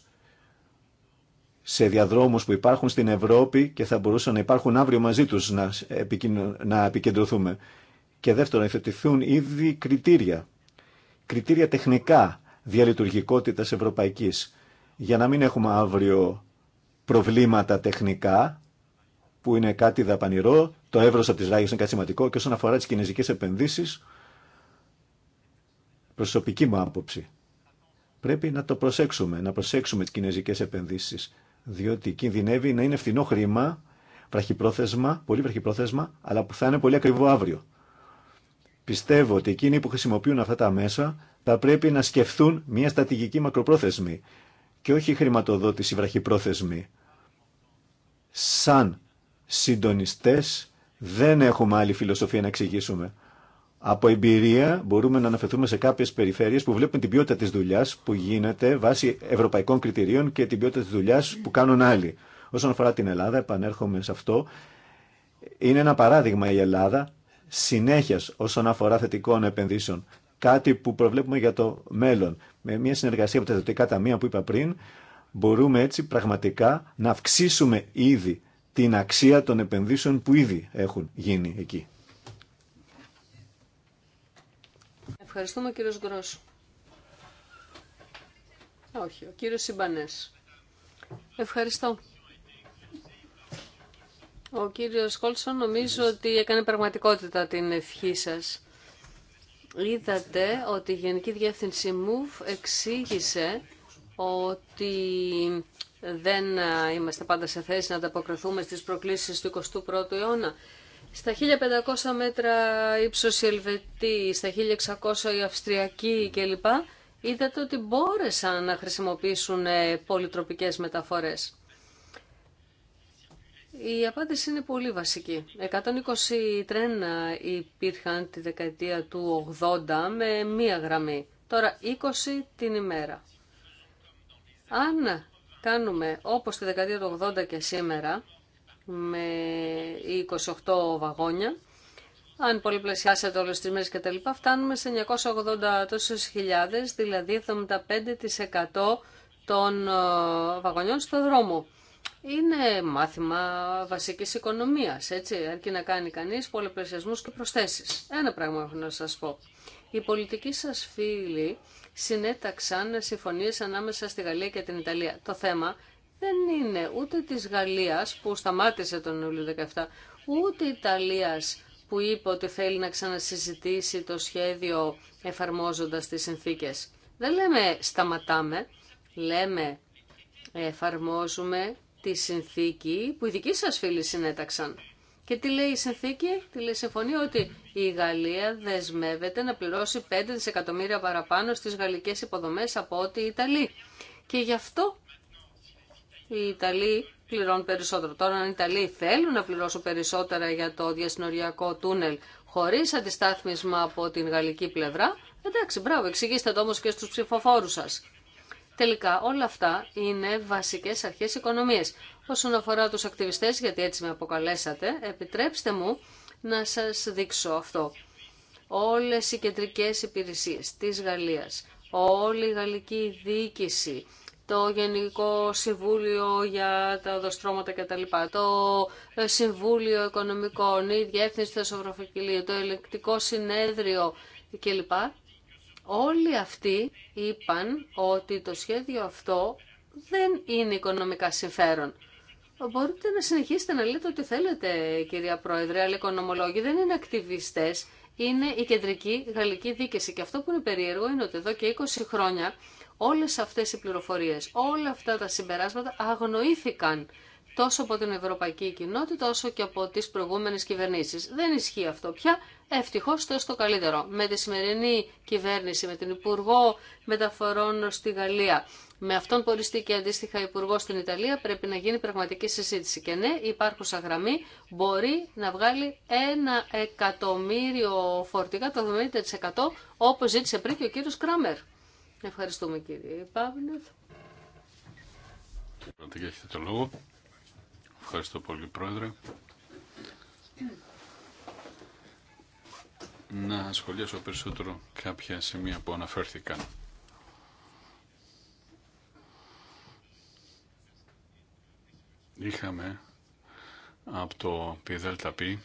σε διαδρόμους που υπάρχουν στην Ευρώπη και θα μπορούσαν να υπάρχουν αύριο μαζί τους να, να επικεντρωθούμε. Και δεύτερον, υφετηθούν ήδη κριτήρια, κριτήρια τεχνικά διαλειτουργικότητας ευρωπαϊκής, για να μην έχουμε αύριο προβλήματα τεχνικά, που είναι κάτι δαπανηρό, το εύρος από τις ράγες είναι κάτι σημαντικό και όσον αφορά τις κινέζικες επενδύσεις, προσωπική μου άποψη, πρέπει να το προσέξουμε, να προσέξουμε τις κινέζικες επενδύσεις διότι κινδυνεύει να είναι φθηνό χρήμα, βραχυπρόθεσμα, πολύ βραχυπρόθεσμα, αλλά που θα είναι πολύ ακριβό αύριο. Πιστεύω ότι εκείνοι που χρησιμοποιούν αυτά τα μέσα θα πρέπει να σκεφτούν μια στατηγική μακροπρόθεσμη και όχι χρηματοδότηση βραχυπρόθεσμη. Σαν συντονιστές δεν έχουμε άλλη φιλοσοφία να εξηγήσουμε. Από εμπειρία μπορούμε να αναφερθούμε σε κάποιε περιφέρειες που βλέπουν την ποιότητα τη δουλειά που γίνεται βάσει ευρωπαϊκών κριτηρίων και την ποιότητα τη δουλειά που κάνουν άλλοι. Όσον αφορά την Ελλάδα, επανέρχομαι σε αυτό, είναι ένα παράδειγμα η Ελλάδα συνέχεια όσον αφορά θετικών επενδύσεων. Κάτι που προβλέπουμε για το μέλλον. Με μια συνεργασία από τα ιδιωτικά ταμεία που είπα πριν, μπορούμε έτσι πραγματικά να αυξήσουμε ήδη την αξία των επενδύσεων που ήδη έχουν γίνει εκεί. Ευχαριστούμε ο κύριος Γκρός. Όχι, ο κύριος Συμπανές. Ευχαριστώ. Ο κύριος Κόλσον νομίζω ότι έκανε πραγματικότητα την ευχή σας. Είδατε ότι η Γενική Διεύθυνση MOVE εξήγησε ότι δεν είμαστε πάντα σε θέση να ανταποκριθούμε στις προκλήσεις του 21ου αιώνα. Στα 1500 μέτρα ύψος οι Ελβετοί, στα 1600 οι Αυστριακοί κλπ. Είδατε ότι μπόρεσαν να χρησιμοποιήσουν ε, πολυτροπικές μεταφορές. Η απάντηση είναι πολύ βασική. 120 τρένα υπήρχαν τη δεκαετία του 80 με μία γραμμή. Τώρα 20 την ημέρα. Αν κάνουμε όπως τη δεκαετία του 80 και σήμερα, με 28 βαγόνια. Αν πολυπλασιάσετε όλε τι μέρε κτλ., φτάνουμε σε 980 τόσε χιλιάδε, δηλαδή 75% των ε, βαγονιών στο δρόμο. Είναι μάθημα βασική οικονομία, έτσι, αρκεί να κάνει κανεί πολυπλασιασμού και προσθέσει. Ένα πράγμα έχω να σα πω. Οι πολιτικοί σα φίλοι συνέταξαν συμφωνίε ανάμεσα στη Γαλλία και την Ιταλία. Το θέμα δεν είναι ούτε της Γαλλίας που σταμάτησε τον Ιούλιο 17, ούτε Ιταλίας που είπε ότι θέλει να ξανασυζητήσει το σχέδιο εφαρμόζοντας τις συνθήκες. Δεν λέμε σταματάμε, λέμε εφαρμόζουμε τη συνθήκη που οι δικοί σας φίλοι συνέταξαν. Και τι λέει η συνθήκη, τι λέει η συμφωνία, ότι η Γαλλία δεσμεύεται να πληρώσει 5 δισεκατομμύρια παραπάνω στις γαλλικές υποδομές από ό,τι η Ιταλία. Και γι' αυτό οι Ιταλοί πληρώνουν περισσότερο. Τώρα αν οι Ιταλοί θέλουν να πληρώσουν περισσότερα για το διασυνοριακό τούνελ χωρίς αντιστάθμισμα από την γαλλική πλευρά, εντάξει, μπράβο, εξηγήστε το όμως και στους ψηφοφόρους σας. Τελικά όλα αυτά είναι βασικές αρχές οικονομίας. Όσον αφορά τους ακτιβιστές, γιατί έτσι με αποκαλέσατε, επιτρέψτε μου να σας δείξω αυτό. Όλες οι κεντρικές υπηρεσίες της Γαλλίας, όλη η γαλλική διοίκηση, το Γενικό Συμβούλιο για τα οδοστρώματα κτλ. Το Συμβούλιο Οικονομικών, η Διεύθυνση του Εσωβροφικυλίου, το Ελεκτικό Συνέδριο κλπ. Όλοι αυτοί είπαν ότι το σχέδιο αυτό δεν είναι οικονομικά συμφέρον. Μπορείτε να συνεχίσετε να λέτε ό,τι θέλετε, κυρία Πρόεδρε, αλλά οι οικονομολόγοι δεν είναι ακτιβιστές, είναι η κεντρική γαλλική δίκαιση. Και αυτό που είναι περίεργο είναι ότι εδώ και 20 χρόνια Όλες αυτές οι πληροφορίες, όλα αυτά τα συμπεράσματα αγνοήθηκαν τόσο από την ευρωπαϊκή κοινότητα όσο και από τις προηγούμενες κυβερνήσεις. Δεν ισχύει αυτό πια, ευτυχώς το καλύτερο. Με τη σημερινή κυβέρνηση, με την Υπουργό Μεταφορών στη Γαλλία, με αυτόν που και αντίστοιχα Υπουργό στην Ιταλία, πρέπει να γίνει πραγματική συζήτηση. Και ναι, η υπάρχουσα γραμμή μπορεί να βγάλει ένα εκατομμύριο φορτηγά, το 70% όπως ζήτησε πριν και ο κύριος Κράμερ. Ευχαριστούμε κύριε Παύλεφ. Κύριε έχετε το λόγο. Ευχαριστώ πολύ πρόεδρε. Να σχολιάσω περισσότερο κάποια σημεία που αναφέρθηκαν. Είχαμε από το ΠΙΔΑΛΤΑΠΗ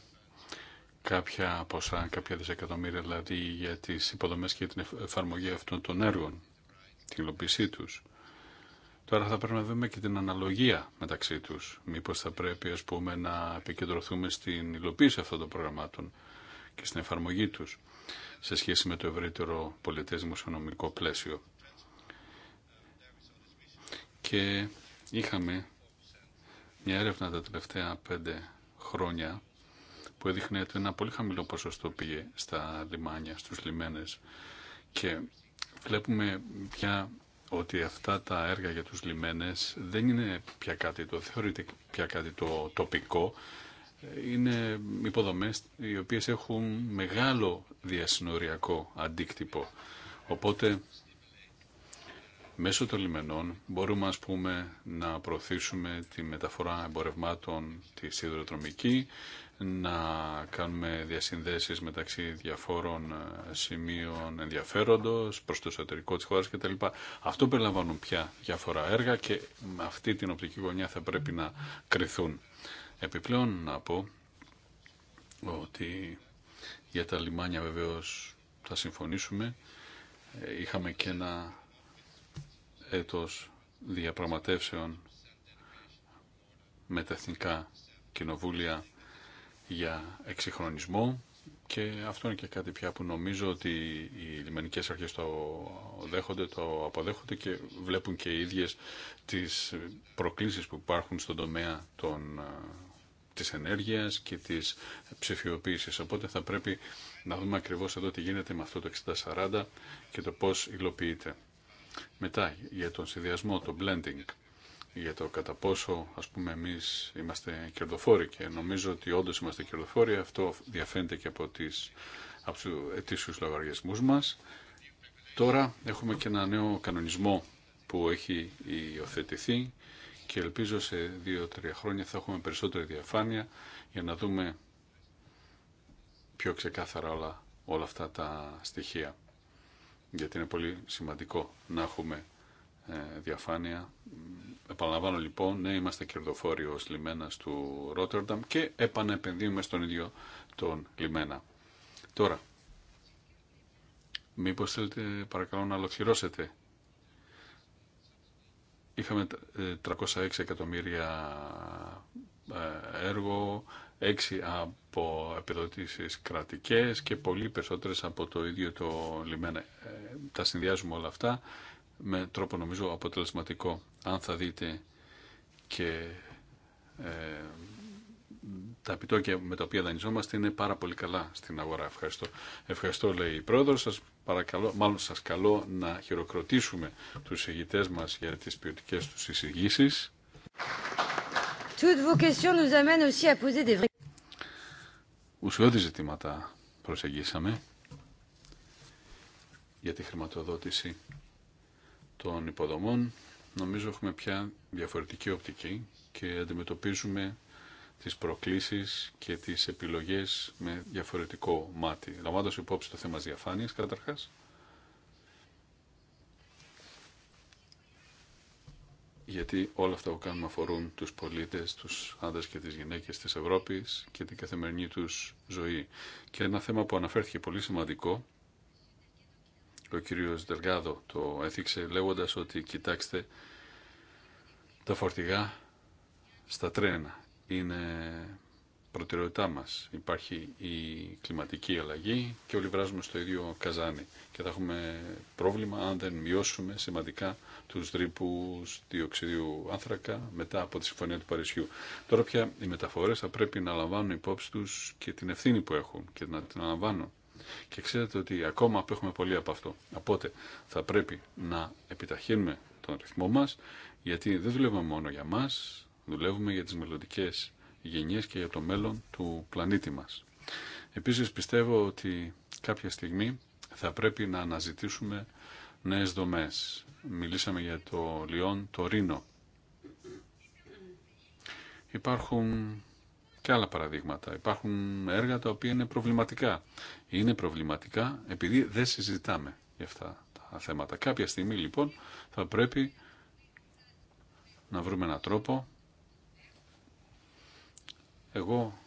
κάποια ποσά, κάποια δισεκατομμύρια δηλαδή για τις υποδομές και την εφαρμογή αυτών των έργων, την υλοποίησή τους. Τώρα θα πρέπει να δούμε και την αναλογία μεταξύ τους. Μήπως θα πρέπει ας πούμε να επικεντρωθούμε στην υλοποίηση αυτών των προγραμμάτων και στην εφαρμογή τους σε σχέση με το ευρύτερο πολιτές δημοσιονομικό πλαίσιο. Και είχαμε μια έρευνα τα τελευταία πέντε χρόνια που έδειχνε ότι ένα πολύ χαμηλό ποσοστό πήγε στα λιμάνια, στους λιμένες και βλέπουμε πια ότι αυτά τα έργα για τους λιμένες δεν είναι πια κάτι το θεωρείται πια κάτι το τοπικό είναι υποδομές οι οποίες έχουν μεγάλο διασυνοριακό αντίκτυπο οπότε μέσω των λιμενών μπορούμε ας πούμε να προωθήσουμε τη μεταφορά εμπορευμάτων τη σιδηροδρομική να κάνουμε διασυνδέσεις μεταξύ διαφόρων ε, σημείων ενδιαφέροντος προς το εσωτερικό της χώρας κτλ. Αυτό περιλαμβάνουν πια διάφορα έργα και με αυτή την οπτική γωνιά θα πρέπει να κρυθούν. Επιπλέον να πω ότι για τα λιμάνια βεβαίως θα συμφωνήσουμε. Ε, είχαμε και ένα έτος διαπραγματεύσεων με τα εθνικά κοινοβούλια για εξυγχρονισμό και αυτό είναι και κάτι πια που νομίζω ότι οι λιμενικές αρχές το δέχονται, το αποδέχονται και βλέπουν και οι ίδιες τις προκλήσεις που υπάρχουν στον τομέα των, της ενέργειας και της ψηφιοποίησης. Οπότε θα πρέπει να δούμε ακριβώς εδώ τι γίνεται με αυτό το 60 και το πώς υλοποιείται. Μετά για τον συνδυασμό, το blending για το κατά πόσο ας πούμε εμείς είμαστε κερδοφόροι και νομίζω ότι όντω είμαστε κερδοφόροι αυτό διαφαίνεται και από, τις, από τους λογαριασμούς μας τώρα έχουμε και ένα νέο κανονισμό που έχει υιοθετηθεί και ελπίζω σε δύο-τρία χρόνια θα έχουμε περισσότερη διαφάνεια για να δούμε πιο ξεκάθαρα όλα, όλα αυτά τα στοιχεία γιατί είναι πολύ σημαντικό να έχουμε ε, διαφάνεια Επαναλαμβάνω λοιπόν, ναι, είμαστε κερδοφόροι ως λιμένας του Ρότερνταμ και επανεπενδύουμε στον ίδιο τον λιμένα. Τώρα, μήπως θέλετε παρακαλώ να ολοκληρώσετε. Είχαμε 306 ε, εκατομμύρια ε, έργο, 6 από επιδοτήσεις κρατικές και πολύ περισσότερες από το ίδιο το λιμένα. Ε, τα συνδυάζουμε όλα αυτά με τρόπο νομίζω αποτελεσματικό. Αν θα δείτε και ε, τα επιτόκια με τα οποία δανειζόμαστε είναι πάρα πολύ καλά στην αγορά. Ευχαριστώ. Ευχαριστώ λέει η πρόεδρος. Σας παρακαλώ, μάλλον σας καλώ να χειροκροτήσουμε τους ηγητές μας για τις ποιοτικέ τους εισηγήσεις. Ουσιώδη ζητήματα προσεγγίσαμε για τη χρηματοδότηση των υποδομών νομίζω έχουμε πια διαφορετική οπτική και αντιμετωπίζουμε τις προκλήσεις και τις επιλογές με διαφορετικό μάτι. Λαμβάνοντας υπόψη το θέμα διαφάνειας καταρχάς. γιατί όλα αυτά που κάνουμε αφορούν τους πολίτες, τους άντρες και τις γυναίκες της Ευρώπης και την καθημερινή τους ζωή. Και ένα θέμα που αναφέρθηκε πολύ σημαντικό ο κύριος Δελγάδο το έθιξε λέγοντας ότι κοιτάξτε τα φορτηγά στα τρένα είναι προτεραιότητά μας. Υπάρχει η κλιματική αλλαγή και όλοι βράζουμε στο ίδιο καζάνι και θα έχουμε πρόβλημα αν δεν μειώσουμε σημαντικά τους δρύπους διοξιδίου άνθρακα μετά από τη Συμφωνία του Παρισιού. Τώρα πια οι μεταφορές θα πρέπει να λαμβάνουν υπόψη τους και την ευθύνη που έχουν και να την αναλαμβάνουν και ξέρετε ότι ακόμα απέχουμε πολύ από αυτό. Οπότε θα πρέπει να επιταχύνουμε τον ρυθμό μας, γιατί δεν δουλεύουμε μόνο για μας, δουλεύουμε για τις μελλοντικέ γενιές και για το μέλλον του πλανήτη μας. Επίσης πιστεύω ότι κάποια στιγμή θα πρέπει να αναζητήσουμε νέες δομές. Μιλήσαμε για το Λιόν, το Ρήνο. Υπάρχουν και άλλα παραδείγματα. Υπάρχουν έργα τα οποία είναι προβληματικά. Είναι προβληματικά επειδή δεν συζητάμε για αυτά τα θέματα. Κάποια στιγμή λοιπόν θα πρέπει να βρούμε έναν τρόπο. Εγώ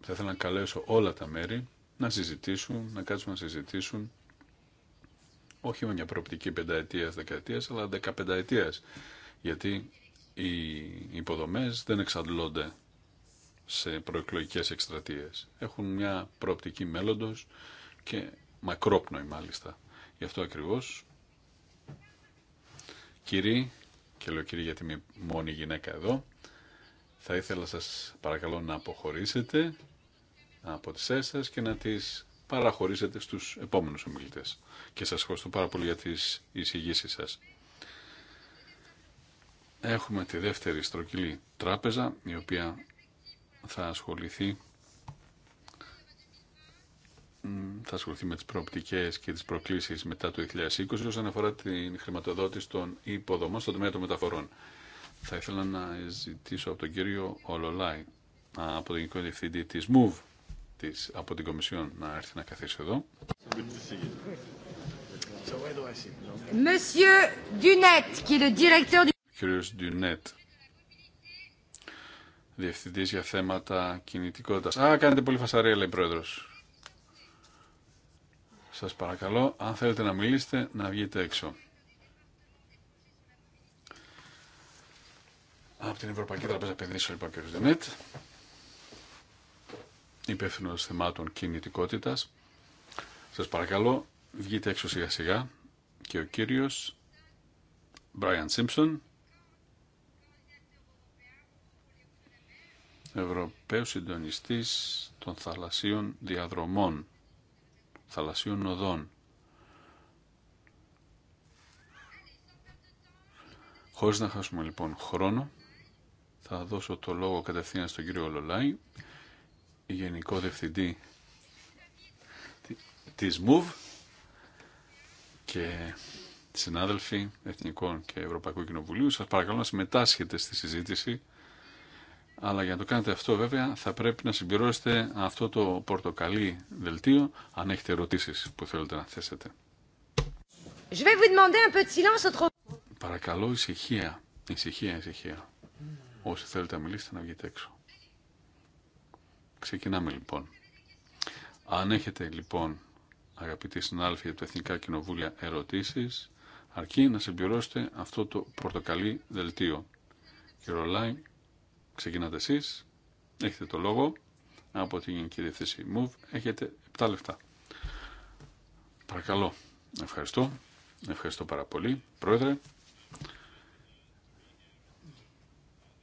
θα ήθελα να καλέσω όλα τα μέρη να συζητήσουν, να κάτσουν να συζητήσουν όχι με μια προοπτική πενταετίας, δεκαετίας, αλλά δεκαπενταετίας. Γιατί οι υποδομές δεν εξαντλώνται σε προεκλογικές εκστρατείες. Έχουν μια προοπτική μέλλοντος και μακρόπνοη μάλιστα. Γι' αυτό ακριβώς, κύριοι, και λέω κύριοι γιατί είμαι μόνη γυναίκα εδώ, θα ήθελα σας παρακαλώ να αποχωρήσετε από τις θέσεις και να τις παραχωρήσετε στους επόμενους ομιλητές. Και σας ευχαριστώ πάρα πολύ για τις εισηγήσεις σας. Έχουμε τη δεύτερη στρογγυλή τράπεζα, η οποία θα ασχοληθεί θα ασχοληθεί με τις προοπτικές και τις προκλήσεις μετά το 2020 όσον αφορά την χρηματοδότηση των υποδομών στον τομέα των μεταφορών. Θα ήθελα να ζητήσω από τον κύριο Ολολάη, από τον Γενικό Διευθυντή της MOVE, της, από την Κομισιόν, να έρθει να καθίσει εδώ. Monsieur Dunet, qui est le directeur du... Κύριος Διευθυντή για θέματα κινητικότητας. Α, κάνετε πολύ φασαρία, λέει πρόεδρο. Σας παρακαλώ, αν θέλετε να μιλήσετε, να βγείτε έξω. Από την Ευρωπαϊκή Τραπέζα Επενδύσεων, λοιπόν, κ. Δενέτ, υπεύθυνο θεμάτων κινητικότητας. Σας παρακαλώ, βγείτε έξω σιγά σιγά και ο κύριος Brian Simpson, Ευρωπαίος Συντονιστής των Θαλασσίων Διαδρομών, Θαλασσίων Οδών. Χωρίς να χάσουμε λοιπόν χρόνο, θα δώσω το λόγο κατευθείαν στον κύριο Λολάη, Γενικό Διευθυντή της ΜΟΥΒ και συνάδελφοι Εθνικών και Ευρωπαϊκού Κοινοβουλίου. Σας παρακαλώ να συμμετάσχετε στη συζήτηση αλλά για να το κάνετε αυτό βέβαια θα πρέπει να συμπληρώσετε αυτό το πορτοκαλί δελτίο αν έχετε ερωτήσεις που θέλετε να θέσετε. Παρακαλώ ησυχία, ησυχία, ησυχία. Όσοι θέλετε να μιλήσετε να βγείτε έξω. Ξεκινάμε λοιπόν. Αν έχετε λοιπόν αγαπητοί συνάδελφοι από τα Εθνικά Κοινοβούλια ερωτήσεις, αρκεί να συμπληρώσετε αυτό το πορτοκαλί δελτίο. Και ρολάει Ξεκινάτε εσείς, έχετε το λόγο από την κυρία Διευθύνση Move, έχετε 7 λεπτά. Παρακαλώ. Ευχαριστώ. Ευχαριστώ πάρα πολύ. Πρόεδρε,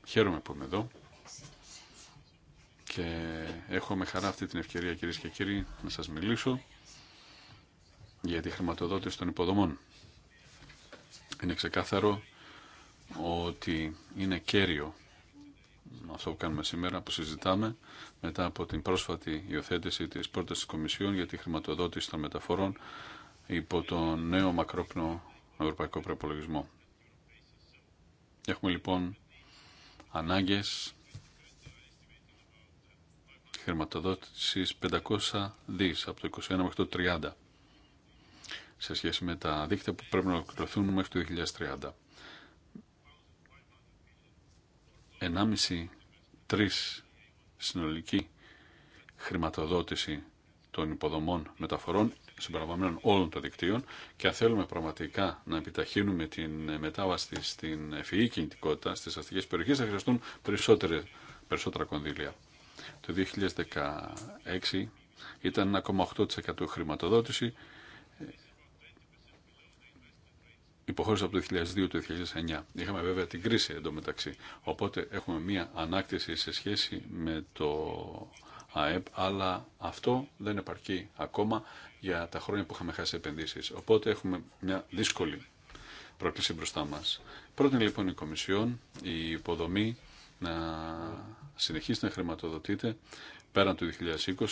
χαίρομαι που είμαι εδώ και έχω με χαρά αυτή την ευκαιρία κυρίες και κύριοι να σας μιλήσω για τη χρηματοδότηση των υποδομών. Είναι ξεκάθαρο ότι είναι κέριο αυτό που κάνουμε σήμερα, που συζητάμε, μετά από την πρόσφατη υιοθέτηση της πρώτης της Κομισιόν για τη χρηματοδότηση των μεταφορών υπό το νέο μακρόπνο ευρωπαϊκό προπολογισμό. Έχουμε λοιπόν ανάγκες χρηματοδότησης 500 δις από το 21 μέχρι το 30 σε σχέση με τα δίκτυα που πρέπει να ολοκληρωθούν μέχρι το 2030. 1,5-3 συνολική χρηματοδότηση των υποδομών μεταφορών συμπεριλαμβανομένων όλων των δικτύων και αν θέλουμε πραγματικά να επιταχύνουμε την μετάβαση στην ευφυή e κινητικότητα στις αστικές περιοχές θα χρειαστούν περισσότερα κονδύλια. Το 2016 ήταν 1,8% χρηματοδότηση υποχώρησε από το 2002 το 2009. Είχαμε βέβαια την κρίση εντωμεταξύ. Οπότε έχουμε μία ανάκτηση σε σχέση με το ΑΕΠ, αλλά αυτό δεν επαρκεί ακόμα για τα χρόνια που είχαμε χάσει επενδύσεις. Οπότε έχουμε μια δύσκολη πρόκληση μπροστά μας. Πρώτη λοιπόν η Κομισιόν η υποδομή να συνεχίσει να χρηματοδοτείται πέραν του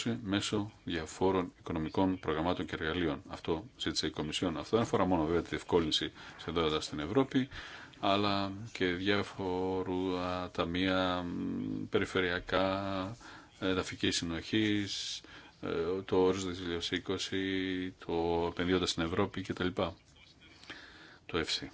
2020 μέσω διαφόρων οικονομικών προγραμμάτων και εργαλείων. Αυτό ζήτησε η Κομισιόν. Αυτό δεν αφορά μόνο βέβαια τη διευκόλυνση σε στην Ευρώπη, αλλά και διάφορου ταμεία περιφερειακά, εδαφική συνοχή, ε, το όρος 2020, το επενδύοντα στην Ευρώπη κτλ. Το ΕΦΣΥ.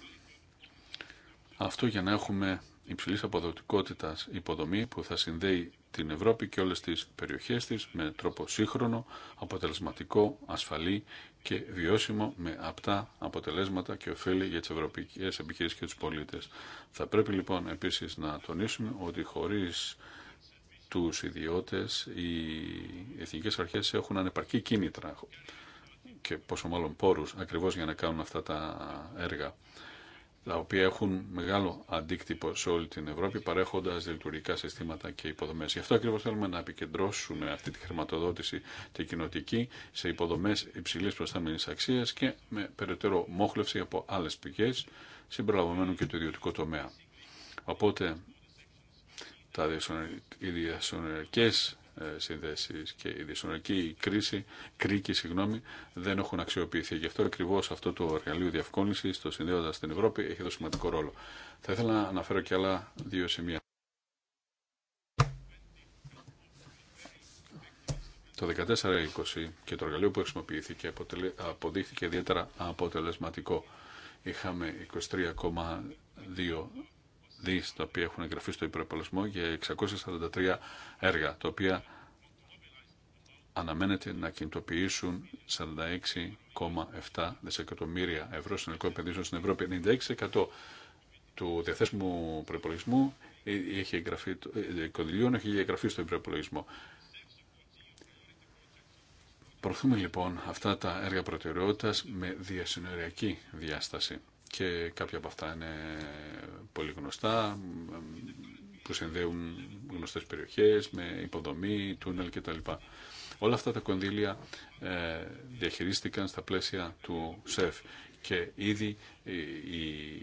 Αυτό για να έχουμε υψηλής αποδοτικότητας υποδομή που θα συνδέει την Ευρώπη και όλες τις περιοχές της με τρόπο σύγχρονο, αποτελεσματικό, ασφαλή και βιώσιμο με απτά αποτελέσματα και ωφέλη για τις ευρωπαϊκές επιχειρήσεις και τους πολίτες. Θα πρέπει λοιπόν επίσης να τονίσουμε ότι χωρίς τους ιδιώτες οι εθνικές αρχές έχουν ανεπαρκή κίνητρα και πόσο μάλλον πόρους ακριβώς για να κάνουν αυτά τα έργα τα οποία έχουν μεγάλο αντίκτυπο σε όλη την Ευρώπη, παρέχοντα λειτουργικά συστήματα και υποδομέ. Γι' αυτό ακριβώ θέλουμε να επικεντρώσουμε αυτή τη χρηματοδότηση τη κοινοτική σε υποδομέ υψηλή προστάμενη αξία και με περαιτέρω μόχλευση από άλλε πηγέ, συμπεριλαμβανομένου και του ιδιωτικού τομέα. Οπότε, τα διασυνοριακές ε, και η δυσονομική κρίση, κρίκη συγγνώμη, δεν έχουν αξιοποιηθεί. Γι' αυτό ακριβώ αυτό το εργαλείο διευκόλυνση, το συνδέοντα στην Ευρώπη, έχει εδώ σημαντικό ρόλο. Θα ήθελα να αναφέρω και άλλα δύο σημεία. Το 14-20 και το εργαλείο που χρησιμοποιήθηκε αποδείχθηκε ιδιαίτερα αποτελεσματικό. Είχαμε 23,2 τα οποία έχουν εγγραφεί στο υπεροπολογισμό για 643 έργα, τα οποία αναμένεται να κινητοποιήσουν 46,7 δισεκατομμύρια ευρώ συνολικών επενδύσεων στην Ευρώπη. 96% του διαθέσιμου προπολογισμού έχει εγγραφεί, ε, κονδυλίων έχει εγγραφεί στο υπεροπολογισμό. Προωθούμε λοιπόν αυτά τα έργα προτεραιότητας με διασυνοριακή διάσταση και κάποια από αυτά είναι πολύ γνωστά που συνδέουν γνωστές περιοχές με υποδομή, τούνελ κτλ. Όλα αυτά τα κονδύλια ε, διαχειρίστηκαν στα πλαίσια του ΣΕΦ και ήδη η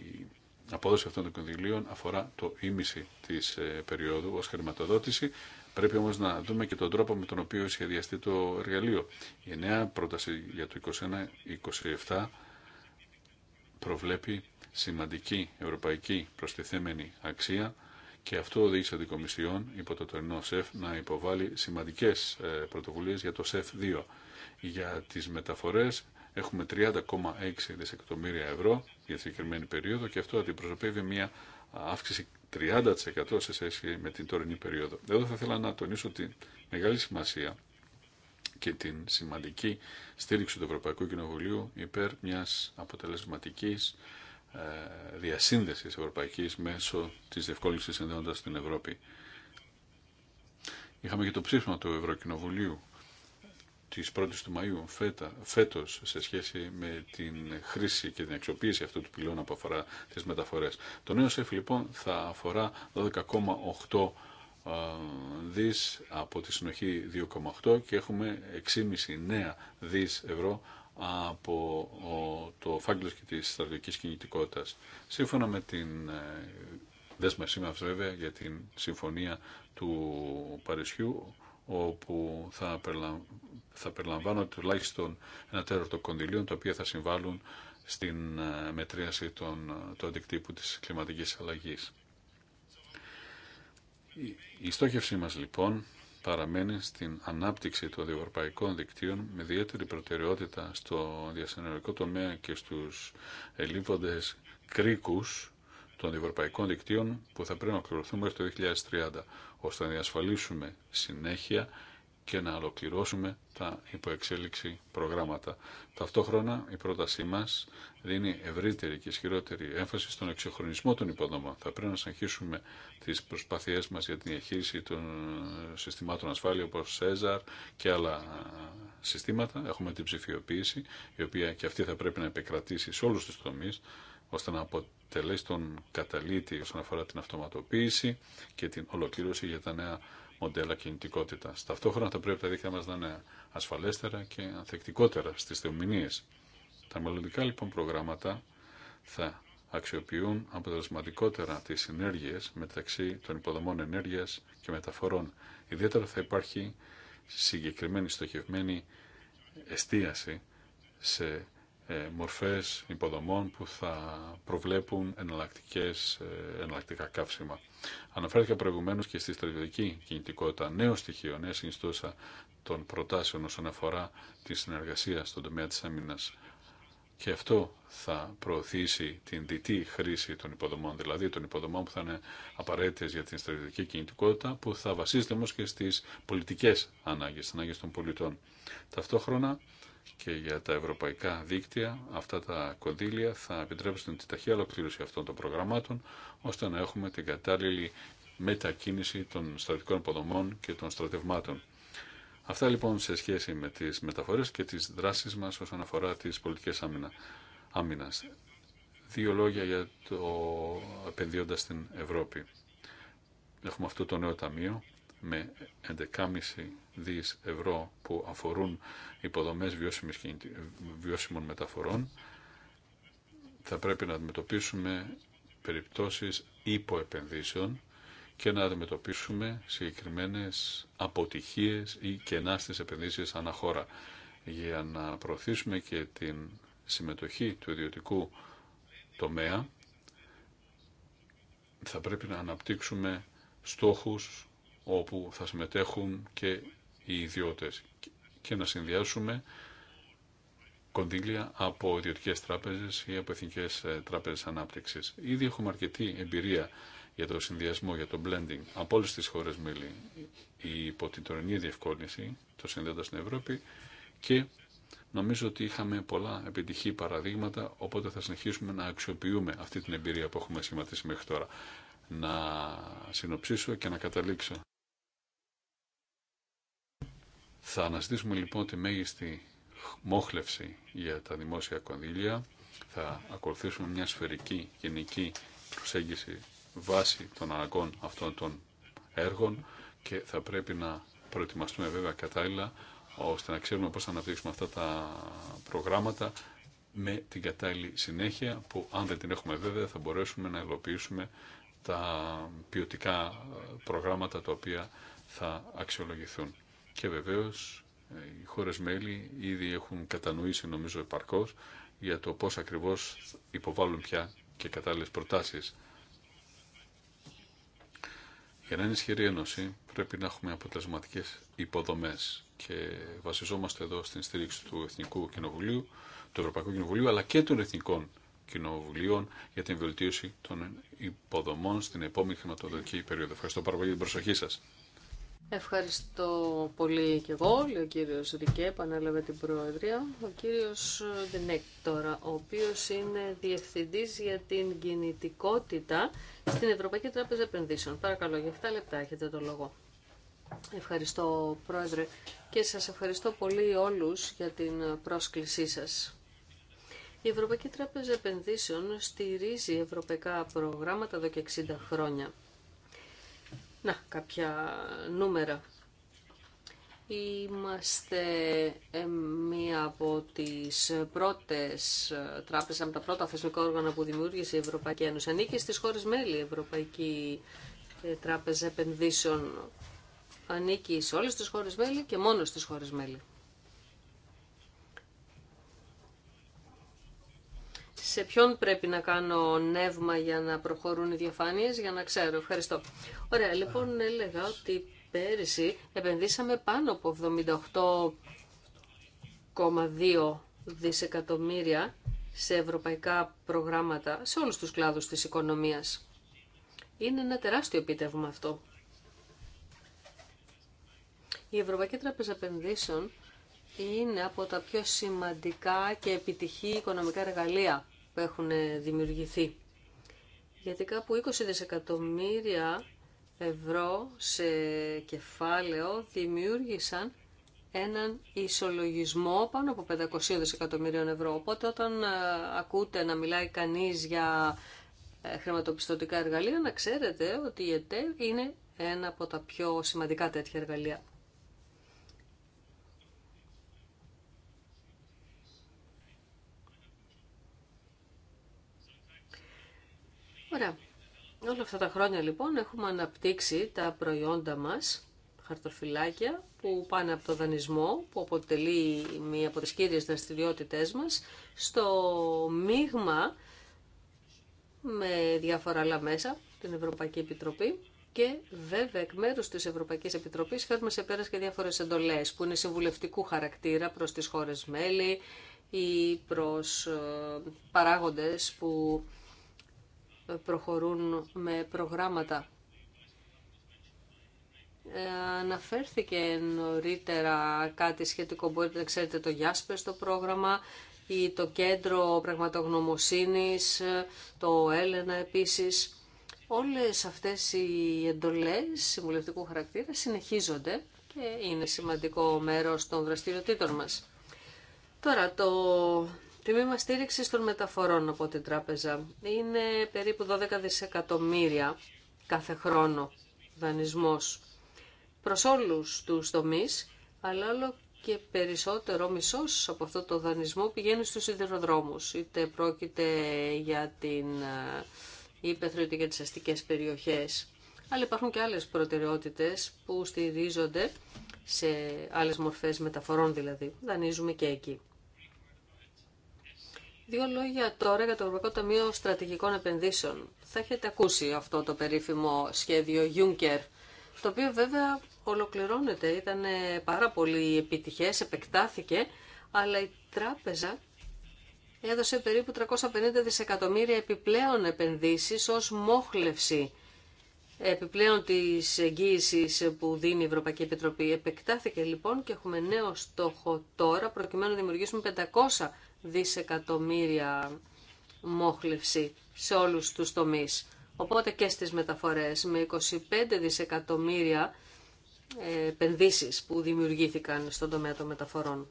απόδοση αυτών των κονδυλίων αφορά το ίμιση της ε, περίοδου ως χρηματοδότηση. Πρέπει όμως να δούμε και τον τρόπο με τον οποίο σχεδιαστεί το εργαλείο. Η νέα πρόταση για το 2021-2027 προβλέπει σημαντική ευρωπαϊκή προστιθέμενη αξία και αυτό οδήγησε την Κομισιόν υπό το τωρινό ΣΕΦ να υποβάλει σημαντικές ε, πρωτοβουλίες για το ΣΕΦ 2. Για τις μεταφορές έχουμε 30,6 δισεκατομμύρια ευρώ για τη συγκεκριμένη περίοδο και αυτό αντιπροσωπεύει μια αύξηση 30% σε σχέση με την τωρινή περίοδο. Εδώ θα ήθελα να τονίσω τη μεγάλη σημασία και την σημαντική στήριξη του Ευρωπαϊκού Κοινοβουλίου υπέρ μιας αποτελεσματικής ε, διασύνδεσης ευρωπαϊκής μέσω της διευκόλυνσης συνδέοντας την Ευρώπη. Είχαμε και το ψήφισμα του Ευρωκοινοβουλίου της 1ης του Μαΐου φέτο φέτος σε σχέση με την χρήση και την αξιοποίηση αυτού του πυλώνα που αφορά τις μεταφορές. Το νέο ΣΕΦ λοιπόν θα αφορά 12,8 δις από τη συνοχή 2,8 και έχουμε 6,5 νέα δις ευρώ από το φάγκλος και της στρατιωτικής κινητικότητας. Σύμφωνα με την ε, δέσμευσή μα βέβαια για την συμφωνία του Παρισιού όπου θα, περιλαμ... θα περιλαμβάνω τουλάχιστον ένα τέρο των κονδυλίων τα οποία θα συμβάλλουν στην ε, μετρίαση των... Ε, του αντικτύπου της κλιματικής αλλαγής. Η στόχευσή μας λοιπόν παραμένει στην ανάπτυξη των διευρωπαϊκών δικτύων με ιδιαίτερη προτεραιότητα στο διασυνοριακό τομέα και στους ελίβοντες κρίκους των διευρωπαϊκών δικτύων που θα πρέπει να ακολουθούμε μέχρι το 2030, ώστε να διασφαλίσουμε συνέχεια και να ολοκληρώσουμε τα υποεξέλιξη προγράμματα. Ταυτόχρονα η πρότασή μα δίνει ευρύτερη και ισχυρότερη έμφαση στον εξοχρονισμό των υποδομών. Θα πρέπει να συνεχίσουμε τι προσπάθειές μα για την διαχείριση των συστημάτων ασφάλεια όπω ΣΕΖΑΡ και άλλα συστήματα. Έχουμε την ψηφιοποίηση η οποία και αυτή θα πρέπει να επικρατήσει σε όλους τους τομείς ώστε να αποτελέσει τον καταλήτη όσον αφορά την αυτοματοποίηση και την ολοκλήρωση για τα νέα μοντέλα κινητικότητα. Ταυτόχρονα θα πρέπει τα δίκτυα μα να είναι ασφαλέστερα και ανθεκτικότερα στι θεομηνίε. Τα μελλοντικά λοιπόν προγράμματα θα αξιοποιούν αποτελεσματικότερα τι συνέργειε μεταξύ των υποδομών ενέργεια και μεταφορών. Ιδιαίτερα θα υπάρχει συγκεκριμένη στοχευμένη εστίαση σε ε, μορφές υποδομών που θα προβλέπουν εναλλακτικές, ε, εναλλακτικά καύσιμα. Αναφέρθηκα προηγουμένως και στη στρατιωτική κινητικότητα. Νέο στοιχείο, νέα συνιστόσα των προτάσεων όσον αφορά τη συνεργασία στον τομέα της άμυνας. Και αυτό θα προωθήσει την διτή χρήση των υποδομών, δηλαδή των υποδομών που θα είναι απαραίτητε για την στρατιωτική κινητικότητα, που θα βασίζεται όμω και στι πολιτικέ ανάγκε, ανάγκε των πολιτών. Ταυτόχρονα και για τα ευρωπαϊκά δίκτυα, αυτά τα κονδύλια θα επιτρέψουν τη ταχεία ολοκλήρωση αυτών των προγραμμάτων, ώστε να έχουμε την κατάλληλη μετακίνηση των στρατικών υποδομών και των στρατευμάτων. Αυτά λοιπόν σε σχέση με τις μεταφορές και τις δράσεις μας όσον αφορά τις πολιτικές άμυνα, άμυνας. Δύο λόγια για το επενδύοντας στην Ευρώπη. Έχουμε αυτό το νέο ταμείο με 11,5 δις ευρώ που αφορούν υποδομές βιώσιμων μεταφορών θα πρέπει να αντιμετωπίσουμε περιπτώσεις υποεπενδύσεων και να αντιμετωπίσουμε συγκεκριμένες αποτυχίες ή κενά στις επενδύσεις ανά χώρα για να προωθήσουμε και την συμμετοχή του ιδιωτικού τομέα θα πρέπει να αναπτύξουμε στόχους όπου θα συμμετέχουν και οι ιδιώτες και να συνδυάσουμε κονδύλια από ιδιωτικές τράπεζες ή από εθνικές ε, τράπεζες ανάπτυξης. Ήδη έχουμε αρκετή εμπειρία για το συνδυασμό, για το blending από όλε τι χώρε μέλη υπό την τωρινή διευκόλυνση, το συνδέοντας στην Ευρώπη και νομίζω ότι είχαμε πολλά επιτυχή παραδείγματα, οπότε θα συνεχίσουμε να αξιοποιούμε αυτή την εμπειρία που έχουμε σχηματίσει μέχρι τώρα. Να συνοψίσω και να καταλήξω. Θα αναστήσουμε λοιπόν τη μέγιστη μόχλευση για τα δημόσια κονδύλια. Θα ακολουθήσουμε μια σφαιρική γενική προσέγγιση βάση των αναγκών αυτών των έργων και θα πρέπει να προετοιμαστούμε βέβαια κατάλληλα ώστε να ξέρουμε πώς θα αναπτύξουμε αυτά τα προγράμματα με την κατάλληλη συνέχεια που αν δεν την έχουμε βέβαια θα μπορέσουμε να υλοποιήσουμε τα ποιοτικά ε, προγράμματα τα οποία θα αξιολογηθούν. Και βεβαίως ε, οι χώρες μέλη ήδη έχουν κατανοήσει νομίζω επαρκώς για το πώς ακριβώς υποβάλλουν πια και κατάλληλες προτάσεις. Για να είναι ισχυρή ένωση πρέπει να έχουμε αποτελεσματικές υποδομές και βασιζόμαστε εδώ στην στήριξη του Εθνικού Κοινοβουλίου, του Ευρωπαϊκού Κοινοβουλίου αλλά και των Εθνικών Κοινοβουλίων για την βελτίωση των υποδομών στην επόμενη χρηματοδοτική περίοδο. Ευχαριστώ πάρα πολύ για την προσοχή σα. Ευχαριστώ πολύ και εγώ, λέει ο κύριος Ρικέ, επανέλαβε την Προεδρία. Ο κύριος Ντενέκ τώρα, ο οποίος είναι διευθυντής για την κινητικότητα στην Ευρωπαϊκή Τράπεζα Επενδύσεων. Παρακαλώ, για 7 λεπτά έχετε το λόγο. Ευχαριστώ, Πρόεδρε, και σας ευχαριστώ πολύ όλους για την πρόσκλησή σας. Η Ευρωπαϊκή Τράπεζα Επενδύσεων στηρίζει ευρωπαϊκά προγράμματα εδώ και 60 χρόνια. Να, κάποια νούμερα. Είμαστε ε, μία από τις πρώτες ε, τράπεζες, από τα πρώτα θεσμικά όργανα που δημιούργησε η Ευρωπαϊκή Ένωση. Ανήκει στις χώρες μέλη η Ευρωπαϊκή ε, Τράπεζα Επενδύσεων. Ανήκει σε όλες τις χώρες μέλη και μόνο στις χώρες μέλη. σε ποιον πρέπει να κάνω νεύμα για να προχωρούν οι διαφάνειες, για να ξέρω. Ευχαριστώ. Ωραία, λοιπόν έλεγα ότι πέρυσι επενδύσαμε πάνω από 78,2 δισεκατομμύρια σε ευρωπαϊκά προγράμματα σε όλους τους κλάδους της οικονομίας. Είναι ένα τεράστιο επίτευγμα αυτό. Η Ευρωπαϊκή Τράπεζα Επενδύσεων είναι από τα πιο σημαντικά και επιτυχή οικονομικά εργαλεία που έχουν δημιουργηθεί. Γιατί κάπου 20 δισεκατομμύρια ευρώ σε κεφάλαιο δημιούργησαν έναν ισολογισμό πάνω από 500 δισεκατομμυρίων ευρώ. Οπότε όταν ε, ακούτε να μιλάει κανείς για ε, χρηματοπιστωτικά εργαλεία, να ξέρετε ότι η ΕΤΕ είναι ένα από τα πιο σημαντικά τέτοια εργαλεία. Ωραία. Όλα αυτά τα χρόνια λοιπόν έχουμε αναπτύξει τα προϊόντα μας, χαρτοφυλάκια, που πάνε από το δανεισμό, που αποτελεί μία από τις κύριες δραστηριότητές μας, στο μείγμα με διάφορα άλλα μέσα, την Ευρωπαϊκή Επιτροπή, και βέβαια εκ μέρους της Ευρωπαϊκής Επιτροπής φέρνουμε σε πέρας και διάφορες εντολές που είναι συμβουλευτικού χαρακτήρα προς τις χώρες μέλη ή προς ε, παράγοντες που προχωρούν με προγράμματα. Ε, αναφέρθηκε νωρίτερα κάτι σχετικό, μπορείτε να ξέρετε το Γιάσπερ στο πρόγραμμα ή το Κέντρο Πραγματογνωμοσύνης, το Έλενα επίσης. Όλες αυτές οι εντολές συμβουλευτικού χαρακτήρα συνεχίζονται και είναι σημαντικό μέρος των δραστηριοτήτων μας. Τώρα το Τιμήμα στήριξη των μεταφορών από την τράπεζα είναι περίπου 12 δισεκατομμύρια κάθε χρόνο δανεισμός προς όλους τους τομείς, αλλά όλο και περισσότερο μισός από αυτό το δανεισμό πηγαίνει στους σιδηροδρόμους, είτε πρόκειται για την ε, ύπεθρο είτε για τις αστικές περιοχές. Αλλά υπάρχουν και άλλες προτεραιότητες που στηρίζονται σε άλλες μορφές μεταφορών δηλαδή. Δανείζουμε και εκεί. Δύο λόγια τώρα για το Ευρωπαϊκό Ταμείο Στρατηγικών Επενδύσεων. Θα έχετε ακούσει αυτό το περίφημο σχέδιο Juncker, το οποίο βέβαια ολοκληρώνεται, ήταν πάρα πολύ επιτυχές, επεκτάθηκε, αλλά η τράπεζα έδωσε περίπου 350 δισεκατομμύρια επιπλέον επενδύσεις ως μόχλευση επιπλέον της εγγύησης που δίνει η Ευρωπαϊκή Επιτροπή. Επεκτάθηκε λοιπόν και έχουμε νέο στόχο τώρα προκειμένου να δημιουργήσουμε 500 δισεκατομμύρια μόχλευση σε όλους τους τομείς. Οπότε και στις μεταφορές με 25 δισεκατομμύρια ε, επενδύσει που δημιουργήθηκαν στον τομέα των μεταφορών.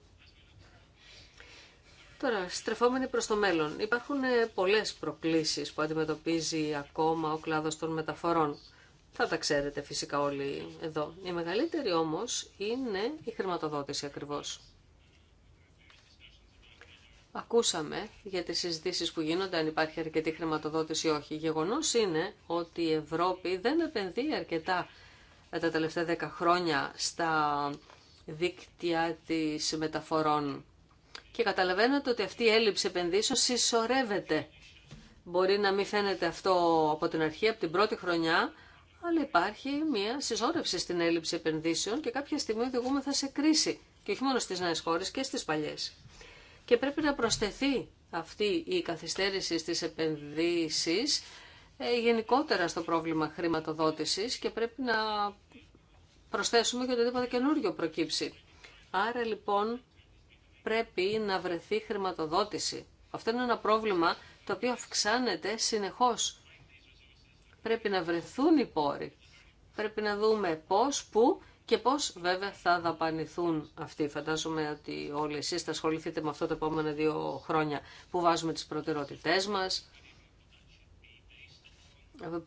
Τώρα, στρεφόμενοι προς το μέλλον, υπάρχουν ε, πολλές προκλήσεις που αντιμετωπίζει ακόμα ο κλάδος των μεταφορών. Θα τα ξέρετε φυσικά όλοι εδώ. Η μεγαλύτερη όμως είναι η χρηματοδότηση ακριβώς. Ακούσαμε για τις συζητήσεις που γίνονται αν υπάρχει αρκετή χρηματοδότηση ή όχι. Γεγονός είναι ότι η Ευρώπη δεν επενδύει αρκετά τα τελευταία δέκα χρόνια στα δίκτυα της μεταφορών. Και καταλαβαίνετε ότι αυτή η έλλειψη επενδύσεων συσσωρεύεται. Μπορεί να μην φαίνεται αυτό από την αρχή, από την πρώτη χρονιά, αλλά υπάρχει μια συσσόρευση στην έλλειψη επενδύσεων και κάποια στιγμή οδηγούμεθα σε κρίση. Και όχι μόνο στις νέες χώρες και στις παλιές και πρέπει να προσθεθεί αυτή η καθυστέρηση στις επενδύσεις ε, γενικότερα στο πρόβλημα χρηματοδότησης και πρέπει να προσθέσουμε και οτιδήποτε καινούριο προκύψει. Άρα λοιπόν πρέπει να βρεθεί χρηματοδότηση. Αυτό είναι ένα πρόβλημα το οποίο αυξάνεται συνεχώς. Πρέπει να βρεθούν οι πόροι. Πρέπει να δούμε πώς, που και πώ βέβαια θα δαπανηθούν αυτοί. Φαντάζομαι ότι όλοι εσείς θα ασχοληθείτε με αυτό τα επόμενα δύο χρόνια που βάζουμε τις προτεραιότητές μας,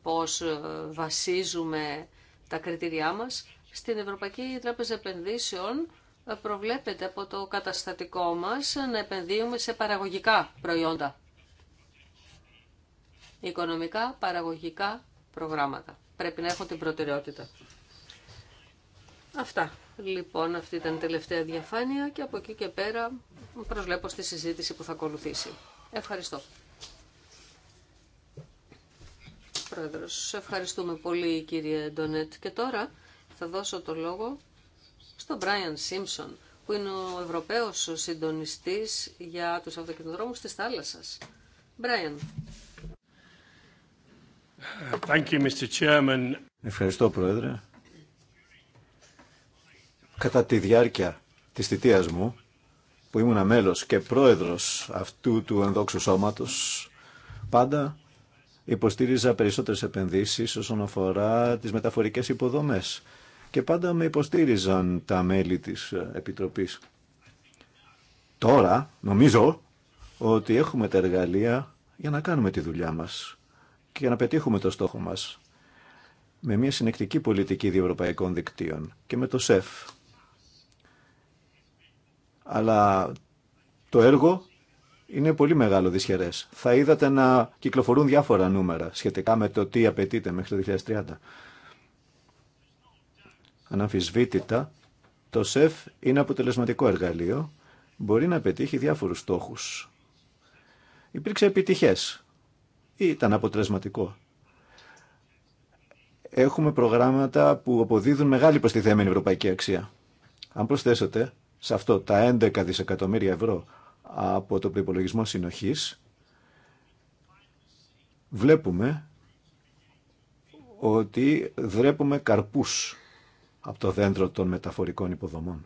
πώ ε, βασίζουμε τα κριτήριά μας. Στην Ευρωπαϊκή Τράπεζα Επενδύσεων ε, προβλέπεται από το καταστατικό μας να επενδύουμε σε παραγωγικά προϊόντα. Οικονομικά παραγωγικά προγράμματα. Πρέπει να έχουν την προτεραιότητα. Αυτά. Λοιπόν, αυτή ήταν η τελευταία διαφάνεια και από εκεί και πέρα προσλέπω στη συζήτηση που θα ακολουθήσει. Ευχαριστώ. Πρόεδρος, ευχαριστούμε πολύ κύριε Ντονέτ. Και τώρα θα δώσω το λόγο στον Μπράιαν Σίμψον που είναι ο Ευρωπαίος συντονιστής για τους αυτοκινητοδρόμους της θάλασσας. Μπράιαν. Ευχαριστώ, Πρόεδρε. Κατά τη διάρκεια της θητείας μου, που ήμουν μέλος και πρόεδρος αυτού του ενδόξου σώματος, πάντα υποστήριζα περισσότερες επενδύσεις όσον αφορά τις μεταφορικές υποδομές και πάντα με υποστήριζαν τα μέλη της Επιτροπής. Τώρα νομίζω ότι έχουμε τα εργαλεία για να κάνουμε τη δουλειά μας και για να πετύχουμε το στόχο μας με μια συνεκτική πολιτική διευρωπαϊκών δικτύων και με το ΣΕΦ αλλά το έργο είναι πολύ μεγάλο δυσχερές. Θα είδατε να κυκλοφορούν διάφορα νούμερα σχετικά με το τι απαιτείται μέχρι το 2030. Αναμφισβήτητα, το ΣΕΦ είναι αποτελεσματικό εργαλείο, μπορεί να πετύχει διάφορους στόχους. Υπήρξε επιτυχές ή ήταν αποτελεσματικό. Έχουμε προγράμματα που αποδίδουν μεγάλη προστιθέμενη ευρωπαϊκή αξία. Αν προσθέσετε σε αυτό τα 11 δισεκατομμύρια ευρώ από το προπολογισμό συνοχής, βλέπουμε ότι δρέπουμε καρπούς από το δέντρο των μεταφορικών υποδομών.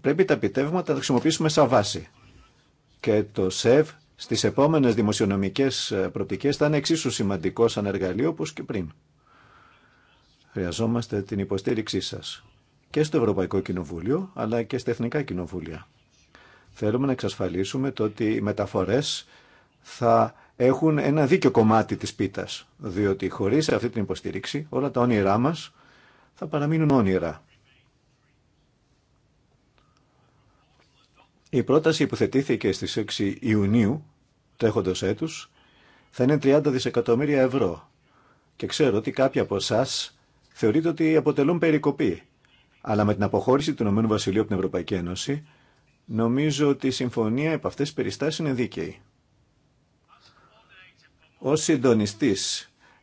Πρέπει τα επιτεύγματα να τα χρησιμοποιήσουμε σαν βάση. Και το ΣΕΒ στις επόμενες δημοσιονομικές προπτικές θα είναι εξίσου σημαντικό σαν εργαλείο όπως και πριν. Χρειαζόμαστε την υποστήριξή σας και στο Ευρωπαϊκό Κοινοβούλιο αλλά και στα Εθνικά Κοινοβούλια. Θέλουμε να εξασφαλίσουμε το ότι οι μεταφορές θα έχουν ένα δίκιο κομμάτι της πίτας, διότι χωρίς αυτή την υποστήριξη όλα τα όνειρά μας θα παραμείνουν όνειρα. Η πρόταση που θετήθηκε στις 6 Ιουνίου τρέχοντος έτους θα είναι 30 δισεκατομμύρια ευρώ και ξέρω ότι κάποιοι από εσά θεωρείται ότι αποτελούν περικοπή. Αλλά με την αποχώρηση του Ηνωμένου Βασιλείου από την Ευρωπαϊκή Ένωση, νομίζω ότι η συμφωνία επ' αυτές τις περιστάσεις είναι δίκαιη. Ω συντονιστή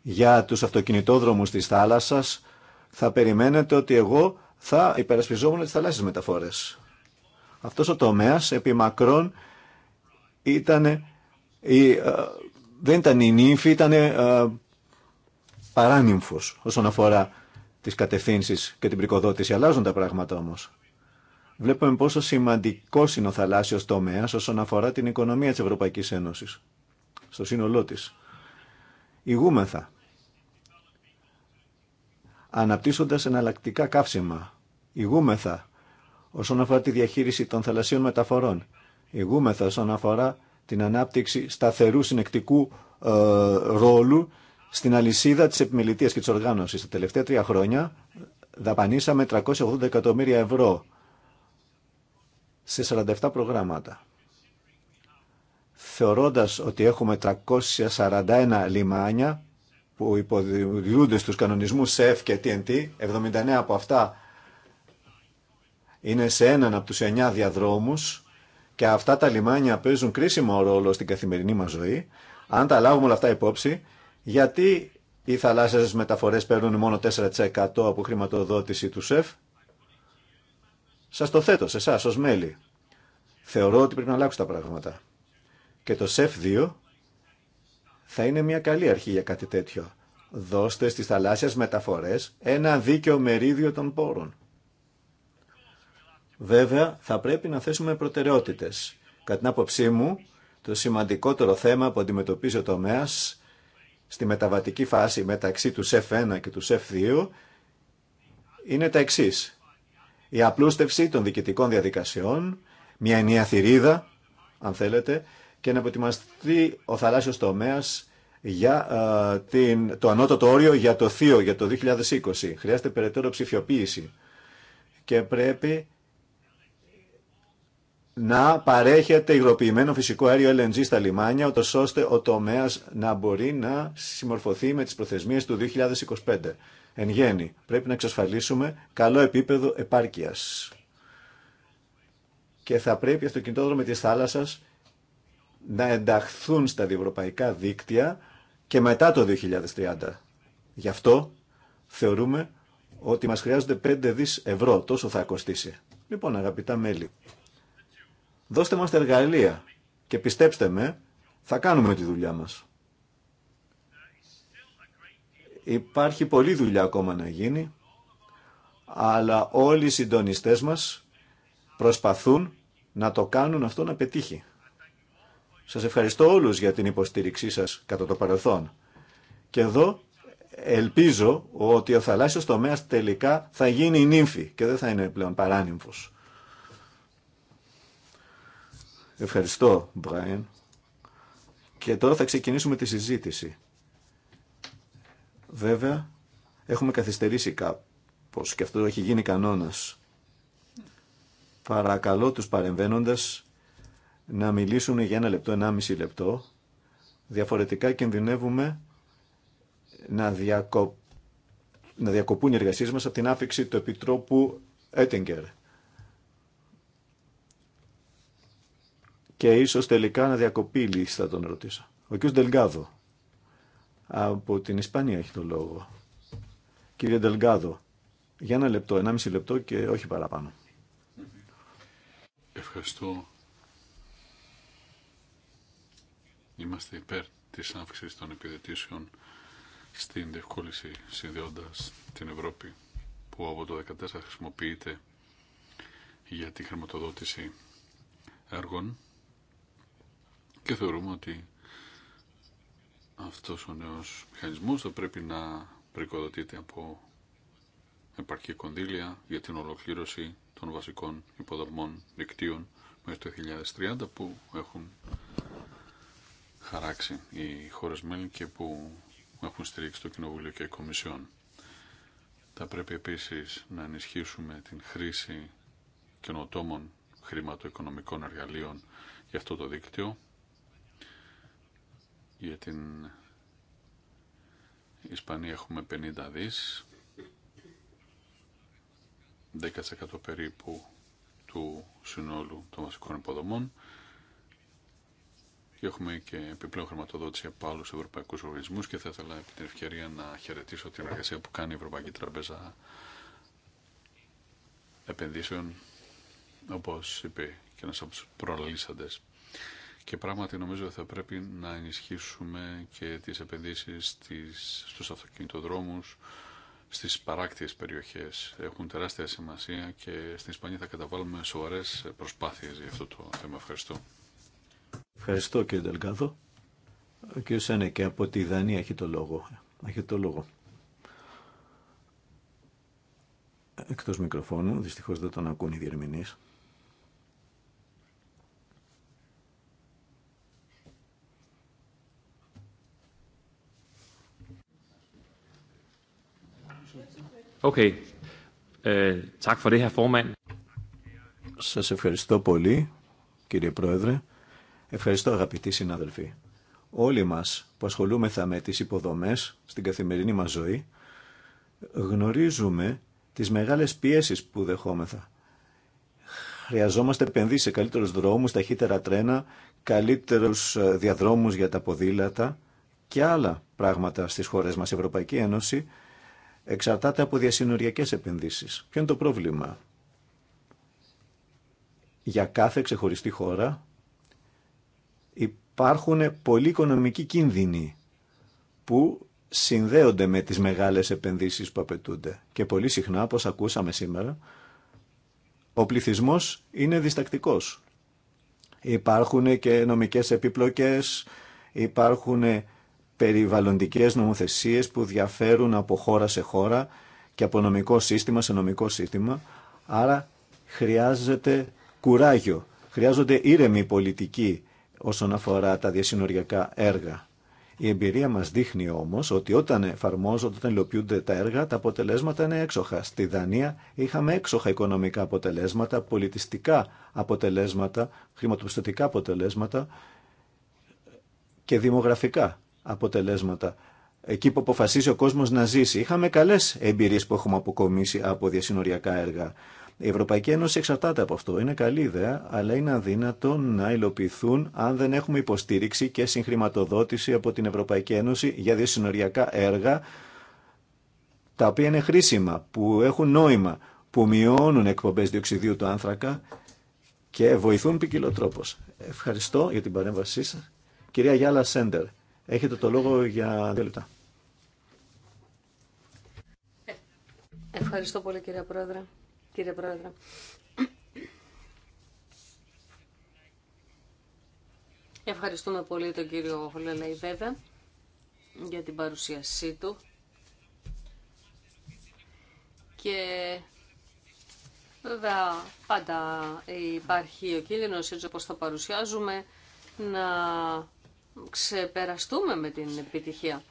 για τους αυτοκινητόδρομους της θάλασσας, θα περιμένετε ότι εγώ θα υπερασπιζόμουν τις θαλάσσιες μεταφορές. Αυτός ο τομέας επί μακρόν ήταν η, ε, δεν ήταν η νύμφη, ήταν ε, παράνυμφος όσον αφορά τις κατευθύνσεις και την πρικοδότηση. Αλλάζουν τα πράγματα όμω. Βλέπουμε πόσο σημαντικό είναι ο θαλάσσιος τομέα όσον αφορά την οικονομία της Ευρωπαϊκής Ένωσης, στο σύνολό τη. Υγούμεθα, αναπτύσσοντας εναλλακτικά καύσιμα. Υγούμεθα, όσον αφορά τη διαχείριση των θαλασσίων μεταφορών. Υγούμεθα, όσον αφορά την ανάπτυξη σταθερού συνεκτικού ε, ρόλου στην αλυσίδα της επιμελητία και τη οργάνωση τα τελευταία τρία χρόνια δαπανίσαμε 380 εκατομμύρια ευρώ σε 47 προγράμματα. Θεωρώντας ότι έχουμε 341 λιμάνια που υποδιούνται στους κανονισμούς ΣΕΦ και TNT, 79 από αυτά είναι σε έναν από τους 9 διαδρόμους και αυτά τα λιμάνια παίζουν κρίσιμο ρόλο στην καθημερινή μας ζωή. Αν τα λάβουμε όλα αυτά υπόψη, γιατί οι θαλάσσιες μεταφορές παίρνουν μόνο 4% από χρηματοδότηση του ΣΕΦ. Σας το θέτω σε εσά ως μέλη. Θεωρώ ότι πρέπει να αλλάξουν τα πράγματα. Και το ΣΕΦ 2 θα είναι μια καλή αρχή για κάτι τέτοιο. Δώστε στις θαλάσσιες μεταφορές ένα δίκαιο μερίδιο των πόρων. Βέβαια, θα πρέπει να θέσουμε προτεραιότητες. Κατά την άποψή μου, το σημαντικότερο θέμα που αντιμετωπίζει ο τομέας στη μεταβατική φάση μεταξύ του f 1 και του f 2 είναι τα εξή. Η απλούστευση των διοικητικών διαδικασιών, μια ενιαία θηρίδα, αν θέλετε, και να προετοιμαστεί ο θαλάσσιος τομέας για ε, την, το ανώτατο όριο για το θείο για το 2020. Χρειάζεται περαιτέρω ψηφιοποίηση και πρέπει να παρέχεται υγροποιημένο φυσικό αέριο LNG στα λιμάνια, ώστε ο τομέας να μπορεί να συμμορφωθεί με τις προθεσμίες του 2025. Εν γέννη, πρέπει να εξασφαλίσουμε καλό επίπεδο επάρκειας. Και θα πρέπει οι αυτοκινητόδρομοι της θάλασσας να ενταχθούν στα διευρωπαϊκά δίκτυα και μετά το 2030. Γι' αυτό θεωρούμε ότι μας χρειάζονται 5 δις ευρώ, τόσο θα κοστίσει. Λοιπόν, αγαπητά μέλη, Δώστε μας τα εργαλεία και πιστέψτε με, θα κάνουμε τη δουλειά μας. Υπάρχει πολλή δουλειά ακόμα να γίνει, αλλά όλοι οι συντονιστές μας προσπαθούν να το κάνουν αυτό να πετύχει. Σας ευχαριστώ όλους για την υποστήριξή σας κατά το παρελθόν. Και εδώ ελπίζω ότι ο θαλάσσιος τομέας τελικά θα γίνει νύμφη και δεν θα είναι πλέον παράνυμφος. Ευχαριστώ, Μπράιν. Και τώρα θα ξεκινήσουμε τη συζήτηση. Βέβαια, έχουμε καθυστερήσει κάπως και αυτό έχει γίνει κανόνας. Παρακαλώ τους παρεμβαίνοντας να μιλήσουν για ένα λεπτό, ένα μισή λεπτό. Διαφορετικά κινδυνεύουμε να, να διακοπούν οι εργασίες μας από την άφηξη του Επιτρόπου Έτιγκερ. και ίσως τελικά να διακοπεί η θα τον ρωτήσω. Ο κ. Ντελγκάδο από την Ισπανία έχει το λόγο. Κύριε Ντελγκάδο, για ένα λεπτό, ένα μισή λεπτό και όχι παραπάνω. Ευχαριστώ. Είμαστε υπέρ της αύξησης των επιδετήσεων στην διευκόλυνση συνδέοντας την Ευρώπη που από το 2014 χρησιμοποιείται για τη χρηματοδότηση έργων και θεωρούμε ότι αυτός ο νέος μηχανισμός θα πρέπει να πρικοδοτείται από επαρκή κονδύλια για την ολοκλήρωση των βασικών υποδομών δικτύων μέχρι το 2030 που έχουν χαράξει οι χώρες μέλη και που έχουν στηρίξει το Κοινοβούλιο και η Κομισιόν. Θα πρέπει επίσης να ενισχύσουμε την χρήση καινοτόμων χρηματοοικονομικών εργαλείων για αυτό το δίκτυο για την Ισπανία έχουμε 50 δις, 10% περίπου του συνόλου των βασικών υποδομών και έχουμε και επιπλέον χρηματοδότηση από άλλους ευρωπαϊκούς οργανισμούς και θα ήθελα επί την ευκαιρία να χαιρετήσω την εργασία που κάνει η Ευρωπαϊκή Τραπέζα Επενδύσεων, όπως είπε και ένας από τους προλαλήσαντε. Και πράγματι νομίζω ότι θα πρέπει να ενισχύσουμε και τις επενδύσεις στις, στους αυτοκινητοδρόμους, στις παράκτιες περιοχές. Έχουν τεράστια σημασία και στην Ισπανία θα καταβάλουμε σοβαρές προσπάθειες για αυτό το θέμα. Ευχαριστώ. Ευχαριστώ κύριε Δελγκάδο. Ο κύριος Σένεκε από τη Δανία έχει το λόγο. Έχει το λόγο. Εκτός μικροφώνου, δυστυχώς δεν τον ακούν οι διερμηνείς. Okay. Øh, tak for det, Σας ευχαριστώ πολύ, κύριε Πρόεδρε. Ευχαριστώ, αγαπητοί συνάδελφοι. Όλοι μας που ασχολούμεθα με τις υποδομές στην καθημερινή μας ζωή, γνωρίζουμε τις μεγάλες πιέσεις που δεχόμεθα. Χρειαζόμαστε επενδύσεις σε καλύτερους δρόμους, ταχύτερα τρένα, καλύτερους ε, διαδρόμους για τα ποδήλατα και άλλα πράγματα στις χώρες μας. Η Ευρωπαϊκή Ένωση εξαρτάται από διασυνοριακές επενδύσεις. Ποιο είναι το πρόβλημα. Για κάθε ξεχωριστή χώρα υπάρχουν πολλοί οικονομικοί κίνδυνοι που συνδέονται με τις μεγάλες επενδύσεις που απαιτούνται. Και πολύ συχνά, όπως ακούσαμε σήμερα, ο πληθυσμός είναι διστακτικός. Υπάρχουν και νομικές επιπλοκές, υπάρχουν περιβαλλοντικές νομοθεσίες που διαφέρουν από χώρα σε χώρα και από νομικό σύστημα σε νομικό σύστημα. Άρα χρειάζεται κουράγιο, χρειάζονται ήρεμη πολιτική όσον αφορά τα διασυνοριακά έργα. Η εμπειρία μας δείχνει όμως ότι όταν εφαρμόζονται, όταν υλοποιούνται τα έργα, τα αποτελέσματα είναι έξοχα. Στη Δανία είχαμε έξοχα οικονομικά αποτελέσματα, πολιτιστικά αποτελέσματα, χρηματοπιστωτικά αποτελέσματα και δημογραφικά αποτελέσματα εκεί που αποφασίζει ο κόσμος να ζήσει. Είχαμε καλές εμπειρίες που έχουμε αποκομίσει από διασυνοριακά έργα. Η Ευρωπαϊκή Ένωση εξαρτάται από αυτό. Είναι καλή ιδέα, αλλά είναι αδύνατο να υλοποιηθούν αν δεν έχουμε υποστήριξη και συγχρηματοδότηση από την Ευρωπαϊκή Ένωση για διασυνοριακά έργα τα οποία είναι χρήσιμα, που έχουν νόημα, που μειώνουν εκπομπές διοξιδίου του άνθρακα και βοηθούν ποικιλοτρόπως. Ευχαριστώ για την παρέμβασή σας. Κυρία Γιάλα Σέντερ. Έχετε το λόγο για δύο λεπτά. Ευχαριστώ πολύ κύριε Πρόεδρε. Κύριε Πρόεδρε. Ευχαριστούμε πολύ τον κύριο Χολέλα βέβαια για την παρουσίασή του και βέβαια πάντα υπάρχει ο κίνδυνος έτσι όπως το παρουσιάζουμε να ξεπεραστούμε με την επιτυχία.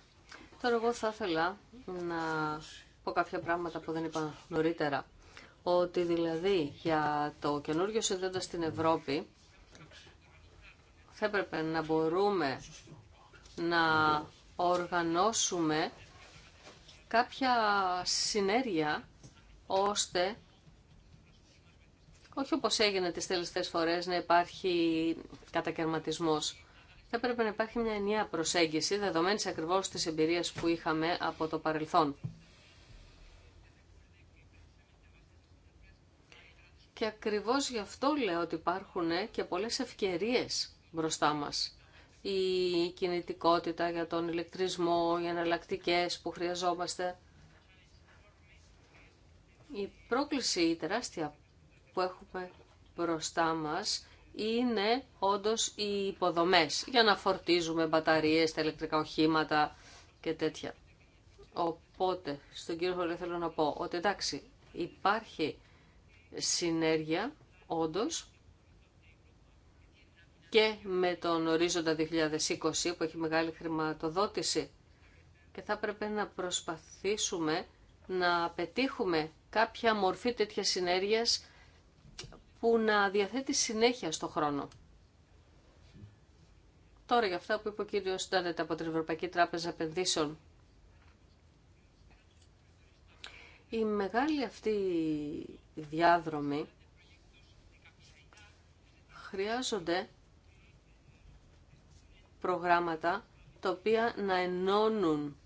Τώρα εγώ θα ήθελα να πω κάποια πράγματα που δεν είπα νωρίτερα. Ότι δηλαδή για το καινούργιο συνδέοντα στην Ευρώπη θα έπρεπε να μπορούμε να οργανώσουμε κάποια συνέργεια ώστε όχι όπως έγινε τις τελευταίες φορές να υπάρχει κατακαιρματισμός θα έπρεπε να υπάρχει μια ενιαία προσέγγιση δεδομένης ακριβώ της εμπειρία που είχαμε από το παρελθόν. Και ακριβώς γι' αυτό λέω ότι υπάρχουν και πολλές ευκαιρίες μπροστά μας. Η κινητικότητα για τον ηλεκτρισμό, οι εναλλακτικέ που χρειαζόμαστε. Η πρόκληση η τεράστια που έχουμε μπροστά μας είναι όντως οι υποδομές για να φορτίζουμε μπαταρίες, τα ηλεκτρικά οχήματα και τέτοια. Οπότε, στον κύριο Χωρή θέλω να πω ότι εντάξει, υπάρχει συνέργεια όντως και με τον ορίζοντα 2020 που έχει μεγάλη χρηματοδότηση και θα πρέπει να προσπαθήσουμε να πετύχουμε κάποια μορφή τέτοιας συνέργειας που να διαθέτει συνέχεια στο χρόνο. Τώρα για αυτά που είπε ο κύριος Στάνετ από την Ευρωπαϊκή Τράπεζα Επενδύσεων. Η μεγάλη αυτή διάδρομη χρειάζονται προγράμματα τα οποία να ενώνουν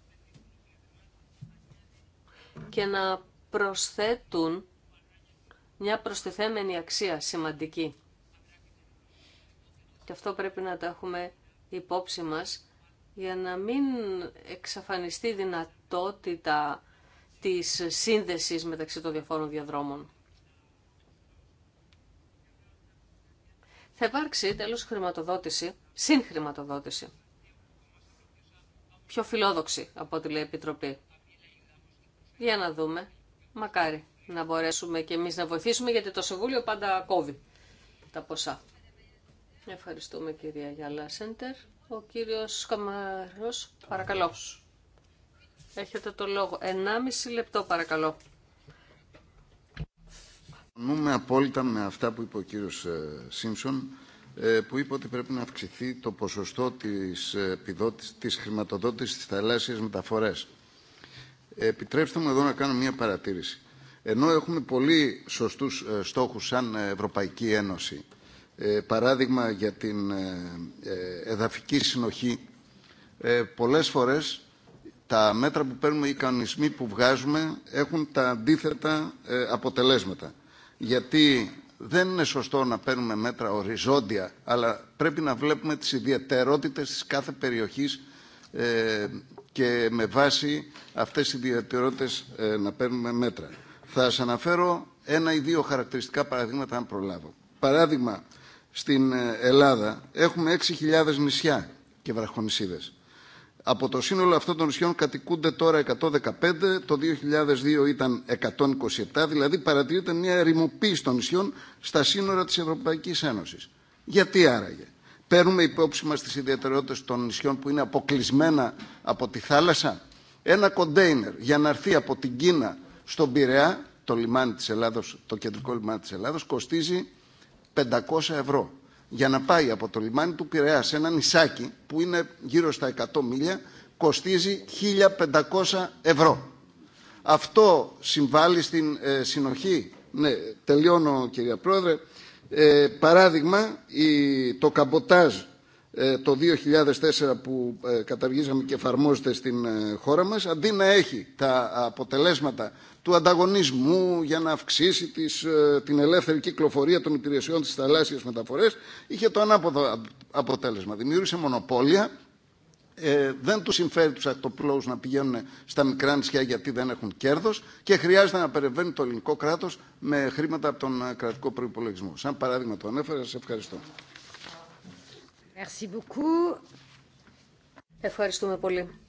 και να προσθέτουν μια προστιθέμενη αξία σημαντική. Και αυτό πρέπει να τα έχουμε υπόψη μας για να μην εξαφανιστεί δυνατότητα της σύνδεσης μεταξύ των διαφόρων διαδρόμων. Θα υπάρξει τέλος χρηματοδότηση, συγχρηματοδότηση, πιο φιλόδοξη από ό,τι λέει η Επιτροπή. Για να δούμε. Μακάρι να μπορέσουμε και εμείς να βοηθήσουμε, γιατί το Συμβούλιο πάντα κόβει τα ποσά. Ευχαριστούμε κυρία Γιάλα Σέντερ. Ο κύριος Καμαρός, παρακαλώ. Έχετε το λόγο. Ενάμιση λεπτό παρακαλώ. Συμφωνούμε απόλυτα με αυτά που είπε ο κύριος ε, Σίμψον, ε, που είπε ότι πρέπει να αυξηθεί το ποσοστό της, ε, επιδότησης, της χρηματοδότησης της θαλάσσιας μεταφορές. Επιτρέψτε μου εδώ να κάνω μια παρατήρηση. Ενώ έχουμε πολύ σωστούς ε, στόχους σαν Ευρωπαϊκή Ένωση, ε, παράδειγμα για την ε, εδαφική συνοχή, πολλές φορές τα μέτρα που παίρνουμε, οι κανονισμοί που βγάζουμε έχουν τα αντίθετα αποτελέσματα. Γιατί δεν είναι σωστό να παίρνουμε μέτρα οριζόντια, αλλά πρέπει να βλέπουμε τις ιδιαιτερότητες της κάθε περιοχής και με βάση αυτές τις ιδιαιτερότητες να παίρνουμε μέτρα. Θα σας αναφέρω ένα ή δύο χαρακτηριστικά παραδείγματα αν προλάβω. Παράδειγμα, στην ε, Ελλάδα έχουμε 6.000 νησιά και βραχονισίδες. Από το σύνολο αυτών των νησιών κατοικούνται τώρα 115, το 2002 ήταν 127, δηλαδή παρατηρείται μια ερημοποίηση των νησιών στα σύνορα της Ευρωπαϊκής Ένωσης. Γιατί άραγε. Παίρνουμε υπόψη μας τις ιδιαιτερότητες των νησιών που είναι αποκλεισμένα από τη θάλασσα. Ένα κοντέινερ για να έρθει από την Κίνα στον Πειραιά, το λιμάνι της Ελλάδος, το κεντρικό λιμάνι της Ελλάδος, κοστίζει 500 ευρώ. Για να πάει από το λιμάνι του Πειραιά σε ένα νησάκι που είναι γύρω στα 100 μίλια, κοστίζει 1500 ευρώ. Αυτό συμβάλλει στην ε, συνοχή. Ναι, τελειώνω κυρία Πρόεδρε. Ε, παράδειγμα, η, το καμποτάζ ε, το 2004 που ε, καταργήσαμε και εφαρμόζεται στην ε, χώρα μας αντί να έχει τα αποτελέσματα του ανταγωνισμού για να αυξήσει τις, την ελεύθερη κυκλοφορία των υπηρεσιών της θαλάσσιας μεταφορές είχε το ανάποδο αποτέλεσμα. Δημιούργησε μονοπόλια ε, δεν τους συμφέρει τους ακτοπλώου να πηγαίνουν στα μικρά νησιά γιατί δεν έχουν κέρδος και χρειάζεται να περιβαίνει το ελληνικό κράτος με χρήματα από τον κρατικό προϋπολογισμό. Σαν παράδειγμα το ανέφερα, σας ευχαριστώ. Ευχαριστούμε πολύ.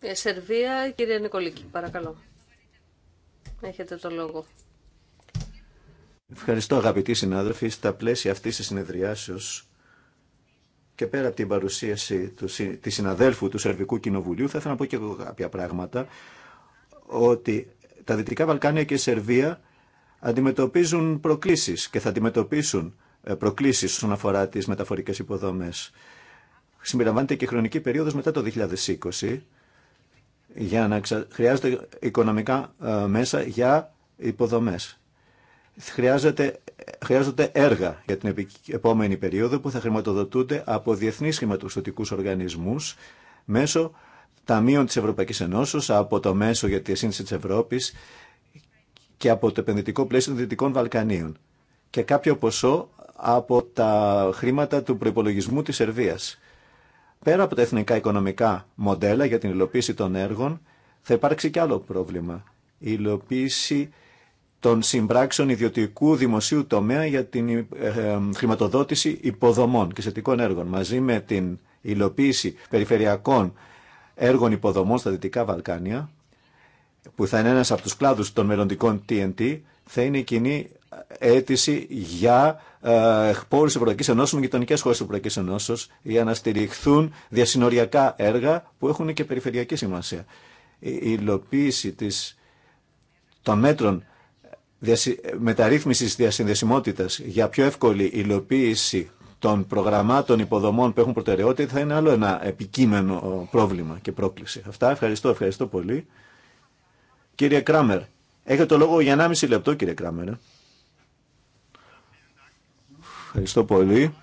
Ε, Σερβία, κύριε Νικολίκη, παρακαλώ. Έχετε το λόγο. Ευχαριστώ αγαπητοί συνάδελφοι. Στα πλαίσια αυτής της συνεδριάσεως και πέρα από την παρουσίαση του, της συναδέλφου του Σερβικού Κοινοβουλίου θα ήθελα να πω και εγώ κάποια πράγματα ότι τα Δυτικά Βαλκάνια και η Σερβία αντιμετωπίζουν προκλήσεις και θα αντιμετωπίσουν ε, προκλήσεις όσον αφορά τις μεταφορικές υποδομές. Συμπεριλαμβάνεται και χρονική περίοδος μετά το 2020 για να ξα... χρειάζονται οικονομικά ε, μέσα για υποδομές. Χρειάζεται, χρειάζονται έργα για την επόμενη περίοδο που θα χρηματοδοτούνται από διεθνείς χρηματοπιστωτικούς οργανισμούς μέσω ταμείων της Ευρωπαϊκής Ενώσεως, από το μέσο για τη σύνθεση της Ευρώπης και από το επενδυτικό πλαίσιο των Δυτικών Βαλκανίων και κάποιο ποσό από τα χρήματα του προπολογισμού της Σερβίας. Πέρα από τα εθνικά οικονομικά μοντέλα για την υλοποίηση των έργων, θα υπάρξει και άλλο πρόβλημα. Η υλοποίηση των συμπράξεων ιδιωτικού δημοσίου τομέα για την ε, ε, χρηματοδότηση υποδομών και σχετικών έργων, μαζί με την υλοποίηση περιφερειακών έργων υποδομών στα Δυτικά Βαλκάνια, που θα είναι ένας από τους κλάδους των μελλοντικών TNT, θα είναι η κοινή αίτηση για τη ε, Ευρωπαϊκή Ενώσεων με γειτονικέ χώρε τη Ευρωπαϊκή Ενώσεω για να στηριχθούν διασυνοριακά έργα που έχουν και περιφερειακή σημασία. Η υλοποίηση της, των μέτρων διασυ... μεταρρύθμισης διασυνδεσιμότητας για πιο εύκολη υλοποίηση των προγραμμάτων υποδομών που έχουν προτεραιότητα θα είναι άλλο ένα επικείμενο πρόβλημα και πρόκληση. Αυτά ευχαριστώ, ευχαριστώ πολύ. Κύριε Κράμερ, έχετε το λόγο για 1,5 λεπτό, κύριε Κράμερ. Ευχαριστώ πολύ.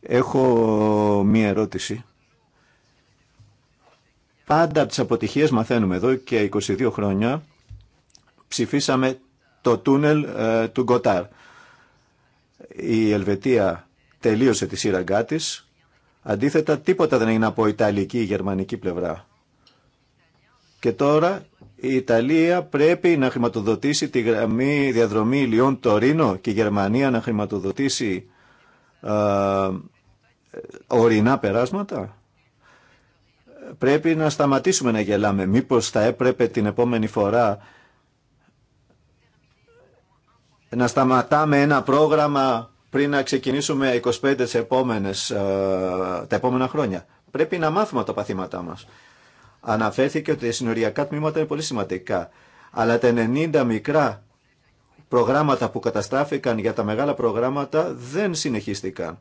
Έχω μία ερώτηση. Πάντα από τις αποτυχίες μαθαίνουμε εδώ και 22 χρόνια ψηφίσαμε το τούνελ ε, του Γκοτάρ. Η Ελβετία τελείωσε τη σύραγγά τη. Αντίθετα, τίποτα δεν έγινε από Ιταλική ή Γερμανική πλευρά. Και τώρα η Ιταλία πρέπει να χρηματοδοτήσει τη γραμμή διαδρομή Λιών Τωρίνο και η Γερμανία να χρηματοδοτήσει ορινά ορεινά περάσματα. Πρέπει να σταματήσουμε να γελάμε. Μήπως θα έπρεπε την επόμενη φορά να σταματάμε ένα πρόγραμμα πριν να ξεκινήσουμε 25 επόμενες, τα επόμενα χρόνια. Πρέπει να μάθουμε τα παθήματά μας. Αναφέρθηκε ότι τα συνοριακά τμήματα είναι πολύ σημαντικά. Αλλά τα 90 μικρά προγράμματα που καταστράφηκαν για τα μεγάλα προγράμματα δεν συνεχίστηκαν.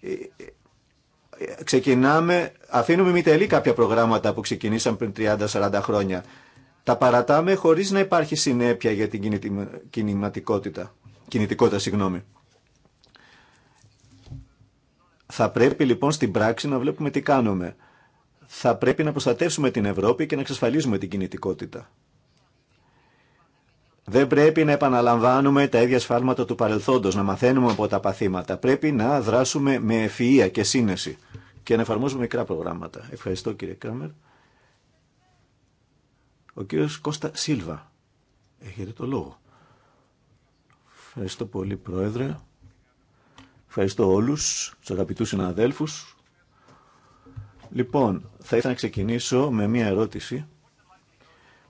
Ε, ε, ξεκινάμε, αφήνουμε μη τελεί κάποια προγράμματα που ξεκινήσαν πριν 30-40 χρόνια. Τα παρατάμε χωρίς να υπάρχει συνέπεια για την κινηματικότητα. Κινητικότητα, συγγνώμη. Θα πρέπει λοιπόν στην πράξη να βλέπουμε τι κάνουμε θα πρέπει να προστατεύσουμε την Ευρώπη και να εξασφαλίσουμε την κινητικότητα. Δεν πρέπει να επαναλαμβάνουμε τα ίδια σφάλματα του παρελθόντος, να μαθαίνουμε από τα παθήματα. Πρέπει να δράσουμε με ευφυΐα και σύνεση και να εφαρμόζουμε μικρά προγράμματα. Ευχαριστώ κύριε Κράμερ. Ο κύριος Κώστα Σίλβα. Έχετε το λόγο. Ευχαριστώ πολύ Πρόεδρε. Ευχαριστώ όλους τους αγαπητούς συναδέλφους Λοιπόν, θα ήθελα να ξεκινήσω με μία ερώτηση.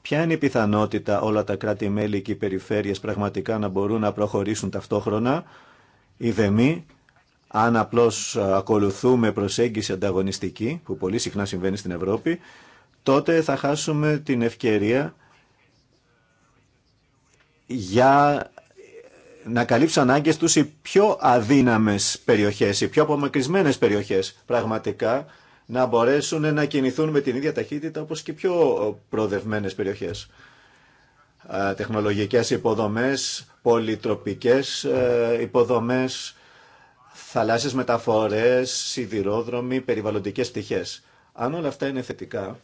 Ποια είναι η πιθανότητα όλα τα κράτη-μέλη και οι περιφέρειες πραγματικά να μπορούν να προχωρήσουν ταυτόχρονα ή μη, αν απλώς ε, ακολουθούμε προσέγγιση ανταγωνιστική, που πολύ συχνά συμβαίνει στην Ευρώπη, τότε θα χάσουμε την ευκαιρία για ε, να καλύψουν ανάγκες τους οι πιο αδύναμες περιοχές, οι πιο απομακρυσμένες περιοχές. Πραγματικά, να μπορέσουν να κινηθούν με την ίδια ταχύτητα όπως και πιο προοδευμένες περιοχές. Ε, τεχνολογικές υποδομές, πολυτροπικές ε, υποδομές, θαλάσσιες μεταφορές, σιδηρόδρομοι, περιβαλλοντικές πτυχές. Αν όλα αυτά είναι θετικά,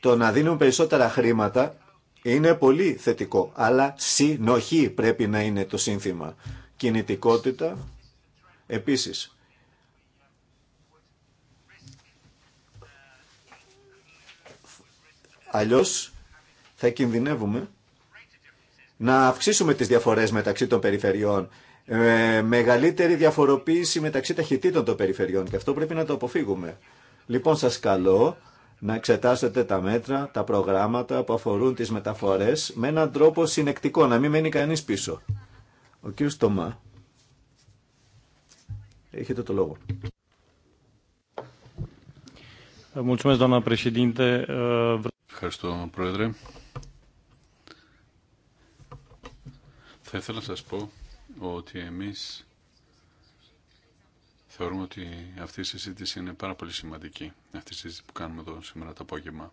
το να δίνουν περισσότερα χρήματα είναι πολύ θετικό, αλλά συνοχή πρέπει να είναι το σύνθημα. Κινητικότητα, επίσης, Αλλιώς θα κινδυνεύουμε να αυξήσουμε τις διαφορές μεταξύ των περιφερειών, ε, μεγαλύτερη διαφοροποίηση μεταξύ ταχυτήτων των περιφερειών και αυτό πρέπει να το αποφύγουμε. Λοιπόν, σας καλώ να εξετάσετε τα μέτρα, τα προγράμματα που αφορούν τις μεταφορές με έναν τρόπο συνεκτικό, να μην μένει κανείς πίσω. Ο κ. Στομά. Έχετε το λόγο. Ευχαριστώ, Πρόεδρε. Θα ήθελα να σας πω ότι εμείς θεωρούμε ότι αυτή η συζήτηση είναι πάρα πολύ σημαντική. Αυτή η συζήτηση που κάνουμε εδώ σήμερα το απόγευμα.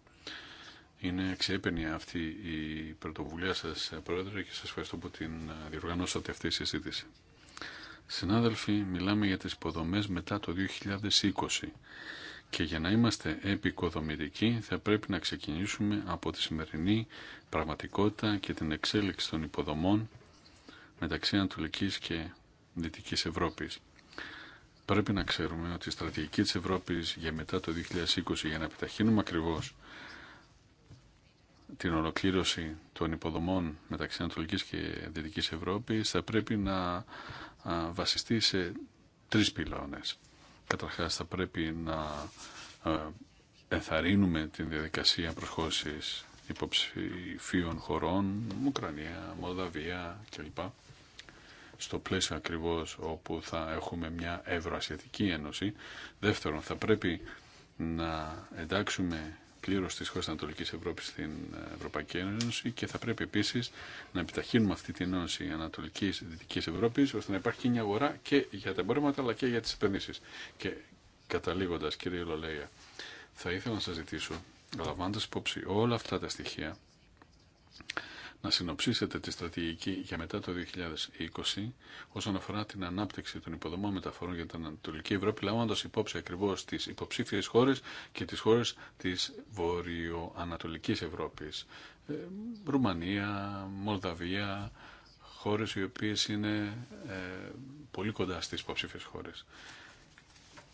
Είναι εξέπαινη αυτή η πρωτοβουλία σας, Πρόεδρε, και σας ευχαριστώ που την διοργανώσατε αυτή η συζήτηση. Συνάδελφοι, μιλάμε για τις υποδομές μετά το 2020. Και για να είμαστε επικοδομητικοί θα πρέπει να ξεκινήσουμε από τη σημερινή πραγματικότητα και την εξέλιξη των υποδομών μεταξύ Ανατολική και Δυτικής Ευρώπης. Πρέπει να ξέρουμε ότι η στρατηγική της Ευρώπης για μετά το 2020 για να επιταχύνουμε ακριβώς την ολοκλήρωση των υποδομών μεταξύ Ανατολική και Δυτικής Ευρώπης θα πρέπει να βασιστεί σε τρεις πυλώνες. Καταρχάς θα πρέπει να ε, ενθαρρύνουμε την διαδικασία προσχώρησης υποψηφίων χωρών, Ουκρανία, Μολδαβία κλπ. Στο πλαίσιο ακριβώς όπου θα έχουμε μια Ευρωασιατική Ένωση. Δεύτερον, θα πρέπει να εντάξουμε πλήρω τη χώρα Ανατολική Ευρώπη στην ε, Ευρωπαϊκή Ένωση και θα πρέπει επίση να επιταχύνουμε αυτή την ένωση Ανατολική Δυτική Ευρώπη ώστε να υπάρχει μια αγορά και για τα εμπορεύματα αλλά και για τι επενδύσει. Και καταλήγοντα, κύριε Λολέια, θα ήθελα να σα ζητήσω, λαμβάνοντα υπόψη όλα αυτά τα στοιχεία, να συνοψίσετε τη στρατηγική για μετά το 2020 όσον αφορά την ανάπτυξη των υποδομών μεταφορών για την Ανατολική Ευρώπη, λαμβάνοντα υπόψη ακριβώ τι υποψήφιε χώρε και τι χώρε τη Βορειοανατολική Ευρώπη. Ε, Ρουμανία, Μολδαβία, χώρε οι οποίε είναι ε, πολύ κοντά στι υποψήφιε χώρε.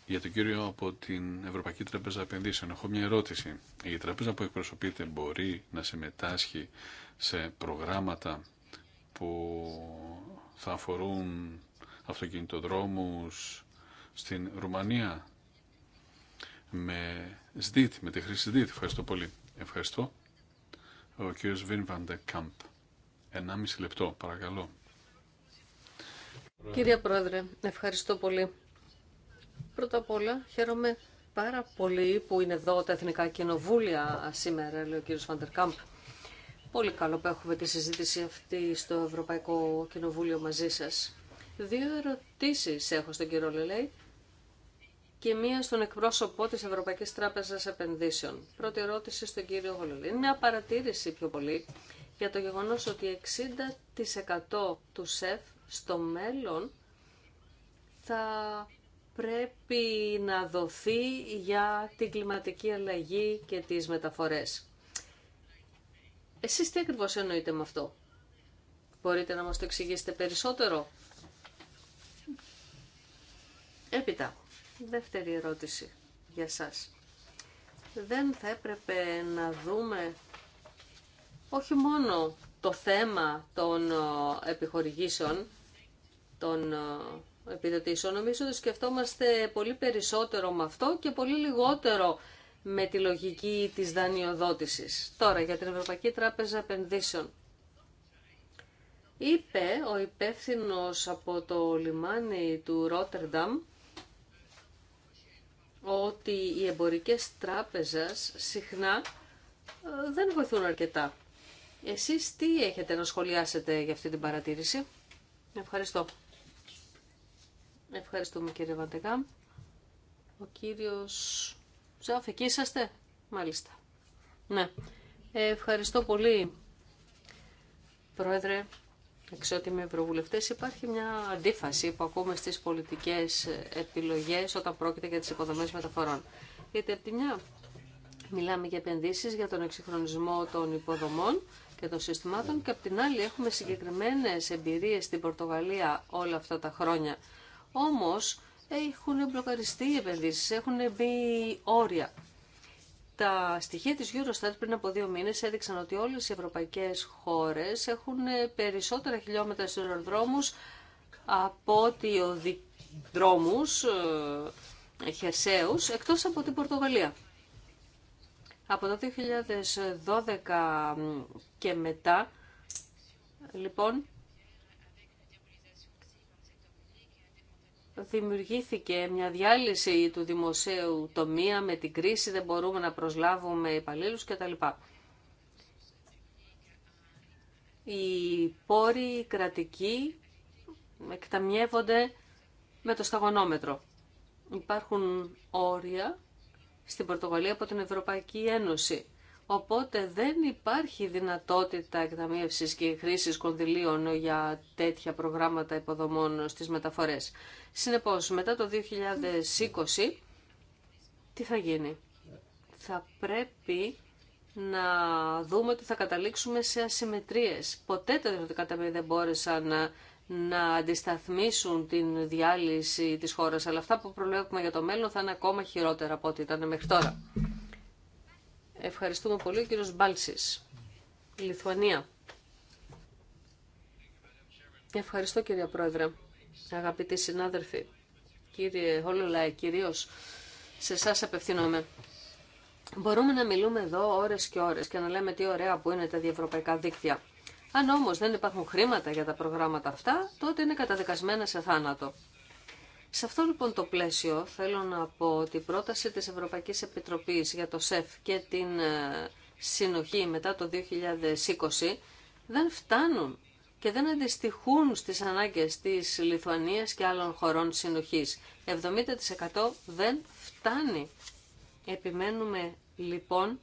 Για τον κύριο από την Ευρωπαϊκή Τραπέζα Επενδύσεων, έχω μια ερώτηση. Η τραπέζα που εκπροσωπείται μπορεί να συμμετάσχει σε προγράμματα που θα αφορούν αυτοκινητοδρόμους στην Ρουμανία με ΣΔΙΤ, με τη χρήση ΣΔΙΤ. Ευχαριστώ πολύ. Ευχαριστώ. Ο κύριος Βιν Κάμπ. 1,5 λεπτό, παρακαλώ. Κύριε Πρόεδρε, ευχαριστώ πολύ. Πρώτα απ' όλα, χαίρομαι πάρα πολύ που είναι εδώ τα Εθνικά Κοινοβούλια σήμερα, λέει ο κύριος Βαντερκάμπ. Πολύ καλό που έχουμε τη συζήτηση αυτή στο Ευρωπαϊκό Κοινοβούλιο μαζί σας. Δύο ερωτήσεις έχω στον κύριο Λελέη και μία στον εκπρόσωπό της Ευρωπαϊκής Τράπεζας Επενδύσεων. Πρώτη ερώτηση στον κύριο Γολολή. Είναι μια παρατήρηση πιο πολύ για το γεγονός ότι 60% του ΣΕΦ στο μέλλον θα πρέπει να δοθεί για την κλιματική αλλαγή και τις μεταφορές. Εσείς τι ακριβώς εννοείτε με αυτό. Μπορείτε να μας το εξηγήσετε περισσότερο. Έπειτα, δεύτερη ερώτηση για σας. Δεν θα έπρεπε να δούμε όχι μόνο το θέμα των ε, επιχορηγήσεων, των ε, επιδοτήσεων. Νομίζω ότι σκεφτόμαστε πολύ περισσότερο με αυτό και πολύ λιγότερο με τη λογική της δανειοδότησης. Τώρα για την Ευρωπαϊκή Τράπεζα Επενδύσεων. Είπε ο υπεύθυνο από το λιμάνι του Ρότερνταμ ότι οι εμπορικές τράπεζες συχνά ε, δεν βοηθούν αρκετά. Εσείς τι έχετε να σχολιάσετε για αυτή την παρατήρηση. Ευχαριστώ. Ευχαριστούμε κύριε Βαντεγκάμ. Ο κύριος Ζωφ, εκεί είσαστε. Μάλιστα. Ναι. Ε, ευχαριστώ πολύ, Πρόεδρε. Εξότιμοι ευρωβουλευτέ, υπάρχει μια αντίφαση που ακούμε στι πολιτικέ επιλογέ όταν πρόκειται για τι υποδομέ μεταφορών. Γιατί από τη μια μιλάμε για επενδύσει για τον εξυγχρονισμό των υποδομών και των συστημάτων και από την άλλη έχουμε συγκεκριμένε εμπειρίε στην Πορτογαλία όλα αυτά τα χρόνια. Όμως έχουν μπλοκαριστεί οι επενδύσει. έχουν μπει όρια. Τα στοιχεία της Eurostat πριν από δύο μήνες έδειξαν ότι όλες οι ευρωπαϊκές χώρες έχουν περισσότερα χιλιόμετρα στου από ότι ο δρόμους ε, χερσαίους, εκτός από την Πορτογαλία. Από το 2012 και μετά, λοιπόν, δημιουργήθηκε μια διάλυση του δημοσίου τομέα με την κρίση, δεν μπορούμε να προσλάβουμε υπαλλήλους κτλ. Οι πόροι κρατικοί εκταμιεύονται με το σταγονόμετρο. Υπάρχουν όρια στην Πορτογαλία από την Ευρωπαϊκή Ένωση Οπότε δεν υπάρχει δυνατότητα εκταμείευσης και χρήσης κονδυλίων για τέτοια προγράμματα υποδομών στις μεταφορές. Συνεπώς, μετά το 2020, τι θα γίνει. Θα πρέπει να δούμε ότι θα καταλήξουμε σε ασυμμετρίες. Ποτέ τα δημότικα ταμεία δεν μπόρεσαν να, να αντισταθμίσουν την διάλυση της χώρας, αλλά αυτά που προβλέπουμε για το μέλλον θα είναι ακόμα χειρότερα από ό,τι ήταν μέχρι τώρα. Ευχαριστούμε πολύ, κύριος Μπάλσης. Λιθουανία. Ευχαριστώ, κύριε Πρόεδρε. Αγαπητοί συνάδελφοι, κύριε Όλουλα, κυρίω σε εσά απευθύνομαι. Μπορούμε να μιλούμε εδώ ώρες και ώρες και να λέμε τι ωραία που είναι τα διευρωπαϊκά δίκτυα. Αν όμως δεν υπάρχουν χρήματα για τα προγράμματα αυτά, τότε είναι καταδικασμένα σε θάνατο. Σε αυτό λοιπόν το πλαίσιο θέλω να πω ότι η πρόταση της Ευρωπαϊκής Επιτροπής για το ΣΕΦ και την ε, συνοχή μετά το 2020 δεν φτάνουν και δεν αντιστοιχούν στις ανάγκες της Λιθουανίας και άλλων χωρών συνοχής. 70% δεν φτάνει. Επιμένουμε λοιπόν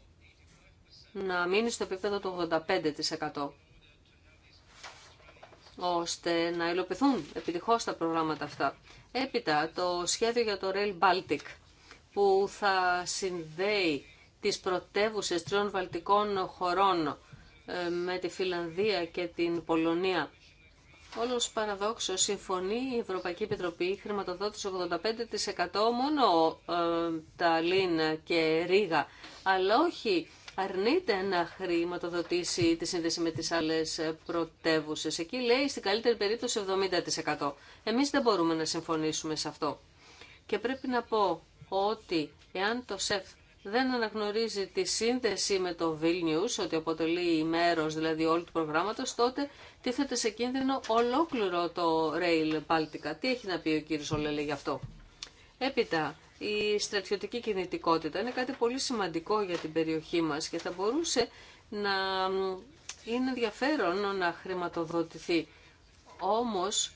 να μείνει στο επίπεδο του 85% ώστε να υλοποιηθούν επιτυχώς τα προγράμματα αυτά. Έπειτα το σχέδιο για το Rail Baltic που θα συνδέει τις πρωτεύουσες τριών βαλτικών χωρών ε, με τη Φιλανδία και την Πολωνία. Όλος παραδόξως συμφωνεί η Ευρωπαϊκή Επιτροπή χρηματοδότης 85% μόνο ε, τα Λίν και Ρίγα, αλλά όχι αρνείται να χρηματοδοτήσει τη σύνδεση με τις άλλες πρωτεύουσε. Εκεί λέει στην καλύτερη περίπτωση 70%. Εμείς δεν μπορούμε να συμφωνήσουμε σε αυτό. Και πρέπει να πω ότι εάν το ΣΕΦ δεν αναγνωρίζει τη σύνδεση με το Vilnius, ότι αποτελεί μέρος δηλαδή όλου του προγράμματος, τότε τίθεται σε κίνδυνο ολόκληρο το Rail Baltica. Τι έχει να πει ο κύριος Ολέλε γι' αυτό. Έπειτα, η στρατιωτική κινητικότητα. Είναι κάτι πολύ σημαντικό για την περιοχή μας και θα μπορούσε να είναι ενδιαφέρον να χρηματοδοτηθεί. Όμως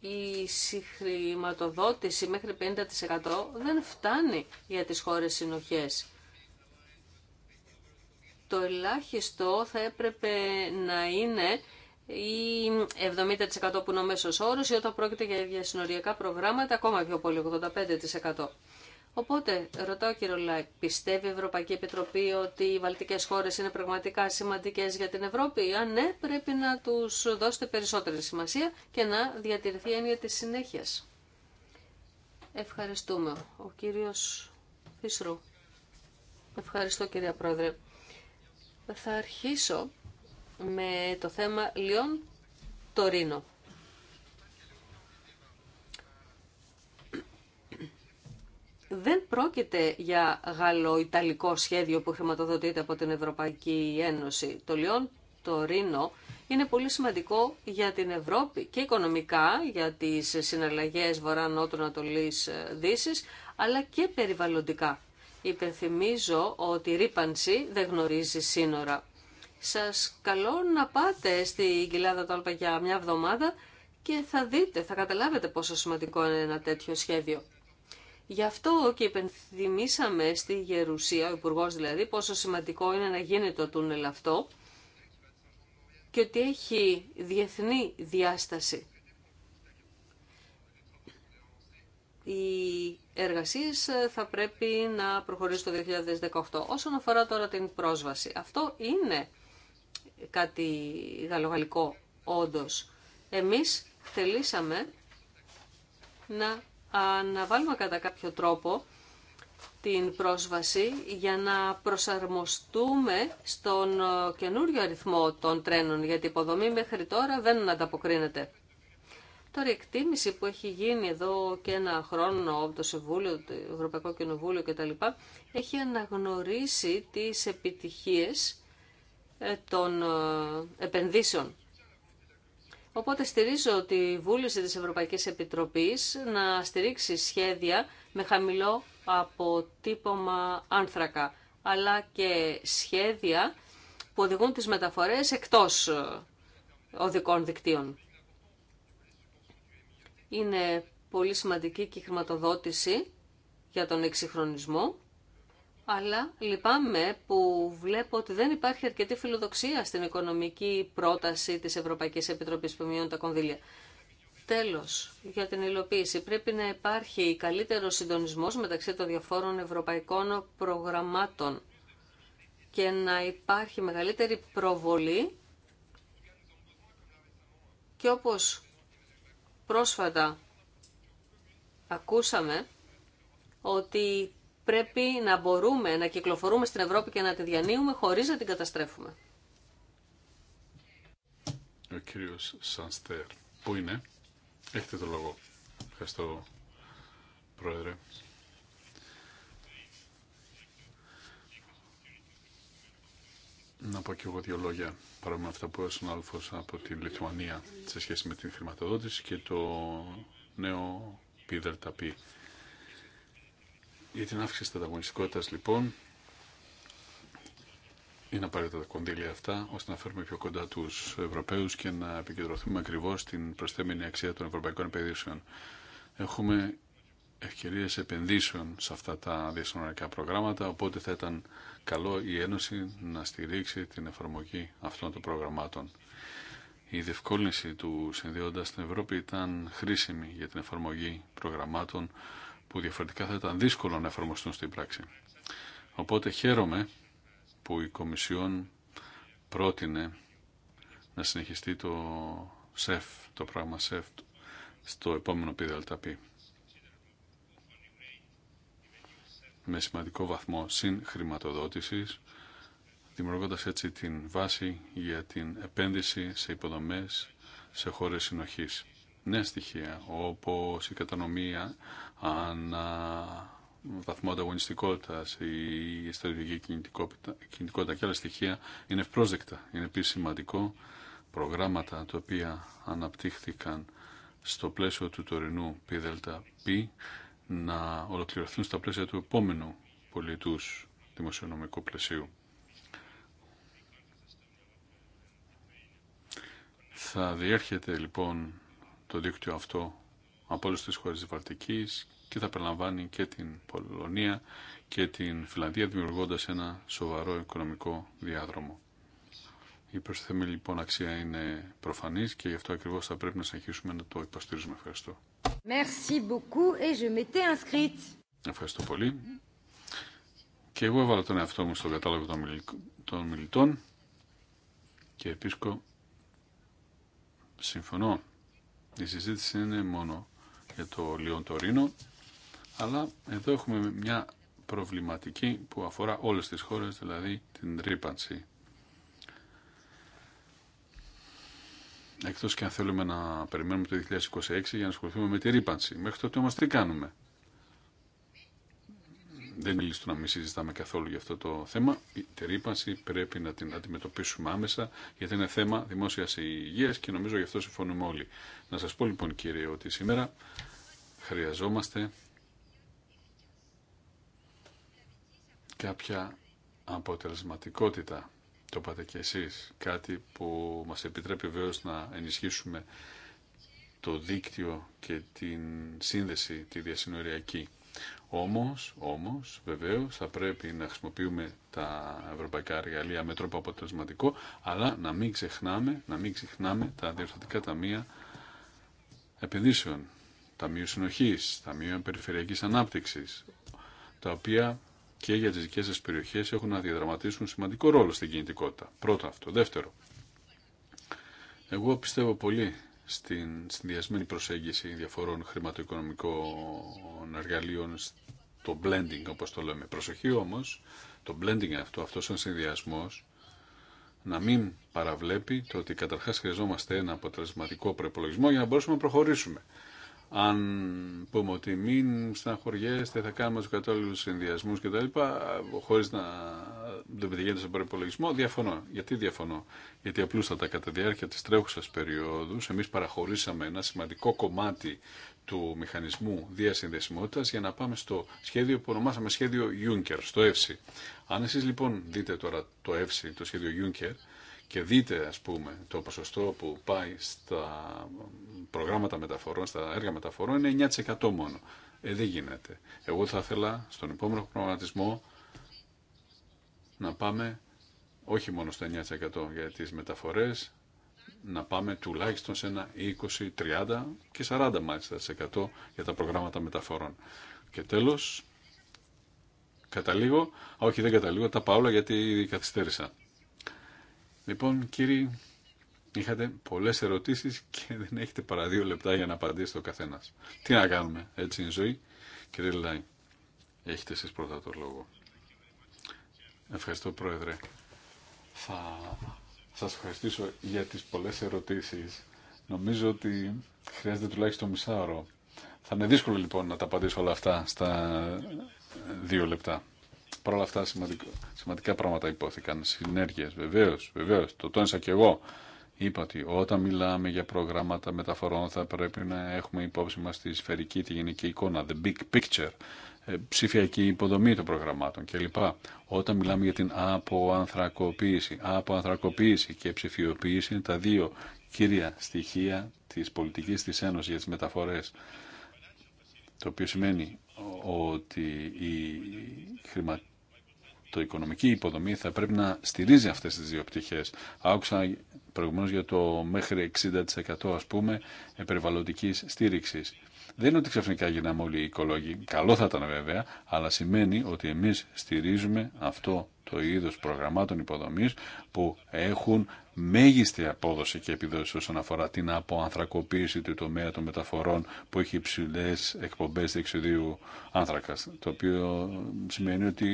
η συγχρηματοδότηση μέχρι 50% δεν φτάνει για τις χώρες συνοχές. Το ελάχιστο θα έπρεπε να είναι ή 70% που είναι ο μέσο όρο η Ευρωπαϊκή Επιτροπή ότι οι Βαλτικέ χώρε είναι πραγματικά σημαντικέ για την Ευρώπη. Αν ναι, πρέπει να του δώσετε περισσότερη σημασία και να διατηρηθεί η έννοια τη συνέχεια. Ευχαριστούμε. Ο κύριος Φίσρου. Ευχαριστώ κυρία Πρόεδρε. Θα αρχίσω με το θέμα Λιόν Τωρίνο. Δεν πρόκειται για γαλλο-ιταλικό σχέδιο που χρηματοδοτείται από την Ευρωπαϊκή Ένωση. Το Λιόν Τωρίνο είναι πολύ σημαντικό για την Ευρώπη και οικονομικά για τις συναλλαγές βορρά-νότου Ανατολής Δύσης, αλλά και περιβαλλοντικά. Υπενθυμίζω ότι η ρήπανση δεν γνωρίζει σύνορα. Σας καλώ να πάτε στη κοιλάδα Τόλπα για μια εβδομάδα και θα δείτε, θα καταλάβετε πόσο σημαντικό είναι ένα τέτοιο σχέδιο. Γι' αυτό και υπενθυμίσαμε στη Γερουσία, ο υπουργό δηλαδή, πόσο σημαντικό είναι να γίνει το τούνελ αυτό και ότι έχει διεθνή διάσταση. Οι εργασίες θα πρέπει να προχωρήσουν το 2018. Όσον αφορά τώρα την πρόσβαση, αυτό είναι κάτι γαλλογαλλικό όντως. Εμείς θελήσαμε να αναβάλουμε κατά κάποιο τρόπο την πρόσβαση για να προσαρμοστούμε στον καινούριο αριθμό των τρένων, γιατί η υποδομή μέχρι τώρα δεν ανταποκρίνεται. Τώρα η εκτίμηση που έχει γίνει εδώ και ένα χρόνο από το Συμβούλιο, το Ευρωπαϊκό Κοινοβούλιο κτλ. έχει αναγνωρίσει τις επιτυχίες ε, των ε, επενδύσεων. Οπότε στηρίζω τη βούληση της Ευρωπαϊκής Επιτροπής να στηρίξει σχέδια με χαμηλό αποτύπωμα άνθρακα, αλλά και σχέδια που οδηγούν τις μεταφορές εκτός ε, οδικών δικτύων. Είναι πολύ σημαντική και η χρηματοδότηση για τον εξυγχρονισμό αλλά λυπάμαι που βλέπω ότι δεν υπάρχει αρκετή φιλοδοξία στην οικονομική πρόταση της Ευρωπαϊκής Επιτροπής που μειώνει τα κονδύλια. Τέλος, για την υλοποίηση πρέπει να υπάρχει καλύτερο συντονισμός μεταξύ των διαφόρων ευρωπαϊκών προγραμμάτων και να υπάρχει μεγαλύτερη προβολή και όπως πρόσφατα ακούσαμε ότι πρέπει να μπορούμε να κυκλοφορούμε στην Ευρώπη και να τη διανύουμε χωρίς να την καταστρέφουμε. Ο κύριος Σανστέρ, πού είναι, έχετε το λόγο. Ευχαριστώ, Πρόεδρε. Να πω και εγώ δύο λόγια παρά αυτά που ο άλφος από τη Λιθουανία σε σχέση με την χρηματοδότηση και το νέο πι για την αύξηση της ανταγωνιστικότητας λοιπόν είναι απαραίτητα τα κονδύλια αυτά ώστε να φέρουμε πιο κοντά τους Ευρωπαίους και να επικεντρωθούμε ακριβώς στην προσθέμενη αξία των ευρωπαϊκών επενδύσεων. Έχουμε ευκαιρίες επενδύσεων σε αυτά τα διασυνοριακά προγράμματα, οπότε θα ήταν καλό η Ένωση να στηρίξει την εφαρμογή αυτών των προγραμμάτων. Η διευκόλυνση του συνδέοντα στην Ευρώπη ήταν χρήσιμη για την εφαρμογή προγραμμάτων που διαφορετικά θα ήταν δύσκολο να εφαρμοστούν στην πράξη. Οπότε χαίρομαι που η Κομισιόν πρότεινε να συνεχιστεί το ΣΕΦ, το πράγμα ΣΕΦ, στο επόμενο ΠΙΔΑΛΤΑΠΗ Με σημαντικό βαθμό συγχρηματοδότησης, δημιουργώντας έτσι την βάση για την επένδυση σε υποδομές σε χώρες συνοχής νέα στοιχεία όπως η κατανομία ανα βαθμό ανταγωνιστικότητα, η στρατηγική κινητικότητα, κινητικότητα και άλλα στοιχεία είναι ευπρόσδεκτα. Είναι επίση σημαντικό προγράμματα τα οποία αναπτύχθηκαν στο πλαίσιο του τωρινού πι να ολοκληρωθούν στα πλαίσια του επόμενου πολιτούς δημοσιονομικού πλαισίου. Θα διέρχεται λοιπόν το δίκτυο αυτό από όλες τις χώρες της Βαλτικής και θα περιλαμβάνει και την Πολωνία και την Φιλανδία δημιουργώντας ένα σοβαρό οικονομικό διάδρομο. Η προσθέμενη λοιπόν αξία είναι προφανής και γι' αυτό ακριβώς θα πρέπει να συνεχίσουμε να το υποστηρίζουμε. Ευχαριστώ. Merci beaucoup et je inscrite. Ευχαριστώ πολύ. Και εγώ έβαλα τον εαυτό μου στον κατάλογο των μιλητών και επίσκο συμφωνώ η συζήτηση είναι μόνο για το Λιόν αλλά εδώ έχουμε μια προβληματική που αφορά όλες τις χώρες, δηλαδή την ρήπανση. Εκτός και αν θέλουμε να περιμένουμε το 2026 για να ασχοληθούμε με τη ρήπανση. Μέχρι τότε όμως τι κάνουμε δεν είναι να μην συζητάμε καθόλου για αυτό το θέμα. Η τερύπανση πρέπει να την αντιμετωπίσουμε άμεσα, γιατί είναι θέμα δημόσια υγεία και νομίζω γι' αυτό συμφωνούμε όλοι. Να σα πω λοιπόν, κύριε, ότι σήμερα χρειαζόμαστε κάποια αποτελεσματικότητα. Το είπατε και εσείς. Κάτι που μας επιτρέπει βεβαίω να ενισχύσουμε το δίκτυο και την σύνδεση, τη διασυνοριακή. Όμως, όμως, βεβαίως, θα πρέπει να χρησιμοποιούμε τα ευρωπαϊκά εργαλεία με τρόπο αποτελεσματικό, αλλά να μην ξεχνάμε, να μην ξεχνάμε τα διορθωτικά ταμεία επενδύσεων, ταμείου συνοχής, ταμείου περιφερειακής ανάπτυξης, τα οποία και για τις δικές σας περιοχές έχουν να διαδραματίσουν σημαντικό ρόλο στην κινητικότητα. Πρώτο αυτό. Δεύτερο, εγώ πιστεύω πολύ στην συνδυασμένη προσέγγιση διαφορών χρηματοοικονομικών εργαλείων το blending όπως το λέμε. Προσοχή όμως, το blending αυτό, αυτός ο συνδυασμό να μην παραβλέπει το ότι καταρχάς χρειαζόμαστε ένα αποτελεσματικό προπολογισμό για να μπορέσουμε να προχωρήσουμε αν πούμε ότι μην στεναχωριέστε, θα κάνουμε του κατάλληλου συνδυασμού κτλ. χωρί να το πηγαίνετε σε προπολογισμό, διαφωνώ. Γιατί διαφωνώ. Γιατί απλούστατα κατά τη διάρκεια τη τρέχουσα περίοδου, εμεί παραχωρήσαμε ένα σημαντικό κομμάτι του μηχανισμού διασυνδεσιμότητα για να πάμε στο σχέδιο που ονομάσαμε σχέδιο Juncker, στο ΕΦΣΥ. Αν εσεί λοιπόν δείτε τώρα το ΕΦΣΥ, το σχέδιο Juncker, και δείτε ας πούμε το ποσοστό που πάει στα προγράμματα μεταφορών, στα έργα μεταφορών είναι 9% μόνο. Ε, δεν γίνεται. Εγώ θα ήθελα στον επόμενο προγραμματισμό να πάμε όχι μόνο στο 9% για τις μεταφορές, να πάμε τουλάχιστον σε ένα 20, 30 και 40 μάλιστα για τα προγράμματα μεταφορών. Και τέλος, καταλήγω, όχι δεν καταλήγω, τα πάω όλα γιατί καθυστέρησα. Λοιπόν, κύριοι, είχατε πολλές ερωτήσεις και δεν έχετε παρά δύο λεπτά για να απαντήσετε ο καθένα. Τι να κάνουμε, έτσι είναι η ζωή. Κύριε Λάι, έχετε εσεί πρώτα το λόγο. Ευχαριστώ, Πρόεδρε. Θα σα ευχαριστήσω για τις πολλές ερωτήσεις. Νομίζω ότι χρειάζεται τουλάχιστον μισάωρο. Θα είναι δύσκολο λοιπόν να τα απαντήσω όλα αυτά στα δύο λεπτά. Παρ' όλα αυτά σημαντικά, σημαντικά πράγματα υπόθηκαν. Συνέργειε, βεβαίω, βεβαίω. Το τόνισα και εγώ. Είπα ότι όταν μιλάμε για προγράμματα μεταφορών θα πρέπει να έχουμε υπόψη μα τη σφαιρική, τη γενική εικόνα, the big picture, ε, ψηφιακή υποδομή των προγραμμάτων κλπ. Όταν μιλάμε για την αποανθρακοποίηση, αποανθρακοποίηση και ψηφιοποίηση είναι τα δύο κύρια στοιχεία τη πολιτική τη Ένωση για τι μεταφορέ. Το οποίο σημαίνει ότι η χρηματική το οικονομική υποδομή θα πρέπει να στηρίζει αυτές τις δύο πτυχές. Άκουσα προηγουμένως για το μέχρι 60% ας πούμε περιβαλλοντικής στήριξης. Δεν είναι ότι ξαφνικά γίναμε όλοι οικολόγοι, καλό θα ήταν βέβαια, αλλά σημαίνει ότι εμείς στηρίζουμε αυτό το είδος προγραμμάτων υποδομής που έχουν μέγιστη απόδοση και επιδόση όσον αφορά την αποανθρακοποίηση του τομέα των μεταφορών που έχει υψηλέ εκπομπές διεξιδίου άνθρακας, το οποίο σημαίνει ότι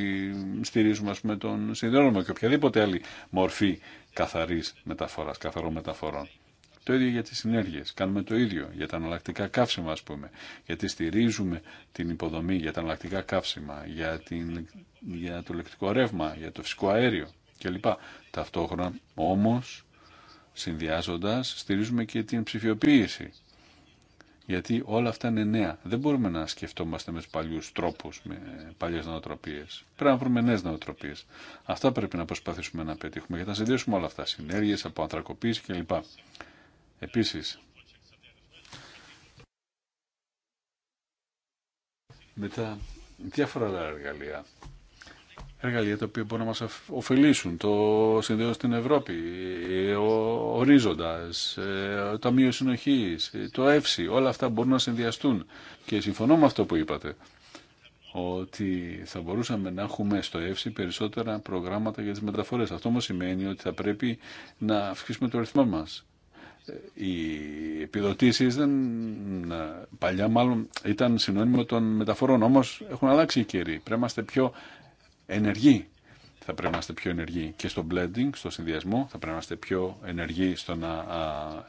στηρίζουμε ας τον συνδρόμο και οποιαδήποτε άλλη μορφή καθαρής μεταφοράς, καθαρών μεταφορών. Το ίδιο για τις συνέργειες. Κάνουμε το ίδιο για τα αναλλακτικά καύσιμα, ας πούμε. Γιατί στηρίζουμε την υποδομή για τα αναλλακτικά καύσιμα, για, την, για το λεκτικό ρεύμα, για το φυσικό αέριο κλπ. Ταυτόχρονα όμως, συνδυάζοντα στηρίζουμε και την ψηφιοποίηση. Γιατί όλα αυτά είναι νέα. Δεν μπορούμε να σκεφτόμαστε με παλιού τρόπου, με παλιέ νοοτροπίε. Πρέπει να βρούμε νέε νοοτροπίε. Αυτά πρέπει να προσπαθήσουμε να πετύχουμε, γιατί να συνδυάσουμε όλα αυτά, Συνέργειε από ανθρακοποίηση κλπ. Επίσης, με τα διάφορα άλλα εργαλεία. Εργαλεία τα οποία μπορούν να μας ωφελήσουν. Το συνδέω στην Ευρώπη, ε, ο Ορίζοντας, ε, το Ταμείο Συνοχής, ε, το ΕΦΣΙ, όλα αυτά μπορούν να συνδυαστούν. Και συμφωνώ με αυτό που είπατε, ότι θα μπορούσαμε να έχουμε στο ΕΦΣΙ περισσότερα προγράμματα για τις μεταφορές. Αυτό όμως σημαίνει ότι θα πρέπει να αυξήσουμε το ρυθμό μας οι επιδοτήσει δεν, ε, παλιά μάλλον ήταν συνώνυμο των μεταφορών, Όμω έχουν αλλάξει οι καιροί. Πρέπει να είμαστε πιο ενεργοί. Θα πρέπει να είμαστε πιο ενεργοί και στο blending, στο συνδυασμό, θα πρέπει να είμαστε πιο ενεργοί στο να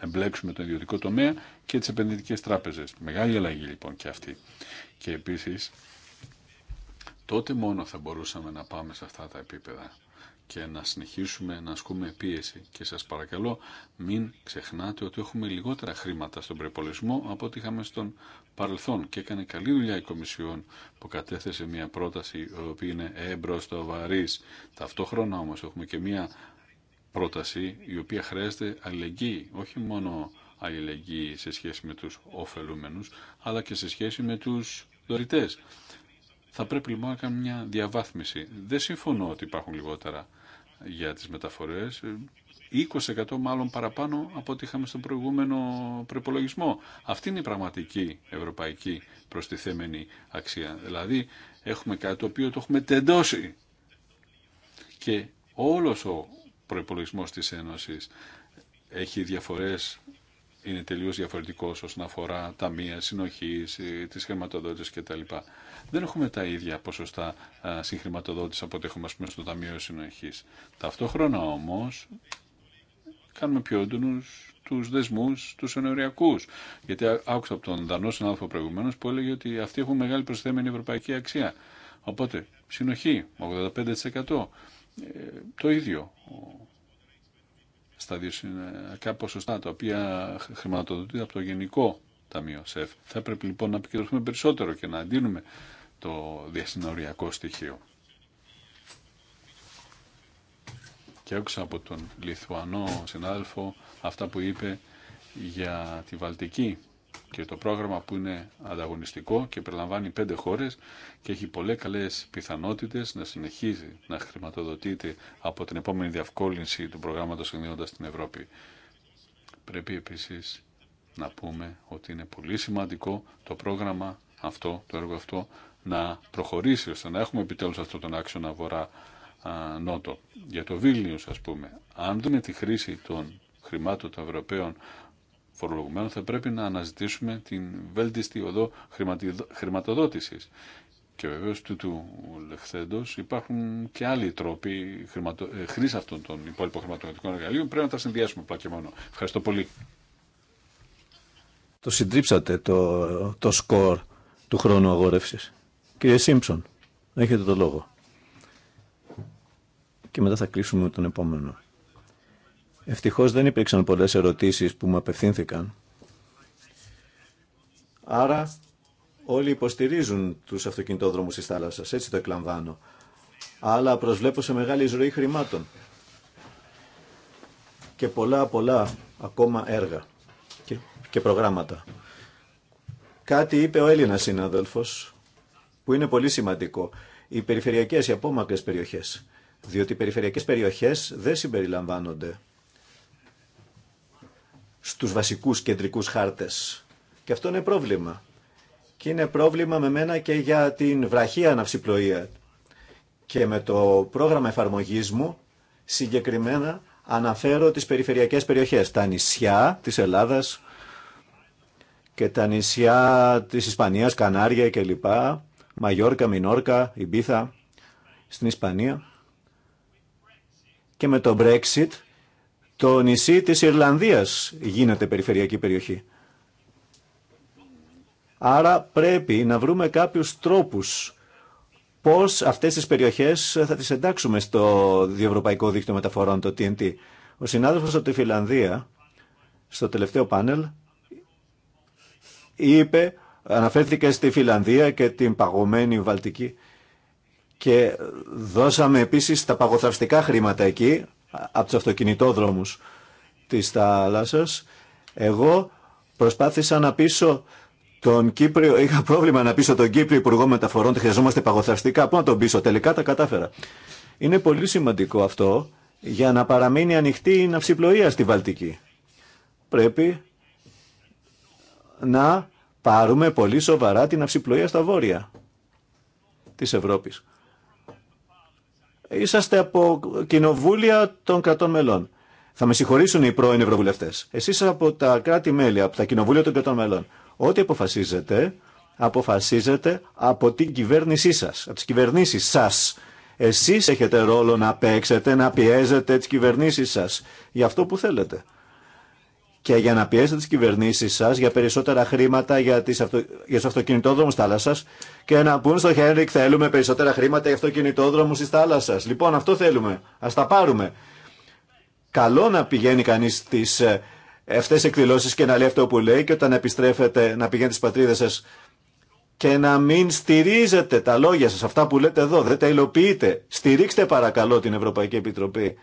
εμπλέξουμε τον ιδιωτικό τομέα και τις επενδυτικέ τράπεζες. Μεγάλη αλλαγή λοιπόν και αυτή. Και επίση τότε μόνο θα μπορούσαμε να πάμε σε αυτά τα επίπεδα και να συνεχίσουμε να ασκούμε πίεση. Και σας παρακαλώ μην ξεχνάτε ότι έχουμε λιγότερα χρήματα στον προπολισμό από ό,τι είχαμε στον παρελθόν και έκανε καλή δουλειά η Κομισιόν που κατέθεσε μια πρόταση η οποία είναι βαρύς. Ταυτόχρονα όμως έχουμε και μια πρόταση η οποία χρειάζεται αλληλεγγύη, όχι μόνο αλληλεγγύη σε σχέση με τους ωφελούμενους, αλλά και σε σχέση με τους δωρητές. Θα πρέπει λοιπόν να κάνουμε μια διαβάθμιση. Δεν συμφωνώ ότι υπάρχουν λιγότερα για τις μεταφορές, 20% μάλλον παραπάνω από ό,τι είχαμε στον προηγούμενο προπολογισμό. Αυτή είναι η πραγματική ευρωπαϊκή προστιθέμενη αξία. Δηλαδή έχουμε κάτι το οποίο το έχουμε τεντώσει. Και όλος ο προπολογισμό της Ένωσης έχει διαφορές είναι τελείως διαφορετικός όσον αφορά ταμεία, συνοχής, ε, τις χρηματοδότητες κτλ. Δεν έχουμε τα ίδια ποσοστά ε, συγχρηματοδότηση από ό,τι έχουμε στο Ταμείο Συνοχής. Ταυτόχρονα όμως κάνουμε πιο έντονους τους δεσμούς, τους ενοριακούς. Γιατί άκουσα από τον Δανό συνάδελφο προηγουμένως που έλεγε ότι αυτοί έχουν μεγάλη προσθέμενη ευρωπαϊκή αξία. Οπότε, συνοχή, 85%. Ε, το ίδιο στα δύο ε, ποσοστά τα οποία χρηματοδοτούνται από το Γενικό Ταμείο ΣΕΦ. Θα έπρεπε λοιπόν να επικεντρωθούμε περισσότερο και να αντίνουμε το διασυνοριακό στοιχείο. Και άκουσα από τον Λιθουανό συνάδελφο αυτά που είπε για τη Βαλτική και το πρόγραμμα που είναι ανταγωνιστικό και περιλαμβάνει πέντε χώρες και έχει πολλές καλές πιθανότητες να συνεχίζει να χρηματοδοτείται από την επόμενη διαυκόλυνση του προγράμματος συνδέοντας την Ευρώπη. Πρέπει επίσης να πούμε ότι είναι πολύ σημαντικό το πρόγραμμα αυτό, το έργο αυτό, να προχωρήσει ώστε να έχουμε επιτέλους αυτό τον άξονα βορρά-νότο. Για το Βίλνιους, ας πούμε, αν δούμε τη χρήση των χρημάτων των Ευρωπαίων θα πρέπει να αναζητήσουμε την βέλτιστη οδό χρηματοδότησης. Και βεβαίως του του υπάρχουν και άλλοι τρόποι χρηματο... Ε, χρήση αυτών των υπόλοιπων χρηματοδοτικών εργαλείων. Πρέπει να τα συνδυάσουμε απλά και μόνο. Ευχαριστώ πολύ. Το συντρίψατε το, το σκορ του χρόνου αγόρευσης. Κύριε Σίμψον, έχετε το λόγο. Και μετά θα κλείσουμε τον επόμενο. Ευτυχώς δεν υπήρξαν πολλέ ερωτήσεις που μου απευθύνθηκαν. Άρα όλοι υποστηρίζουν τους αυτοκινητόδρομους τη θάλασσα, έτσι το εκλαμβάνω. Αλλά προσβλέπω σε μεγάλη ζωή χρημάτων και πολλά πολλά ακόμα έργα και, προγράμματα. Κάτι είπε ο Έλληνα συνάδελφος που είναι πολύ σημαντικό. Οι περιφερειακέ οι απόμακρες περιοχέ, Διότι οι περιφερειακέ περιοχέ δεν συμπεριλαμβάνονται στους βασικούς κεντρικούς χάρτες. Και αυτό είναι πρόβλημα. Και είναι πρόβλημα με μένα και για την βραχή αναψυπλοεία. Και με το πρόγραμμα εφαρμογής μου συγκεκριμένα αναφέρω τις περιφερειακές περιοχές, τα νησιά της Ελλάδας και τα νησιά της Ισπανίας, Κανάρια κλπ. Μαγιόρκα, Μινόρκα, Ιμπίθα στην Ισπανία. Και με το Brexit το νησί της Ιρλανδίας γίνεται περιφερειακή περιοχή. Άρα πρέπει να βρούμε κάποιους τρόπους πώς αυτές τις περιοχές θα τις εντάξουμε στο διευρωπαϊκό δίκτυο μεταφορών, το TNT. Ο συνάδελφος από τη Φιλανδία, στο τελευταίο πάνελ, είπε, αναφέρθηκε στη Φιλανδία και την παγωμένη Βαλτική και δώσαμε επίσης τα παγωθαυστικά χρήματα εκεί, από τους αυτοκινητόδρομους της θάλασσας. Εγώ προσπάθησα να πείσω τον Κύπριο, είχα πρόβλημα να πείσω τον Κύπριο Υπουργό Μεταφορών, χρειαζόμαστε παγωθαστικά, πού να τον πείσω, τελικά τα κατάφερα. Είναι πολύ σημαντικό αυτό για να παραμείνει ανοιχτή η ναυσιπλοεία στη Βαλτική. Πρέπει να πάρουμε πολύ σοβαρά την ναυσιπλοεία στα βόρεια της Ευρώπης είσαστε από κοινοβούλια των κρατών μελών. Θα με συγχωρήσουν οι πρώην Ευρωβουλευτέ. Εσεί από τα κράτη-μέλη, από τα κοινοβούλια των κρατών μελών. Ό,τι αποφασίζετε, αποφασίζετε από την κυβέρνησή σα, από τι κυβερνήσει σα. Εσεί έχετε ρόλο να παίξετε, να πιέζετε τι κυβερνήσει σα για αυτό που θέλετε και για να πιέσετε τι κυβερνήσει σα για περισσότερα χρήματα για, τις αυτο... για και να πούν στο Χένρικ θέλουμε περισσότερα χρήματα για αυτοκινητόδρομου τη θάλασσα. Λοιπόν αυτό θέλουμε, ας τα πάρουμε. Καλό να πηγαίνει κανείς στις ε, αυτέ εκδηλώσει και να λέει αυτό που λέει και όταν επιστρέφετε να πηγαίνει στις πατρίδε σα. και να μην στηρίζετε τα λόγια σας, αυτά που λέτε εδώ, δεν τα υλοποιείτε. Στηρίξτε παρακαλώ την Ευρωπαϊκή Επιτροπή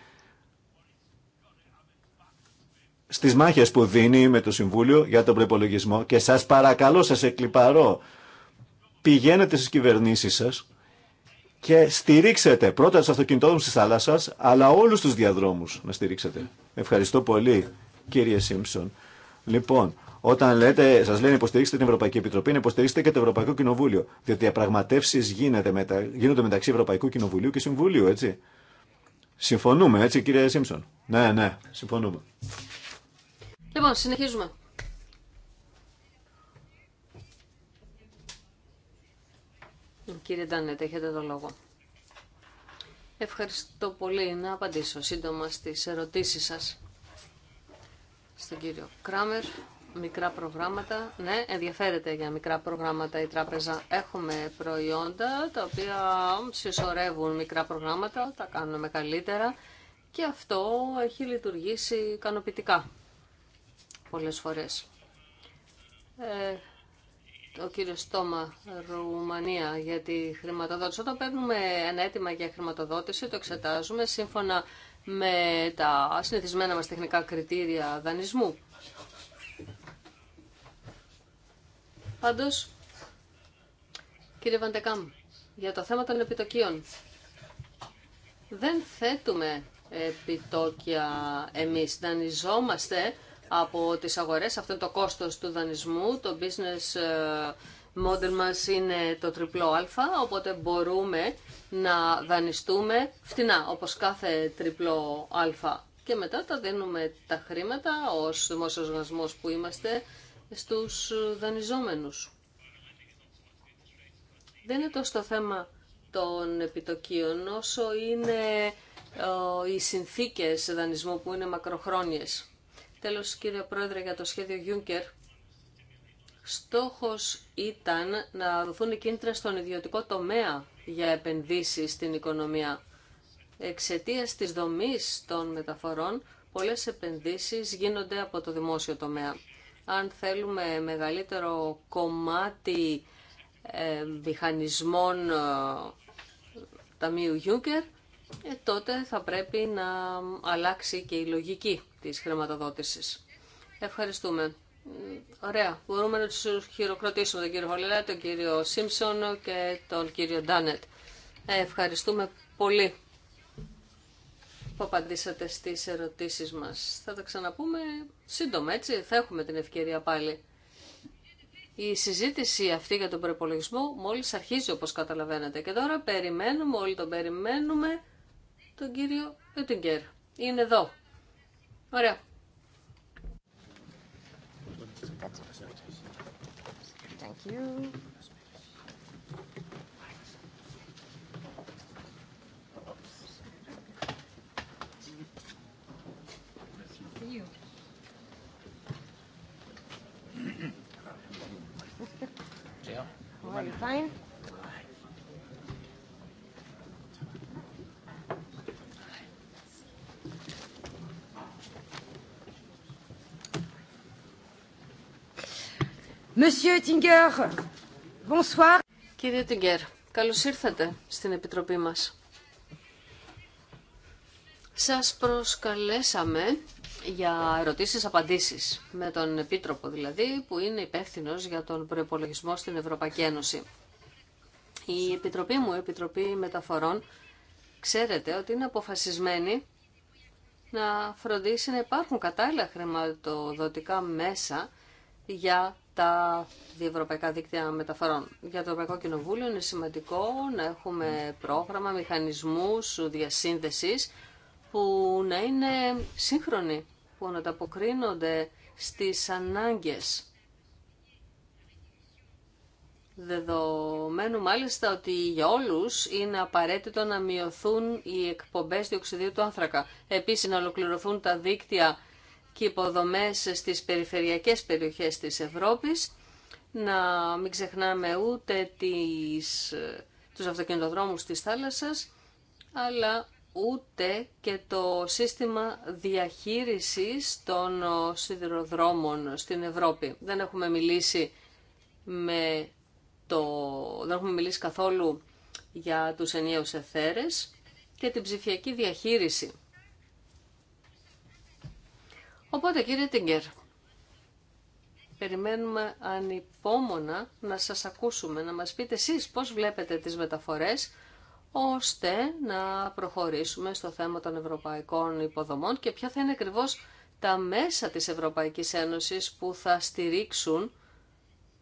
στις μάχες που δίνει με το Συμβούλιο για τον προπολογισμό και σας παρακαλώ, σας εκλυπαρώ, πηγαίνετε στις κυβερνήσεις σας και στηρίξετε πρώτα τους αυτοκινητόδρομους της θάλασσας, αλλά όλους τους διαδρόμους να στηρίξετε. Ευχαριστώ πολύ, κύριε Σίμψον. Λοιπόν, όταν λέτε, σα λένε υποστηρίξτε την Ευρωπαϊκή Επιτροπή, να υποστηρίξετε και το Ευρωπαϊκό Κοινοβούλιο. Διότι διαπραγματεύσει μετα... γίνονται μεταξύ Ευρωπαϊκού Κοινοβουλίου και Συμβουλίου, έτσι. Συμφωνούμε, έτσι, κύριε Σίμψον. Ναι, ναι, συμφωνούμε. Λοιπόν, συνεχίζουμε. Κύριε Ντάνετ, έχετε το λόγο. Ευχαριστώ πολύ να απαντήσω σύντομα στις ερωτήσεις σας. Στον κύριο Κράμερ, μικρά προγράμματα. Ναι, ενδιαφέρεται για μικρά προγράμματα η τράπεζα. Έχουμε προϊόντα τα οποία συσσωρεύουν μικρά προγράμματα, τα κάνουμε καλύτερα και αυτό έχει λειτουργήσει ικανοποιητικά πολλές φορές. Ε, ο κύριο Στόμα, Ρουμανία, για τη χρηματοδότηση. Όταν παίρνουμε ένα αίτημα για χρηματοδότηση, το εξετάζουμε σύμφωνα με τα συνηθισμένα μας τεχνικά κριτήρια δανεισμού. Πάντως, κύριε Βαντεκάμ, για το θέμα των επιτοκίων. Δεν θέτουμε επιτόκια εμείς, δανειζόμαστε από τις αγορές. Αυτό είναι το κόστος του δανεισμού. Το business ε, model μας είναι το τριπλό α, οπότε μπορούμε να δανειστούμε φτηνά, όπως κάθε τριπλό α. Και μετά τα δίνουμε τα χρήματα ως δημόσιος που είμαστε στους δανειζόμενους. Δεν είναι τόσο το θέμα των επιτοκίων, όσο είναι ε, οι συνθήκες δανεισμού που είναι μακροχρόνιες. Τέλος, κύριε Πρόεδρε, για το σχέδιο Juncker, στόχος ήταν να δοθούν κίνητρα στον ιδιωτικό τομέα για επενδύσεις στην οικονομία. Εξαιτία της δομής των μεταφορών, πολλές επενδύσεις γίνονται από το δημόσιο τομέα. Αν θέλουμε μεγαλύτερο κομμάτι ε, μηχανισμών ε, Ταμείου Juncker, ε, τότε θα πρέπει να αλλάξει και η λογική της χρηματοδότησης. Ευχαριστούμε. Ωραία. Μπορούμε να τους χειροκροτήσουμε τον κύριο Χολέλα, τον κύριο Σίμψον και τον κύριο Ντάνετ. Ε, ευχαριστούμε πολύ που απαντήσατε στις ερωτήσεις μας. Θα τα ξαναπούμε σύντομα, έτσι. Θα έχουμε την ευκαιρία πάλι. Η συζήτηση αυτή για τον προπολογισμό μόλις αρχίζει όπως καταλαβαίνετε και τώρα περιμένουμε, όλοι τον περιμένουμε τον κύριο Είναι εδώ. Ωραία. Thank you. you Monsieur Tinger, bonsoir. Κύριε Τιγκέρ, καλώς ήρθατε στην Επιτροπή μας. Σας προσκαλέσαμε για ερωτήσεις, απαντήσεις με τον Επίτροπο δηλαδή που είναι υπεύθυνο για τον προπολογισμό στην Ευρωπαϊκή Ένωση. Η Επιτροπή μου, η Επιτροπή Μεταφορών, ξέρετε ότι είναι αποφασισμένη να φροντίσει να υπάρχουν κατάλληλα χρηματοδοτικά μέσα για τα διευρωπαϊκά δίκτυα μεταφορών. Για το Ευρωπαϊκό Κοινοβούλιο είναι σημαντικό να έχουμε πρόγραμμα, μηχανισμούς διασύνδεσης που να είναι σύγχρονοι, που να τα αποκρίνονται στις ανάγκες. Δεδομένου μάλιστα ότι για όλους είναι απαραίτητο να μειωθούν οι εκπομπές διοξιδίου του άνθρακα. Επίσης να ολοκληρωθούν τα δίκτυα και υποδομές στις περιφερειακές περιοχές της Ευρώπης. Να μην ξεχνάμε ούτε τις, τους αυτοκινητοδρόμους της θάλασσας, αλλά ούτε και το σύστημα διαχείρισης των σιδηροδρόμων στην Ευρώπη. Δεν έχουμε μιλήσει, με το... Δεν έχουμε μιλήσει καθόλου για τους ενιαίους εθέρες και την ψηφιακή διαχείριση Οπότε κύριε Τιγκέρ, περιμένουμε ανυπόμονα να σας ακούσουμε, να μας πείτε εσείς πώς βλέπετε τις μεταφορές, ώστε να προχωρήσουμε στο θέμα των ευρωπαϊκών υποδομών και ποια θα είναι ακριβώ τα μέσα της Ευρωπαϊκής Ένωσης που θα στηρίξουν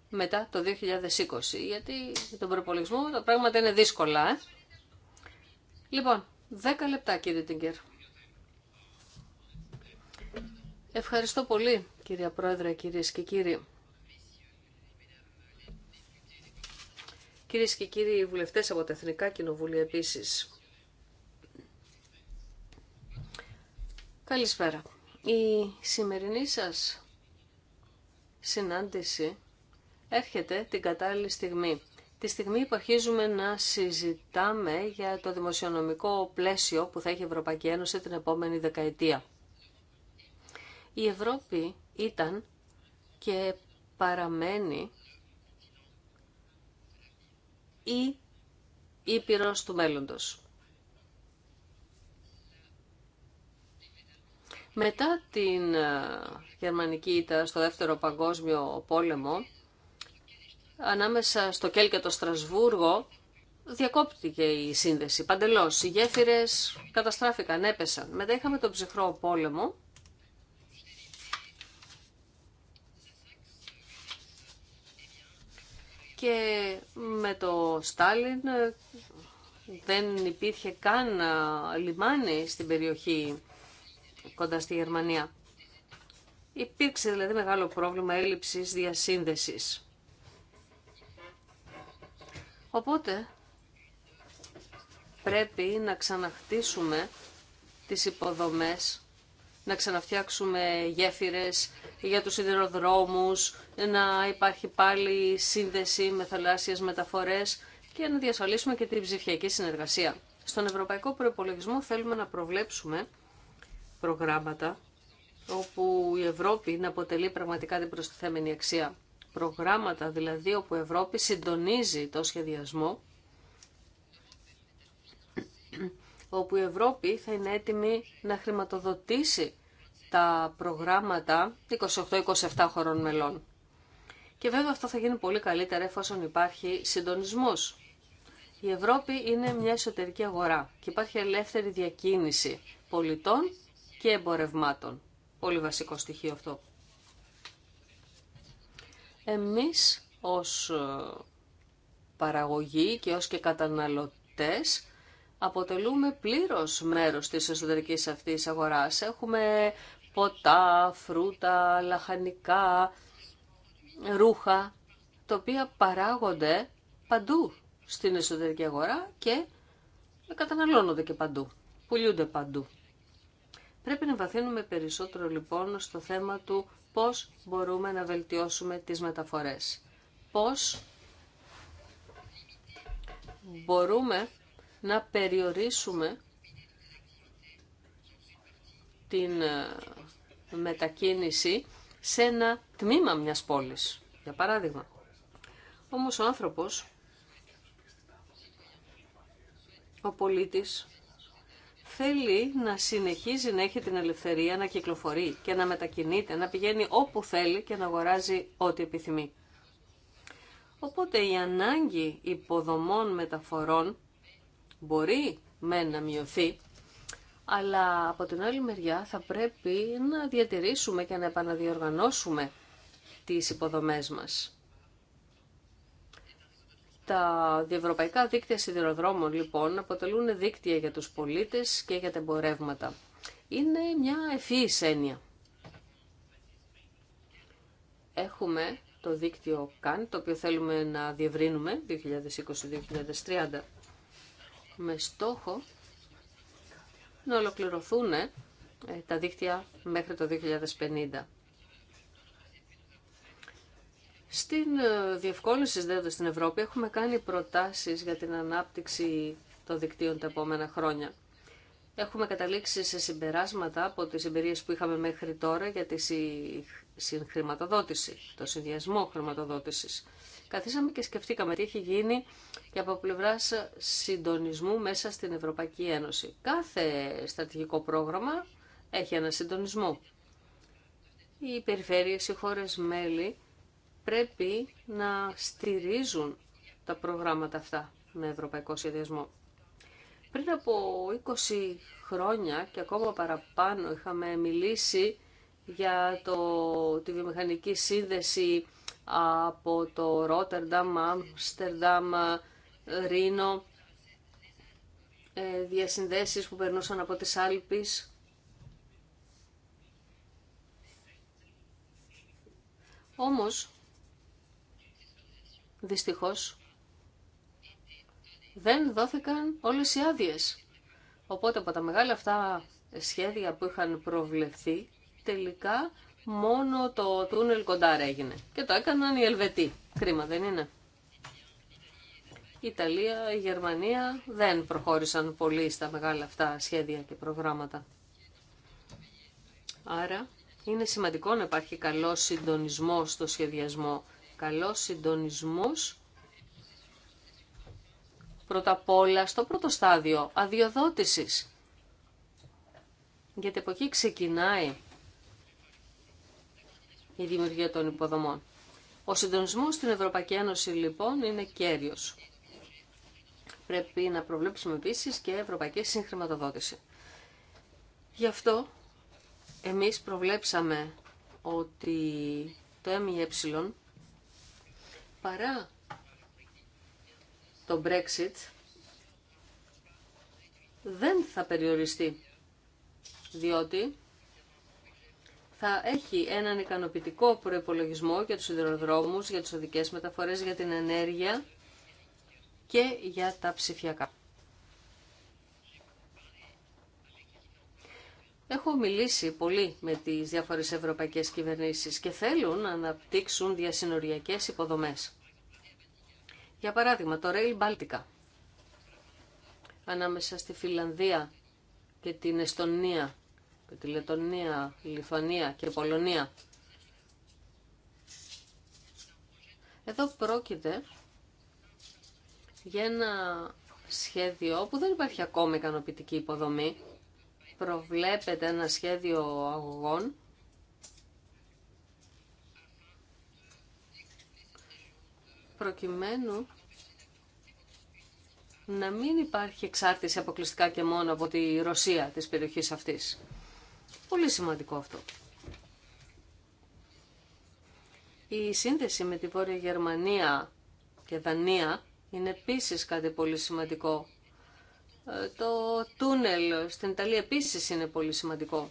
μετά το 2020. Γιατί για τον προπολογισμό τα πράγματα είναι δύσκολα. Ε. Λοιπόν, 10 λεπτά κύριε Τιγκέρ. Ευχαριστώ πολύ, κυρία Πρόεδρε, κυρίες και κύριοι. Κυρίες και κύριοι βουλευτές από τα Εθνικά Κοινοβούλια επίσης. Καλησπέρα. Η σημερινή σας συνάντηση έρχεται την κατάλληλη στιγμή. Τη στιγμή που αρχίζουμε να συζητάμε για το δημοσιονομικό πλαίσιο που θα έχει η Ευρωπαϊκή Ένωση την επόμενη δεκαετία. Η Ευρώπη ήταν και παραμένει η ήπειρος του μέλλοντος. Μετά την ε, γερμανική ήττα στο δεύτερο παγκόσμιο πόλεμο, ανάμεσα στο Κέλ και το Στρασβούργο, διακόπτηκε η σύνδεση παντελώς. Οι γέφυρες καταστράφηκαν, έπεσαν. Μετά είχαμε τον ψυχρό πόλεμο, και με το Στάλιν δεν υπήρχε καν λιμάνι στην περιοχή κοντά στη Γερμανία. Υπήρξε δηλαδή μεγάλο πρόβλημα έλλειψης διασύνδεσης. Οπότε πρέπει να ξαναχτίσουμε τις υποδομές, να ξαναφτιάξουμε γέφυρες, για τους σιδηροδρόμους, να υπάρχει πάλι σύνδεση με θαλάσσιες μεταφορές και να διασφαλίσουμε και την ψηφιακή συνεργασία. Στον Ευρωπαϊκό Προπολογισμό θέλουμε να προβλέψουμε προγράμματα όπου η Ευρώπη να αποτελεί πραγματικά την προστιθέμενη αξία. Προγράμματα δηλαδή όπου η Ευρώπη συντονίζει το σχεδιασμό, όπου η Ευρώπη θα είναι έτοιμη να χρηματοδοτήσει τα προγράμματα 28-27 χωρών μελών. Και βέβαια αυτό θα γίνει πολύ καλύτερα εφόσον υπάρχει συντονισμός. Η Ευρώπη είναι μια εσωτερική αγορά και υπάρχει ελεύθερη διακίνηση πολιτών και εμπορευμάτων. Πολύ βασικό στοιχείο αυτό. Εμείς ως ε, παραγωγή και ως και καταναλωτές αποτελούμε πλήρως μέρος της εσωτερικής αυτής αγοράς. Έχουμε ποτά, φρούτα, λαχανικά, ρούχα, τα οποία παράγονται παντού στην εσωτερική αγορά και καταναλώνονται και παντού, πουλούνται παντού. Πρέπει να βαθύνουμε περισσότερο λοιπόν στο θέμα του πώς μπορούμε να βελτιώσουμε τις μεταφορές. Πώς μπορούμε να περιορίσουμε την ε, μετακίνηση σε ένα τμήμα μιας πόλης, για παράδειγμα. Όμως ο άνθρωπος, ο πολίτης, θέλει να συνεχίζει να έχει την ελευθερία να κυκλοφορεί και να μετακινείται, να πηγαίνει όπου θέλει και να αγοράζει ό,τι επιθυμεί. Οπότε η ανάγκη υποδομών μεταφορών μπορεί με να μειωθεί, αλλά από την άλλη μεριά θα πρέπει να διατηρήσουμε και να επαναδιοργανώσουμε τις υποδομές μας. Τα διευρωπαϊκά δίκτυα σιδηροδρόμων λοιπόν αποτελούν δίκτυα για τους πολίτες και για τα εμπορεύματα. Είναι μια ευφύης έννοια. Έχουμε το δίκτυο ΚΑΝ, το οποίο θέλουμε να διευρύνουμε 2020-2030, με στόχο να ολοκληρωθούν ε, τα δίκτυα μέχρι το 2050. Στην ε, διευκόλυνση συνδέοντας στην Ευρώπη έχουμε κάνει προτάσεις για την ανάπτυξη των δικτύων τα επόμενα χρόνια. Έχουμε καταλήξει σε συμπεράσματα από τις εμπειρίες που είχαμε μέχρι τώρα για τη συγχρηματοδότηση, το συνδυασμό χρηματοδότησης καθίσαμε και σκεφτήκαμε τι έχει γίνει και από πλευρά συντονισμού μέσα στην Ευρωπαϊκή Ένωση. Κάθε στρατηγικό πρόγραμμα έχει ένα συντονισμό. Οι περιφέρειες, οι χώρες μέλη πρέπει να στηρίζουν τα προγράμματα αυτά με ευρωπαϊκό σχεδιασμό. Πριν από 20 χρόνια και ακόμα παραπάνω είχαμε μιλήσει για το, τη βιομηχανική σύνδεση από το Ρότερνταμ, Άμστερνταμ, Ρίνο... Ε, διασυνδέσεις που περνούσαν από τις Άλπεις. Όμως, δυστυχώς, δεν δόθηκαν όλες οι άδειες. Οπότε από τα μεγάλα αυτά σχέδια που είχαν προβλεφθεί, τελικά μόνο το τούνελ κοντά έγινε. Και το έκαναν οι Ελβετοί. Κρίμα δεν είναι. Η Ιταλία, η Γερμανία δεν προχώρησαν πολύ στα μεγάλα αυτά σχέδια και προγράμματα. Άρα είναι σημαντικό να υπάρχει καλός συντονισμός στο σχεδιασμό. Καλός συντονισμός πρώτα απ' όλα στο πρώτο στάδιο αδειοδότησης. Γιατί από εκεί ξεκινάει η δημιουργία των υποδομών. Ο συντονισμός στην Ευρωπαϊκή Ένωση λοιπόν είναι κέριος. Πρέπει να προβλέψουμε επίση και ευρωπαϊκή συγχρηματοδότηση. Γι' αυτό εμείς προβλέψαμε ότι το ΜΕ e παρά το Brexit δεν θα περιοριστεί διότι θα έχει έναν ικανοποιητικό προϋπολογισμό για τους σιδηροδρόμους, για τις οδικές μεταφορές, για την ενέργεια και για τα ψηφιακά. Έχω μιλήσει πολύ με τις διάφορες ευρωπαϊκές κυβερνήσεις και θέλουν να αναπτύξουν διασυνοριακές υποδομές. Για παράδειγμα, το Rail Baltica ανάμεσα στη Φιλανδία και την Εστονία τη Λετωνία, Λιθουανία και Πολωνία. Εδώ πρόκειται για ένα σχέδιο που δεν υπάρχει ακόμα ικανοποιητική υποδομή. Προβλέπεται ένα σχέδιο αγωγών προκειμένου να μην υπάρχει εξάρτηση αποκλειστικά και μόνο από τη Ρωσία της περιοχής αυτής. Πολύ σημαντικό αυτό. Η σύνδεση με τη Βόρεια Γερμανία και Δανία είναι επίσης κάτι πολύ σημαντικό. Ε, το τούνελ στην Ιταλία επίσης είναι πολύ σημαντικό.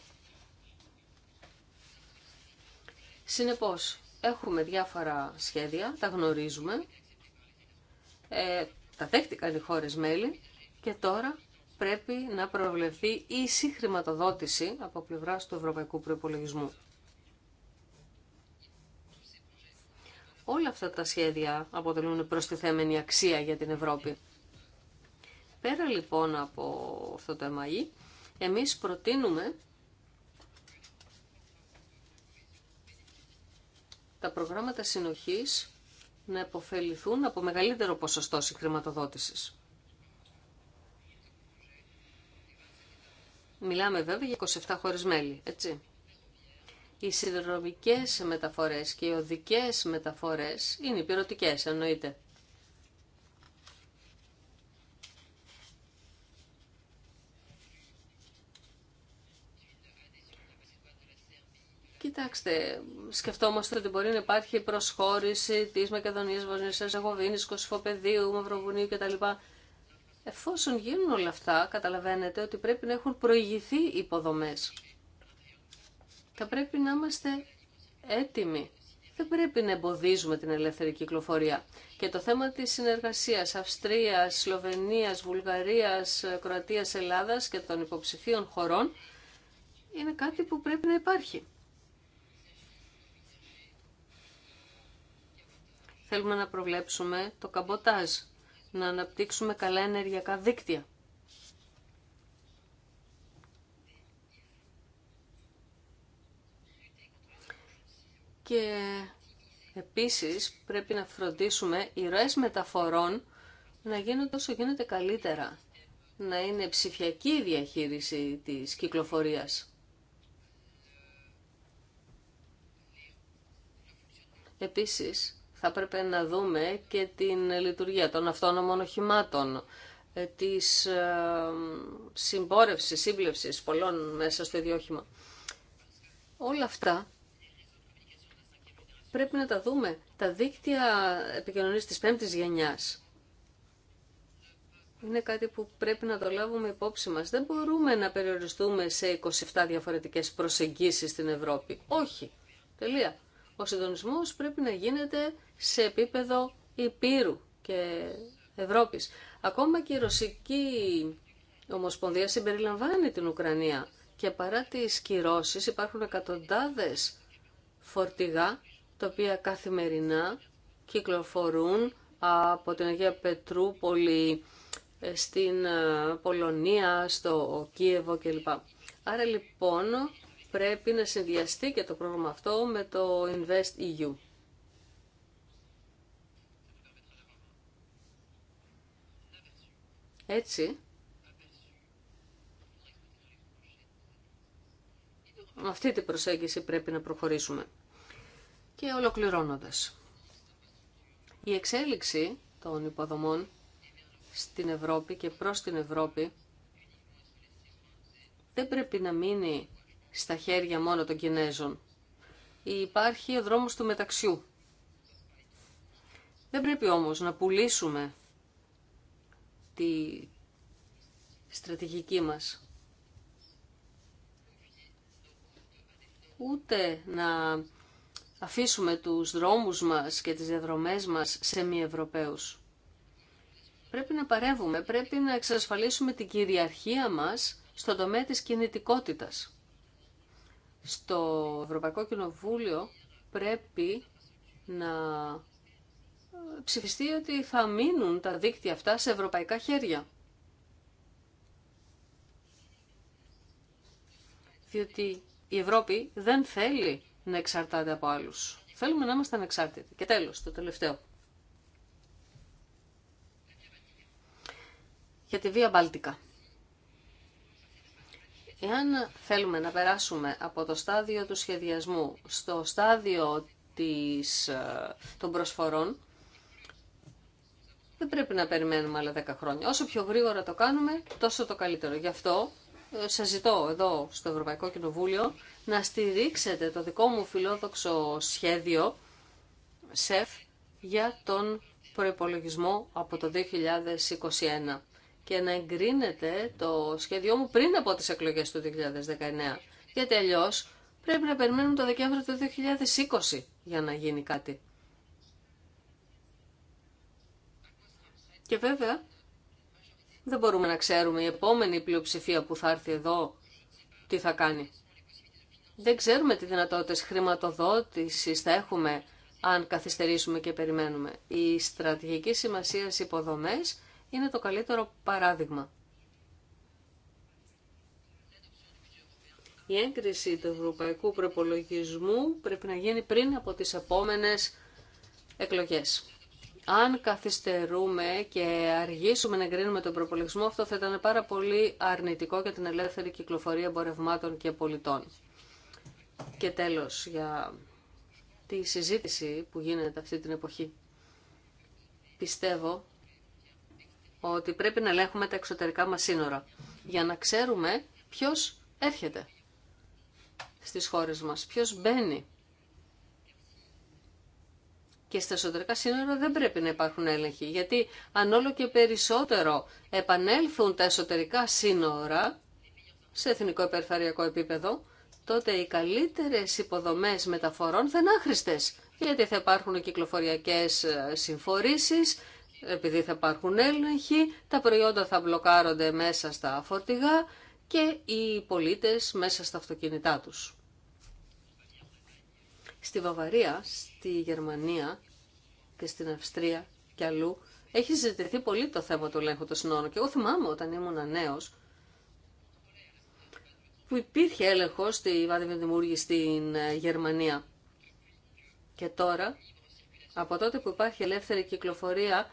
Συνεπώς, έχουμε διάφορα σχέδια, τα γνωρίζουμε, ε, τα δέχτηκαν οι χώρες μέλη και τώρα πρέπει να προβλεφθεί ίση χρηματοδότηση από πλευράς του Ευρωπαϊκού Προϋπολογισμού. Όλα αυτά τα σχέδια αποτελούν προστιθέμενη αξία για την Ευρώπη. Πέρα λοιπόν από αυτό το ΕΜΑΗ, εμείς προτείνουμε τα προγράμματα συνοχής να υποφεληθούν από μεγαλύτερο ποσοστό συγχρηματοδότησης. Μιλάμε βέβαια για 27 χώρες μέλη, έτσι. Οι σιδηροδρομικές μεταφορές και οι οδικές μεταφορές είναι υπηρετικές, εννοείται. Κοιτάξτε, σκεφτόμαστε ότι μπορεί να υπάρχει προσχώρηση της Μακεδονίας, Βοσνίας, Αγωβίνης, Κωσυφοπεδίου, Μαυροβουνίου κτλ. Εφόσον γίνουν όλα αυτά, καταλαβαίνετε ότι πρέπει να έχουν προηγηθεί υποδομές. Θα πρέπει να είμαστε έτοιμοι. Δεν πρέπει να εμποδίζουμε την ελεύθερη κυκλοφορία. Και το θέμα της συνεργασίας Αυστρίας, Σλοβενίας, Βουλγαρίας, Κροατίας, Ελλάδας και των υποψηφίων χωρών είναι κάτι που πρέπει να υπάρχει. Θέλουμε να προβλέψουμε το καμποτάζ να αναπτύξουμε καλά ενεργειακά δίκτυα. Και επίσης πρέπει να φροντίσουμε οι ροές μεταφορών να γίνονται όσο γίνεται καλύτερα. Να είναι ψηφιακή η διαχείριση της κυκλοφορίας. Επίσης, θα πρέπει να δούμε και την λειτουργία των αυτόνομων οχημάτων, ε, της ε, συμπόρευσης, σύμπλευσης πολλών μέσα στο ίδιο όχημα. Όλα αυτά πρέπει να τα δούμε. Τα δίκτυα επικοινωνίας της πέμπτης γενιάς είναι κάτι που πρέπει να το λάβουμε υπόψη μας. Δεν μπορούμε να περιοριστούμε σε 27 διαφορετικές προσεγγίσεις στην Ευρώπη. Όχι. Τελεία. Ο συντονισμός πρέπει να γίνεται σε επίπεδο υπήρου και Ευρώπης. Ακόμα και η Ρωσική Ομοσπονδία συμπεριλαμβάνει την Ουκρανία και παρά τις κυρώσεις υπάρχουν εκατοντάδες φορτηγά τα οποία καθημερινά κυκλοφορούν από την Αγία Πετρούπολη ε, στην ε, Πολωνία, στο Κίεβο κλπ. Άρα λοιπόν πρέπει να συνδυαστεί και το πρόγραμμα αυτό με το Invest EU. Έτσι, με αυτή την προσέγγιση πρέπει να προχωρήσουμε. Και ολοκληρώνοντας, η εξέλιξη των υποδομών στην Ευρώπη και προς την Ευρώπη δεν πρέπει να μείνει στα χέρια μόνο των Κινέζων. Υπάρχει ο δρόμος του μεταξιού. Δεν πρέπει όμως να πουλήσουμε τη στρατηγική μας. Ούτε να αφήσουμε τους δρόμους μας και τις διαδρομές μας σε μη Ευρωπαίους. Πρέπει να παρεύουμε, πρέπει να εξασφαλίσουμε την κυριαρχία μας στον τομέα της κινητικότητας στο Ευρωπαϊκό Κοινοβούλιο πρέπει να ψηφιστεί ότι θα μείνουν τα δίκτυα αυτά σε ευρωπαϊκά χέρια. Διότι η Ευρώπη δεν θέλει να εξαρτάται από άλλους. Θέλουμε να είμαστε ανεξάρτητοι. Και τέλος, το τελευταίο. Για τη Βία Μπάλτικα. Εάν θέλουμε να περάσουμε από το στάδιο του σχεδιασμού στο στάδιο της, ε, των προσφορών, δεν πρέπει να περιμένουμε άλλα 10 χρόνια. Όσο πιο γρήγορα το κάνουμε, τόσο το καλύτερο. Γι' αυτό ε, σα ζητώ εδώ στο Ευρωπαϊκό Κοινοβούλιο να στηρίξετε το δικό μου φιλόδοξο σχέδιο ΣΕΦ για τον προϋπολογισμό από το 2021 και να εγκρίνεται το σχέδιό μου πριν από τις εκλογές του 2019. Γιατί αλλιώ πρέπει να περιμένουμε το Δεκέμβριο του 2020 για να γίνει κάτι. Και βέβαια δεν μπορούμε να ξέρουμε η επόμενη πλειοψηφία που θα έρθει εδώ τι θα κάνει. Δεν ξέρουμε τι δυνατότητες χρηματοδότησης θα έχουμε αν καθυστερήσουμε και περιμένουμε. Η στρατηγική σημασία υποδομές είναι το καλύτερο παράδειγμα. Η έγκριση του ευρωπαϊκού προπολογισμού πρέπει να γίνει πριν από τις επόμενες εκλογές. Αν καθυστερούμε και αργήσουμε να εγκρίνουμε τον προπολογισμό, αυτό θα ήταν πάρα πολύ αρνητικό για την ελεύθερη κυκλοφορία εμπορευμάτων και πολιτών. Και τέλος, για τη συζήτηση που γίνεται αυτή την εποχή. Πιστεύω ότι πρέπει να ελέγχουμε τα εξωτερικά μας σύνορα για να ξέρουμε ποιος έρχεται στις χώρες μας, ποιος μπαίνει. Και στα εσωτερικά σύνορα δεν πρέπει να υπάρχουν έλεγχοι, γιατί αν όλο και περισσότερο επανέλθουν τα εσωτερικά σύνορα σε εθνικό υπερφαριακό επίπεδο, τότε οι καλύτερες υποδομές μεταφορών θα είναι άχρηστες, γιατί θα υπάρχουν κυκλοφοριακές ε, συμφορήσεις, επειδή θα υπάρχουν έλεγχοι, τα προϊόντα θα μπλοκάρονται μέσα στα φορτηγά και οι πολίτες μέσα στα αυτοκίνητά τους. Στη Βαβαρία, στη Γερμανία και στην Αυστρία και αλλού έχει συζητηθεί πολύ το θέμα του ελέγχου των συνόρων και εγώ θυμάμαι όταν ήμουν νέος που υπήρχε έλεγχο στη Βάδη στην ε, Γερμανία. Και τώρα, από τότε που υπάρχει ελεύθερη κυκλοφορία,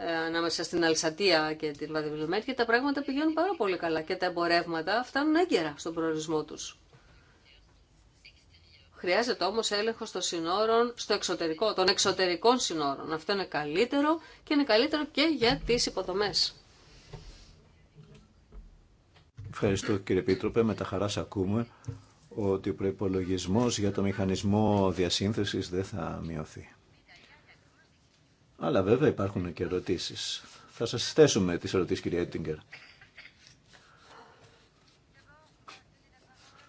ε, ανάμεσα στην Αλσατία και την Βαδιβλημέρ και τα πράγματα πηγαίνουν πάρα πολύ καλά και τα εμπορεύματα φτάνουν έγκαιρα στον προορισμό τους. Χρειάζεται όμως έλεγχος των συνόρων στο εξωτερικό, των εξωτερικών συνόρων. Αυτό είναι καλύτερο και είναι καλύτερο και για τις υποδομές. Ευχαριστώ κύριε Πίτροπε. Με τα σας ακούμε ότι ο προπολογισμό για το μηχανισμό διασύνθεσης δεν θα μειωθεί. Αλλά βέβαια υπάρχουν και ερωτήσεις. Θα σας θέσουμε τις ερωτήσεις κυρία Έντιγκερ.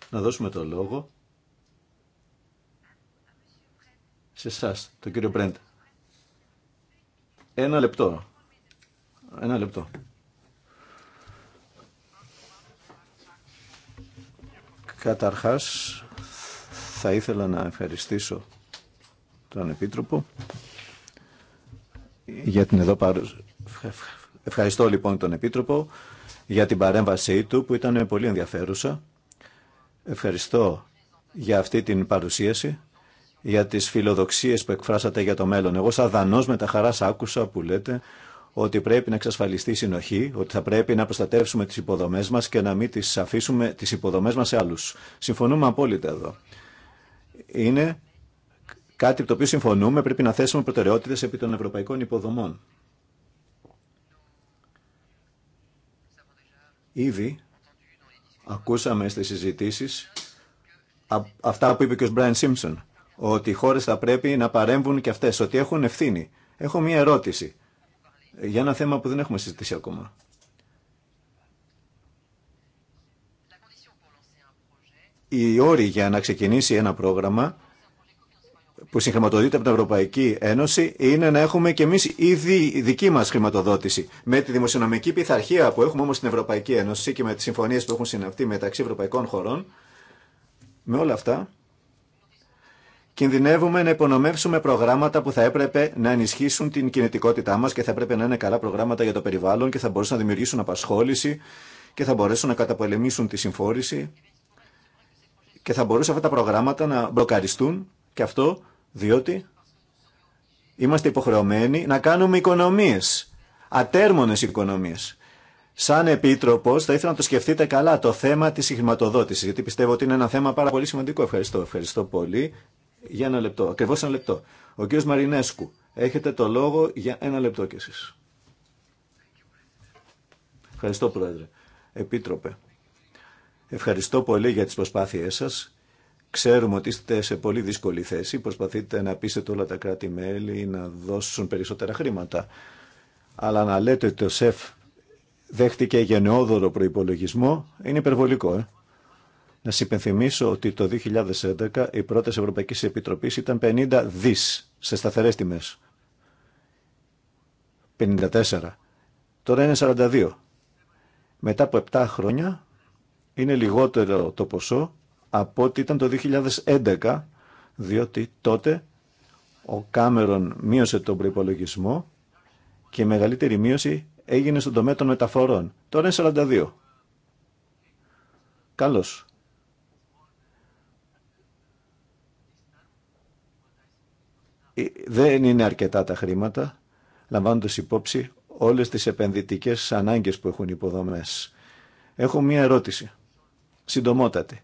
Να δώσουμε το λόγο σε εσά, τον κύριο Μπρέντ. Ένα λεπτό. Ένα λεπτό. Καταρχάς, θα ήθελα να ευχαριστήσω τον Επίτροπο για την εδώ Ευχαριστώ λοιπόν τον Επίτροπο για την παρέμβασή του που ήταν πολύ ενδιαφέρουσα. Ευχαριστώ για αυτή την παρουσίαση, για τις φιλοδοξίες που εκφράσατε για το μέλλον. Εγώ σαν δανός με τα χαράς άκουσα που λέτε ότι πρέπει να εξασφαλιστεί η συνοχή, ότι θα πρέπει να προστατεύσουμε τις υποδομές μας και να μην τις αφήσουμε τις υποδομές μας σε άλλους. Συμφωνούμε απόλυτα εδώ. Είναι Κάτι το οποίο συμφωνούμε πρέπει να θέσουμε προτεραιότητες επί των ευρωπαϊκών υποδομών. Ήδη ακούσαμε στις συζητήσεις αυτά που είπε και ο Μπράιν Σίμψον, ότι οι χώρες θα πρέπει να παρέμβουν και αυτές, ότι έχουν ευθύνη. Έχω μία ερώτηση για ένα θέμα που δεν έχουμε συζητήσει ακόμα. Οι όροι για να ξεκινήσει ένα πρόγραμμα που συγχρηματοδοτείται από την Ευρωπαϊκή Ένωση είναι να έχουμε και εμεί ήδη δική μα χρηματοδότηση. Με τη δημοσιονομική πειθαρχία που έχουμε όμω στην Ευρωπαϊκή Ένωση και με τι συμφωνίε που έχουν συναυτεί μεταξύ ευρωπαϊκών χωρών, με όλα αυτά κινδυνεύουμε να υπονομεύσουμε προγράμματα που θα έπρεπε να ενισχύσουν την κινητικότητά μα και θα έπρεπε να είναι καλά προγράμματα για το περιβάλλον και θα μπορούσαν να δημιουργήσουν απασχόληση και θα μπορέσουν να καταπολεμήσουν τη συμφόρηση και θα μπορούσαν αυτά τα προγράμματα να μπλοκαριστούν και αυτό διότι είμαστε υποχρεωμένοι να κάνουμε οικονομίες, ατέρμονες οικονομίες. Σαν επίτροπο, θα ήθελα να το σκεφτείτε καλά το θέμα τη χρηματοδότηση, γιατί πιστεύω ότι είναι ένα θέμα πάρα πολύ σημαντικό. Ευχαριστώ, ευχαριστώ πολύ. Για ένα λεπτό, ακριβώ ένα λεπτό. Ο κ. Μαρινέσκου, έχετε το λόγο για ένα λεπτό κι εσεί. Ευχαριστώ, Πρόεδρε. Επίτροπε, ευχαριστώ πολύ για τι προσπάθειέ σα Ξέρουμε ότι είστε σε πολύ δύσκολη θέση, προσπαθείτε να πείσετε όλα τα κράτη-μέλη να δώσουν περισσότερα χρήματα. Αλλά να λέτε ότι ο ΣΕΦ δέχτηκε γενναιόδωρο προπολογισμό, είναι υπερβολικό. Ε. Να σα υπενθυμίσω ότι το 2011 οι πρώτε ευρωπαϊκή Επιτροπή ήταν 50 δι σε σταθερές τιμές. 54. Τώρα είναι 42. Μετά από 7 χρόνια είναι λιγότερο το ποσό από ό,τι ήταν το 2011, διότι τότε ο Κάμερον μείωσε τον προϋπολογισμό και η μεγαλύτερη μείωση έγινε στον τομέα των μεταφορών. Τώρα είναι 42. Καλώς. Ε, δεν είναι αρκετά τα χρήματα, λαμβάνοντας υπόψη όλες τις επενδυτικές ανάγκες που έχουν υποδομές. Έχω μία ερώτηση, συντομότατη.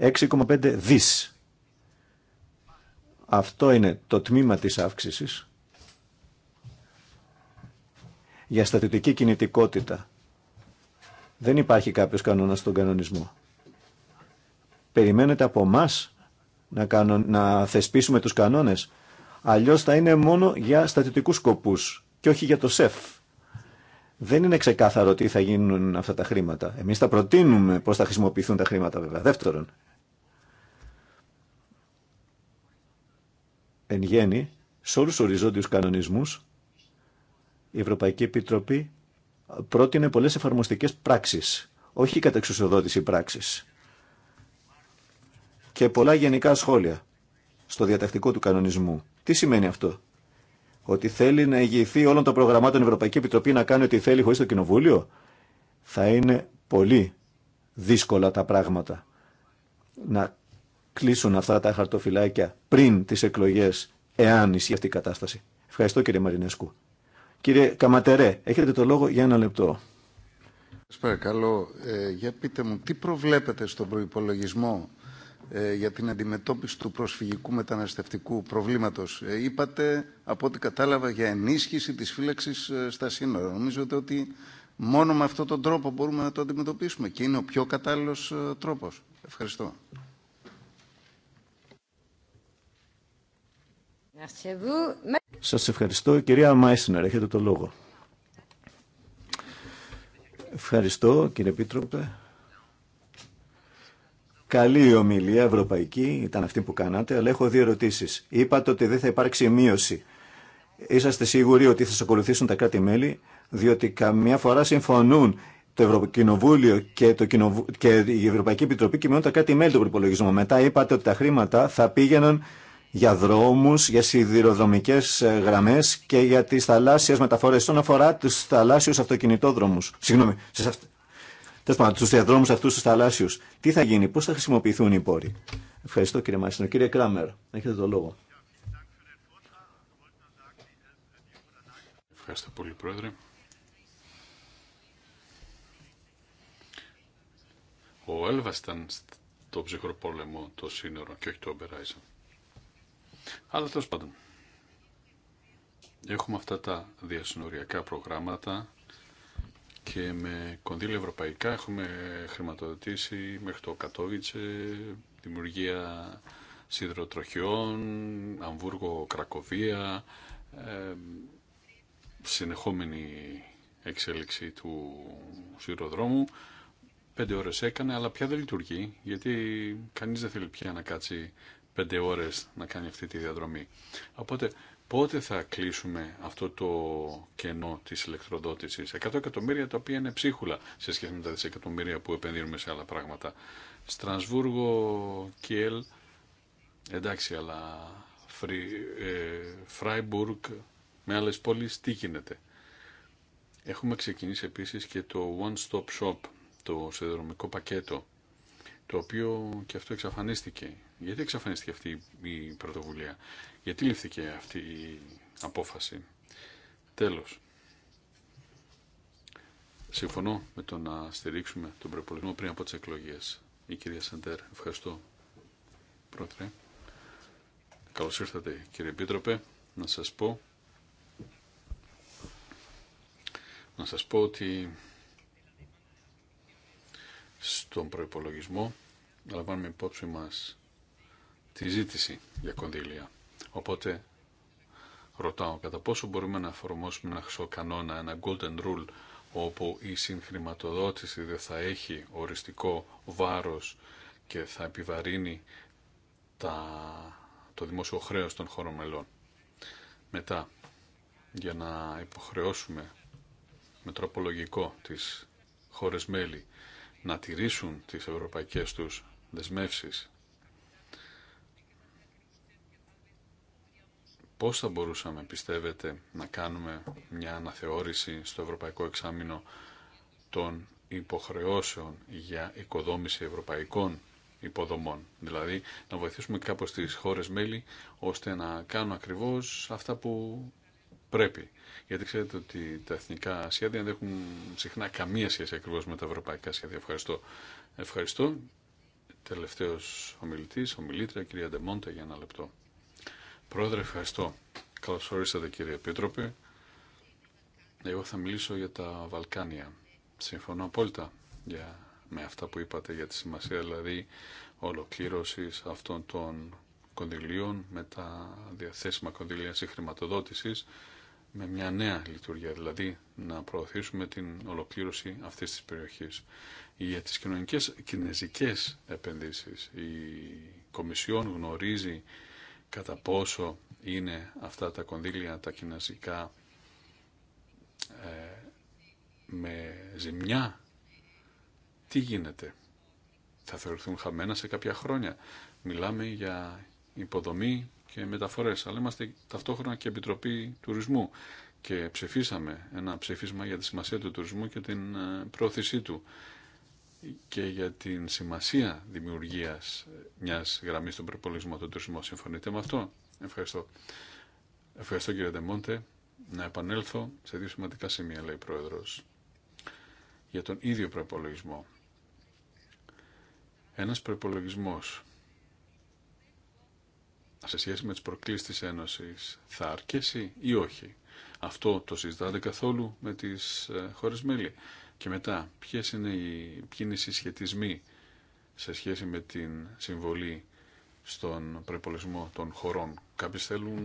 6,5 δις. Αυτό είναι το τμήμα της αύξησης για στατιωτική κινητικότητα. Δεν υπάρχει κάποιος κανόνας στον κανονισμό. Περιμένετε από εμά να, να θεσπίσουμε τους κανόνες. Αλλιώς θα είναι μόνο για στατιωτικούς σκοπούς και όχι για το ΣΕΦ δεν είναι ξεκάθαρο τι θα γίνουν αυτά τα χρήματα. Εμείς θα προτείνουμε πώς θα χρησιμοποιηθούν τα χρήματα βέβαια. Δεύτερον, εν γέννη, σε όλους τους οριζόντιους κανονισμούς, η Ευρωπαϊκή Επιτροπή πρότεινε πολλές εφαρμοστικές πράξεις, όχι κατά εξουσιοδότηση Και πολλά γενικά σχόλια στο διατακτικό του κανονισμού. Τι σημαίνει αυτό ότι θέλει να ηγηθεί όλων των προγραμμάτων η Ευρωπαϊκή Επιτροπή να κάνει ό,τι θέλει χωρίς το Κοινοβούλιο, θα είναι πολύ δύσκολα τα πράγματα να κλείσουν αυτά τα χαρτοφυλάκια πριν τις εκλογές, εάν ισχύει αυτή η κατάσταση. Ευχαριστώ κύριε Μαρινέσκου. Κύριε Καματερέ, έχετε το λόγο για ένα λεπτό. Σας παρακαλώ, ε, για πείτε μου, τι προβλέπετε στον προϋπολογισμό ε, για την αντιμετώπιση του προσφυγικού μεταναστευτικού προβλήματος. Ε, είπατε, από ό,τι κατάλαβα, για ενίσχυση της φύλαξης ε, στα σύνορα. Νομίζω ότι μόνο με αυτόν τον τρόπο μπορούμε να το αντιμετωπίσουμε και είναι ο πιο κατάλληλος τρόπος. Ευχαριστώ. Σας ευχαριστώ. Κυρία Μάισνερ, έχετε το λόγο. Ευχαριστώ κύριε Επίτροπε. Καλή ομιλία ευρωπαϊκή, ήταν αυτή που κάνατε, αλλά έχω δύο ερωτήσει. Είπατε ότι δεν θα υπάρξει μείωση. Είσαστε σίγουροι ότι θα σα ακολουθήσουν τα κράτη-μέλη, διότι καμιά φορά συμφωνούν το Ευρωκοινοβούλιο και, το και η Ευρωπαϊκή Επιτροπή και μειώνουν τα κράτη-μέλη του προπολογισμού. Μετά είπατε ότι τα χρήματα θα πήγαιναν για δρόμου, για σιδηροδρομικέ ε, γραμμέ και για τι θαλάσσιε μεταφορέ. Στον αφορά του θαλάσσιου αυτοκινητόδρομου. Συγγνώμη, τέλο πάντων, του διαδρόμου αυτού του θαλάσσιου. Τι θα γίνει, πώ θα χρησιμοποιηθούν οι πόροι. Ευχαριστώ κύριε Μάσινο. Κύριε Κράμερ, έχετε το λόγο. Ευχαριστώ πολύ, Πρόεδρε. Ο Έλβα ήταν στο ψυχρό πόλεμο το σύνορο και όχι το Ομπεράιζα. Αλλά τέλο πάντων, έχουμε αυτά τα διασυνοριακά προγράμματα και με κονδύλια ευρωπαϊκά έχουμε χρηματοδοτήσει μέχρι το Κατόβιτσε δημιουργία σιδηροτροχιών, Αμβούργο, Κρακοβία, ε, συνεχόμενη εξέλιξη του σιδηροδρόμου. Πέντε ώρες έκανε, αλλά πια δεν λειτουργεί, γιατί κανείς δεν θέλει πια να κάτσει πέντε ώρες να κάνει αυτή τη διαδρομή. Οπότε πότε θα κλείσουμε αυτό το κενό της ηλεκτροδότησης. 100 εκατομμύρια τα οποία είναι ψίχουλα σε σχέση με τα δισεκατομμύρια που επενδύουμε σε άλλα πράγματα. Στρασβούργο, Κιέλ, εντάξει, αλλά Φρι, ε, Φράιμπουργκ, με άλλες πόλεις, τι γίνεται. Έχουμε ξεκινήσει επίσης και το One Stop Shop, το σιδηρομικό πακέτο, το οποίο και αυτό εξαφανίστηκε. Γιατί εξαφανίστηκε αυτή η πρωτοβουλία, γιατί λήφθηκε αυτή η απόφαση. Τέλος. Συμφωνώ με το να στηρίξουμε τον προπολογισμό πριν από τις εκλογές. Η κυρία Σαντέρ, ευχαριστώ πρόεδρε. Καλώς ήρθατε κύριε Επίτροπε. Να σας πω να σας πω ότι στον προϋπολογισμό να λαμβάνουμε υπόψη μας τη ζήτηση για κονδύλια. Οπότε ρωτάω κατά πόσο μπορούμε να εφαρμόσουμε ένα χρυσό κανόνα, ένα golden rule, όπου η συγχρηματοδότηση δεν θα έχει οριστικό βάρος και θα επιβαρύνει τα, το δημόσιο χρέο των χωρών μελών. Μετά, για να υποχρεώσουμε με τρόπο λογικό τις χώρες μέλη να τηρήσουν τις ευρωπαϊκές τους δεσμεύσεις. Πώς θα μπορούσαμε, πιστεύετε, να κάνουμε μια αναθεώρηση στο Ευρωπαϊκό Εξάμεινο των υποχρεώσεων για οικοδόμηση ευρωπαϊκών υποδομών. Δηλαδή, να βοηθήσουμε κάπως τις χώρες μέλη, ώστε να κάνουν ακριβώς αυτά που πρέπει. Γιατί ξέρετε ότι τα εθνικά σχέδια δεν έχουν συχνά καμία σχέση ακριβώ με τα ευρωπαϊκά σχέδια. Ευχαριστώ. Ευχαριστώ. Τελευταίο ομιλητή, ομιλήτρια, κυρία Ντεμόντα, για ένα λεπτό. Πρόεδρε, ευχαριστώ. Καλώ ορίσατε, κύριε Επίτροπε. Εγώ θα μιλήσω για τα Βαλκάνια. Συμφωνώ απόλυτα για, με αυτά που είπατε για τη σημασία δηλαδή ολοκλήρωση αυτών των κονδυλίων με τα διαθέσιμα κονδυλία συγχρηματοδότηση με μια νέα λειτουργία, δηλαδή να προωθήσουμε την ολοκλήρωση αυτής της περιοχής. Για τις κοινωνικές κινέζικες επενδύσεις, η Κομισιόν γνωρίζει κατά πόσο είναι αυτά τα κονδύλια τα κινέζικα ε, με ζημιά. Τι γίνεται. Θα θεωρηθούν χαμένα σε κάποια χρόνια. Μιλάμε για υποδομή και μεταφορές, αλλά είμαστε ταυτόχρονα και Επιτροπή Τουρισμού και ψηφίσαμε ένα ψήφισμα για τη σημασία του τουρισμού και την ε, πρόθεσή του και για την σημασία δημιουργίας ε, μιας γραμμής στον προπολογισμό του τουρισμού. Συμφωνείτε με αυτό. Ευχαριστώ. Ευχαριστώ κύριε Δεμόντε Να επανέλθω σε δύο σημαντικά σημεία, λέει η Πρόεδρος, για τον ίδιο προπολογισμό. Ένας προπολογισμός σε σχέση με τις προκλήσεις της Ένωσης θα αρκέσει ή όχι. Αυτό το συζητάτε καθόλου με τις ε, χώρες μέλη. Και μετά, ποιες είναι οι, ποιοι είναι οι συσχετισμοί σε σχέση με την συμβολή στον προπολογισμό των χωρών. Κάποιοι θέλουν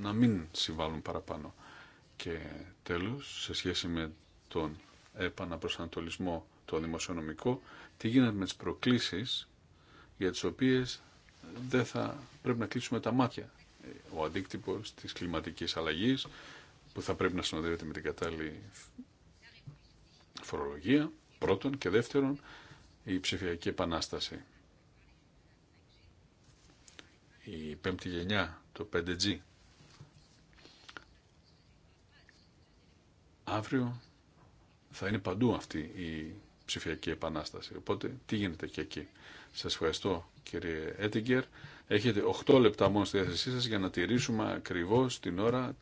να μην συμβάλλουν παραπάνω. Και τέλος, σε σχέση με τον επαναπροσανατολισμό το δημοσιονομικό, τι γίνεται με τις προκλήσεις για τις οποίες δεν θα πρέπει να κλείσουμε τα μάτια. Ο αντίκτυπο τη κλιματική αλλαγής που θα πρέπει να συνοδεύεται με την κατάλληλη φορολογία, πρώτον και δεύτερον, η ψηφιακή επανάσταση. Η πέμπτη γενιά, το 5G. Αύριο θα είναι παντού αυτή η ψηφιακή επανάσταση. Οπότε, τι γίνεται και εκεί. Σα ευχαριστώ, κύριε Έτιγκερ. Έχετε 8 λεπτά μόνο στη διάθεσή σα για να τηρήσουμε ακριβώ την ώρα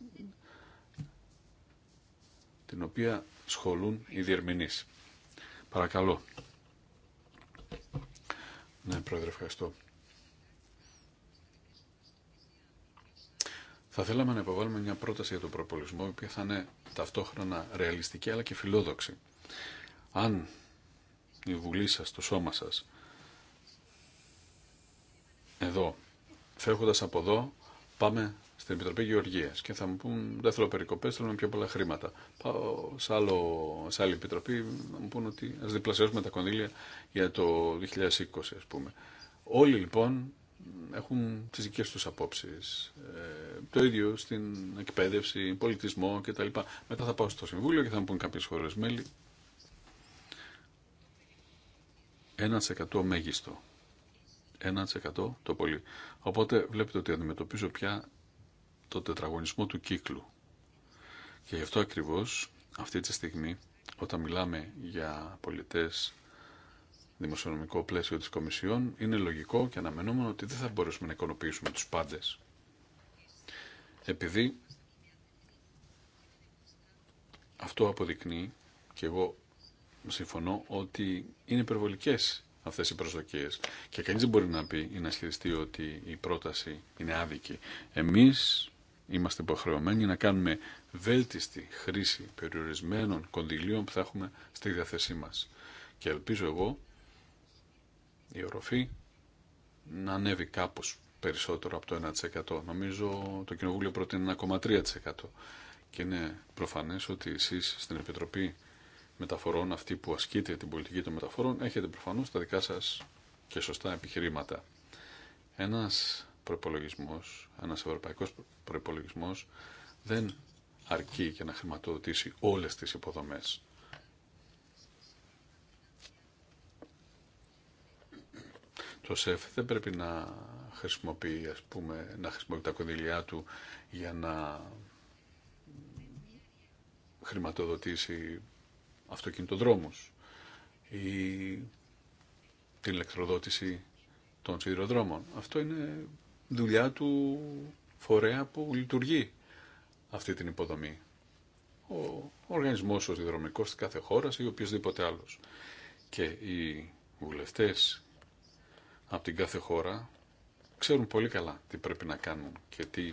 την οποία σχολούν οι διερμηνείς. Παρακαλώ. Ναι, Πρόεδρε, ευχαριστώ. Θα θέλαμε να υποβάλουμε μια πρόταση για τον προπολισμό, η οποία θα είναι ταυτόχρονα ρεαλιστική αλλά και φιλόδοξη. Αν η Βουλή σας, το σώμα σας. Εδώ, φεύγοντας από εδώ, πάμε στην Επιτροπή Γεωργίας και θα μου πούν δεν θέλω περικοπές, θέλουμε πιο πολλά χρήματα. Πάω σε, άλλο, σε άλλη επιτροπή να μου πούν ότι ας διπλασιάσουμε τα κονδύλια για το 2020 ας πούμε. Όλοι λοιπόν έχουν τις δικές τους απόψεις. Ε, το ίδιο στην εκπαίδευση, πολιτισμό κτλ. Μετά θα πάω στο Συμβούλιο και θα μου πούν κάποιες χώρες μέλη 1% μέγιστο. 1% το πολύ. Οπότε βλέπετε ότι αντιμετωπίζω πια το τετραγωνισμό του κύκλου. Και γι' αυτό ακριβώς αυτή τη στιγμή όταν μιλάμε για πολιτές δημοσιονομικό πλαίσιο της Κομισιόν είναι λογικό και αναμενόμενο ότι δεν θα μπορέσουμε να εικονοποιήσουμε τους πάντες. Επειδή αυτό αποδεικνύει και εγώ συμφωνώ ότι είναι υπερβολικέ αυτές οι προσδοκίε και κανείς δεν μπορεί να πει ή να ισχυριστεί ότι η πρόταση είναι άδικη. Εμείς είμαστε υποχρεωμένοι να κάνουμε βέλτιστη χρήση περιορισμένων κονδυλίων που θα έχουμε στη διάθεσή μα. Και ελπίζω εγώ η οροφή να ανέβει κάπως περισσότερο από το 1%. Νομίζω το Κοινοβούλιο προτείνει 1,3%. Και είναι προφανές ότι εσείς στην Επιτροπή μεταφορών, αυτή που ασκείτε την πολιτική των μεταφορών, έχετε προφανώς τα δικά σας και σωστά επιχειρήματα. Ένας προϋπολογισμός, ένας ευρωπαϊκός προϋπολογισμός δεν αρκεί για να χρηματοδοτήσει όλες τις υποδομές. Το ΣΕΦ δεν πρέπει να χρησιμοποιεί, ας πούμε, να χρησιμοποιεί τα κονδυλιά του για να χρηματοδοτήσει αυτοκινητοδρόμους ή την ηλεκτροδότηση των σιδηροδρόμων. Αυτό είναι δουλειά του φορέα που λειτουργεί αυτή την υποδομή. Ο οργανισμός ο σιδηροδρομικός της κάθε χώρας ή οποιοδήποτε άλλος. Και οι βουλευτές από την κάθε χώρα ξέρουν πολύ καλά τι πρέπει να κάνουν και τι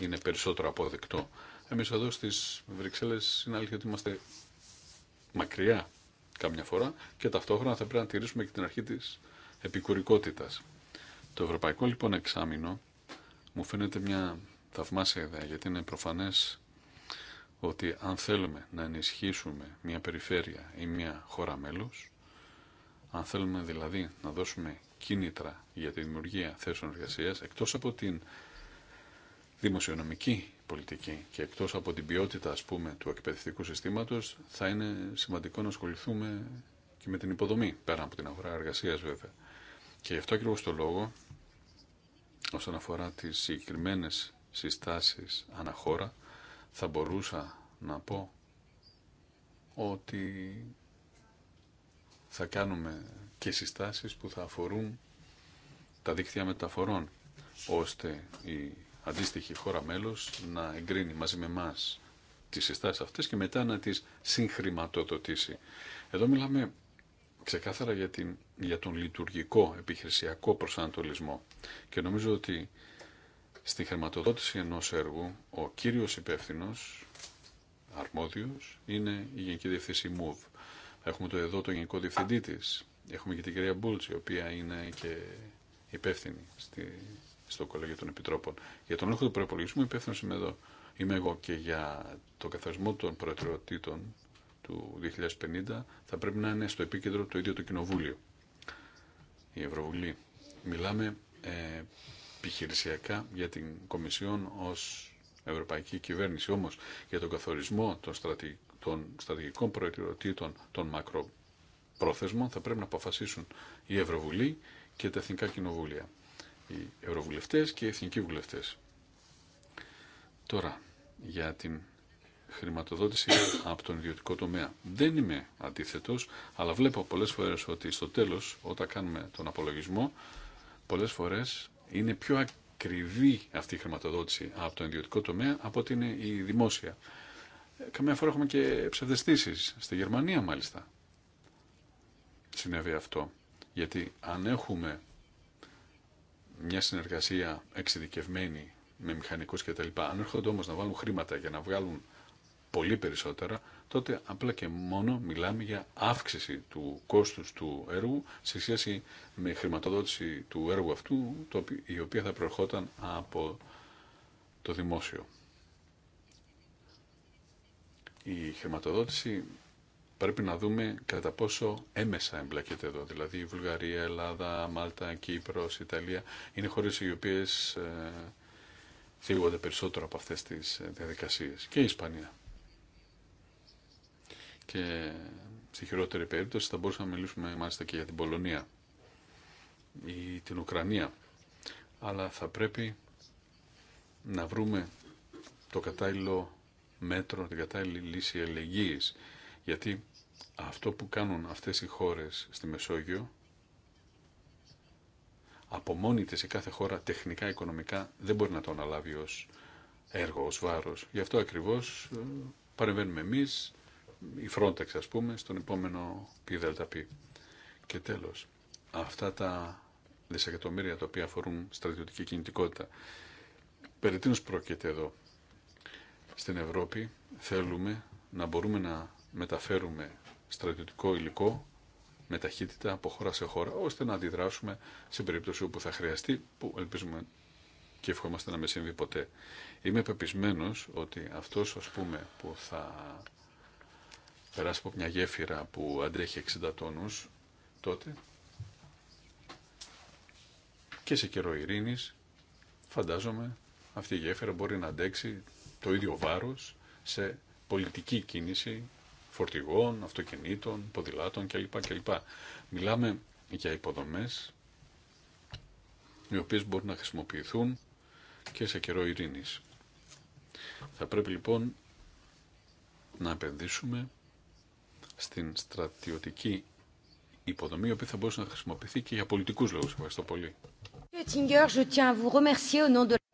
είναι περισσότερο αποδεκτό. Εμείς εδώ στις Βρυξέλλες είναι αλήθεια ότι είμαστε μακριά καμιά φορά και ταυτόχρονα θα πρέπει να τηρήσουμε και την αρχή της επικουρικότητας. Το ευρωπαϊκό λοιπόν εξάμεινο μου φαίνεται μια θαυμάσια ιδέα γιατί είναι προφανές ότι αν θέλουμε να ενισχύσουμε μια περιφέρεια ή μια χώρα μέλους, αν θέλουμε δηλαδή να δώσουμε κίνητρα για τη δημιουργία θέσεων εργασία εκτός από την δημοσιονομική πολιτική και εκτός από την ποιότητα ας πούμε του εκπαιδευτικού συστήματος θα είναι σημαντικό να ασχοληθούμε και με την υποδομή πέρα από την αγορά εργασίας βέβαια. Και γι' αυτό ακριβώς το λόγο όσον αφορά τις συγκεκριμένε συστάσεις αναχώρα θα μπορούσα να πω ότι θα κάνουμε και συστάσεις που θα αφορούν τα δίκτυα μεταφορών ώστε οι αντίστοιχη χώρα μέλος να εγκρίνει μαζί με εμά τις συστάσεις αυτές και μετά να τις συγχρηματοδοτήσει. Εδώ μιλάμε ξεκάθαρα για, την, για τον λειτουργικό επιχειρησιακό προσανατολισμό και νομίζω ότι στη χρηματοδότηση ενός έργου ο κύριος υπεύθυνο, αρμόδιος, είναι η Γενική Διευθύνση MOVE. Έχουμε το εδώ το Γενικό Διευθυντή της. Έχουμε και την κυρία Μπούλτς, η οποία είναι και υπεύθυνη στη στο Κολέγιο των Επιτρόπων. Για τον έλεγχο του προπολογισμού υπεύθυνο είμαι εδώ. Είμαι εγώ και για το καθαρισμό των προτεραιοτήτων του 2050 θα πρέπει να είναι στο επίκεντρο το ίδιο το Κοινοβούλιο. Η Ευρωβουλή. Μιλάμε ε, επιχειρησιακά για την Κομισιόν ως Ευρωπαϊκή Κυβέρνηση. Όμως για τον καθορισμό των, των στρατηγικών προτεραιοτήτων των μακροπρόθεσμων θα πρέπει να αποφασίσουν η Ευρωβουλή και τα Εθνικά Κοινοβούλια οι ευρωβουλευτές και οι εθνικοί βουλευτές. Τώρα, για την χρηματοδότηση από τον ιδιωτικό τομέα. Δεν είμαι αντίθετος, αλλά βλέπω πολλές φορές ότι στο τέλος, όταν κάνουμε τον απολογισμό, πολλές φορές είναι πιο ακριβή αυτή η χρηματοδότηση από τον ιδιωτικό τομέα από ότι είναι η δημόσια. Ε, καμιά φορά έχουμε και ψευδεστήσεις, στη Γερμανία μάλιστα. Συνέβη αυτό. Γιατί αν έχουμε μια συνεργασία εξειδικευμένη με μηχανικούς λοιπά, Αν έρχονται όμως να βάλουν χρήματα για να βγάλουν πολύ περισσότερα, τότε απλά και μόνο μιλάμε για αύξηση του κόστους του έργου σε σχέση με χρηματοδότηση του έργου αυτού, το, η οποία θα προερχόταν από το δημόσιο. Η χρηματοδότηση πρέπει να δούμε κατά πόσο έμεσα εμπλέκεται εδώ. Δηλαδή η Βουλγαρία, Ελλάδα, Μάλτα, Κύπρος, Ιταλία είναι χώρε οι οποίε ε, θίγονται περισσότερο από αυτές τις ε, διαδικασίες. Και η Ισπανία. Και στη χειρότερη περίπτωση θα μπορούσαμε να μιλήσουμε μάλιστα και για την Πολωνία ή την Ουκρανία. Αλλά θα πρέπει να βρούμε το κατάλληλο μέτρο, την κατάλληλη λύση ελεγγύης. Γιατί αυτό που κάνουν αυτές οι χώρες στη Μεσόγειο από σε κάθε χώρα τεχνικά, οικονομικά δεν μπορεί να το αναλάβει ως έργο, ως βάρος. Γι' αυτό ακριβώς ε, παρεμβαίνουμε εμείς, η Frontex ας πούμε, στον επόμενο ΠΔΠ. Και τέλος, αυτά τα δισεκατομμύρια τα οποία αφορούν στρατιωτική κινητικότητα. Περί τίνος πρόκειται εδώ. Στην Ευρώπη θέλουμε να μπορούμε να μεταφέρουμε στρατιωτικό υλικό με ταχύτητα από χώρα σε χώρα, ώστε να αντιδράσουμε σε περίπτωση όπου θα χρειαστεί, που ελπίζουμε και ευχόμαστε να με συμβεί ποτέ. Είμαι πεπισμένος ότι αυτός, ας πούμε, που θα περάσει από μια γέφυρα που αντρέχει 60 τόνους, τότε και σε καιρό ειρήνη, φαντάζομαι, αυτή η γέφυρα μπορεί να αντέξει το ίδιο βάρος σε πολιτική κίνηση φορτηγών, αυτοκινήτων, ποδηλάτων κλπ. κλπ. Μιλάμε για υποδομές οι οποίες μπορούν να χρησιμοποιηθούν και σε καιρό ειρήνης. Θα πρέπει λοιπόν να επενδύσουμε στην στρατιωτική υποδομή, η οποία θα μπορούσε να χρησιμοποιηθεί και για πολιτικούς λόγους. Ευχαριστώ πολύ.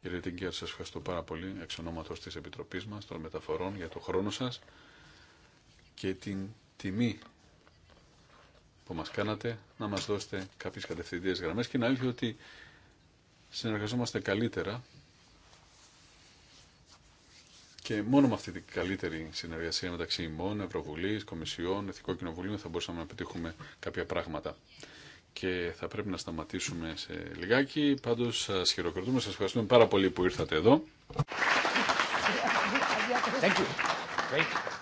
Κύριε Τιγκέρ, σας ευχαριστώ πάρα πολύ εξ ονόματος της Επιτροπής μας των Μεταφορών για το χρόνο σας και την τιμή που μας κάνατε να μας δώσετε κάποιες κατευθυντές γραμμές και να έλθει ότι συνεργαζόμαστε καλύτερα και μόνο με αυτή την καλύτερη συνεργασία μεταξύ ημών, Ευρωβουλή, Κομισιών, Εθνικών Κοινοβουλίου θα μπορούσαμε να πετύχουμε κάποια πράγματα. Και θα πρέπει να σταματήσουμε σε λιγάκι. Πάντως σας χειροκροτούμε. σας ευχαριστούμε πάρα πολύ που ήρθατε εδώ. Thank you.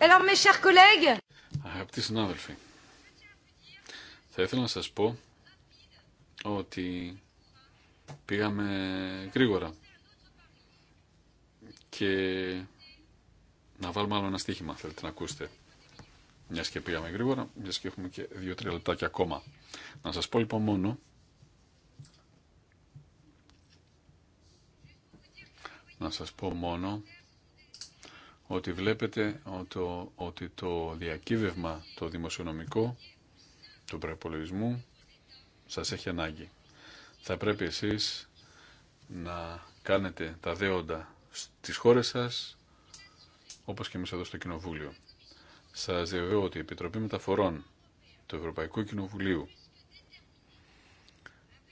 Alors, mes Αγαπητοί συνάδελφοι, θα ήθελα να σας πω ότι πήγαμε γρήγορα και να βάλουμε άλλο ένα στοίχημα, θέλετε να ακούσετε. Μια και πήγαμε γρήγορα, μια και έχουμε και δύο-τρία λεπτάκια ακόμα. Να σας πω λοιπόν μόνο να σας πω μόνο ότι βλέπετε ότι το διακύβευμα το δημοσιονομικό του προπολογισμού σας έχει ανάγκη. Θα πρέπει εσείς να κάνετε τα δέοντα στις χώρες σας, όπως και εμείς εδώ στο Κοινοβούλιο. Σας διαβεβαιώ ότι η Επιτροπή Μεταφορών του Ευρωπαϊκού Κοινοβουλίου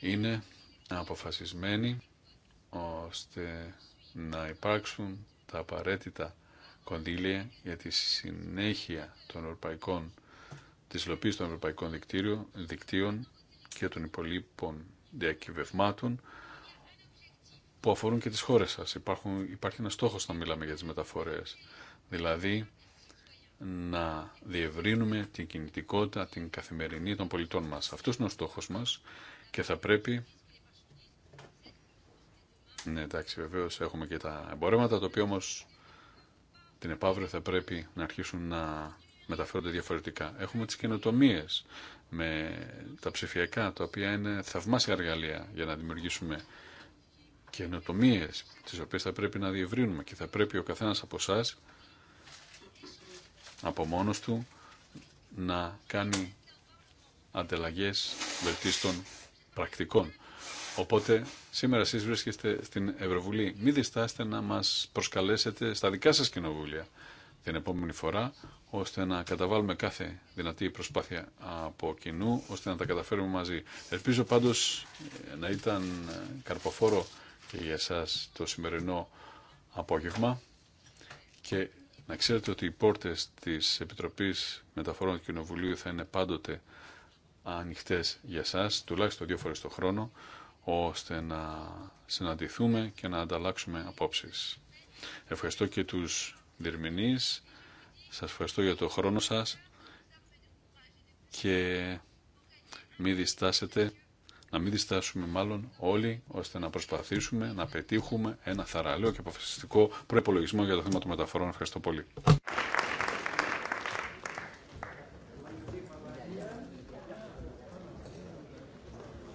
είναι αποφασισμένη ώστε να υπάρξουν τα απαραίτητα κονδύλια για τη συνέχεια των ευρωπαϊκών, της λοπής των ευρωπαϊκών δικτύων, δικτύων και των υπολείπων διακυβευμάτων που αφορούν και τις χώρες σας. Υπάρχουν, υπάρχει ένα στόχος να μιλάμε για τις μεταφορές. Δηλαδή, να διευρύνουμε την κινητικότητα, την καθημερινή των πολιτών μας. Αυτό είναι ο στόχος μας και θα πρέπει... Ναι, εντάξει, βεβαίως έχουμε και τα εμπορέματα, το οποίο όμως την επαύριο θα πρέπει να αρχίσουν να μεταφέρονται διαφορετικά. Έχουμε τις καινοτομίε με τα ψηφιακά, τα οποία είναι θαυμάσια εργαλεία για να δημιουργήσουμε καινοτομίε, τις οποίες θα πρέπει να διευρύνουμε και θα πρέπει ο καθένας από εσά από μόνος του να κάνει ανταλλαγές βελτίστων πρακτικών. Οπότε σήμερα εσεί βρίσκεστε στην Ευρωβουλή. Μην διστάσετε να μας προσκαλέσετε στα δικά σας κοινοβούλια την επόμενη φορά, ώστε να καταβάλουμε κάθε δυνατή προσπάθεια από κοινού, ώστε να τα καταφέρουμε μαζί. Ελπίζω πάντως να ήταν καρποφόρο και για εσά το σημερινό απόγευμα και να ξέρετε ότι οι πόρτες της Επιτροπής Μεταφορών του Κοινοβουλίου θα είναι πάντοτε ανοιχτές για σας, τουλάχιστον δύο φορέ το χρόνο, ώστε να συναντηθούμε και να ανταλλάξουμε απόψεις. Ευχαριστώ και τους διερμηνείς, σας ευχαριστώ για το χρόνο σας και μην διστάσετε, να μην διστάσουμε μάλλον όλοι ώστε να προσπαθήσουμε να πετύχουμε ένα θαραλέο και αποφασιστικό προπολογισμό για το θέμα των μεταφορών. Ευχαριστώ πολύ.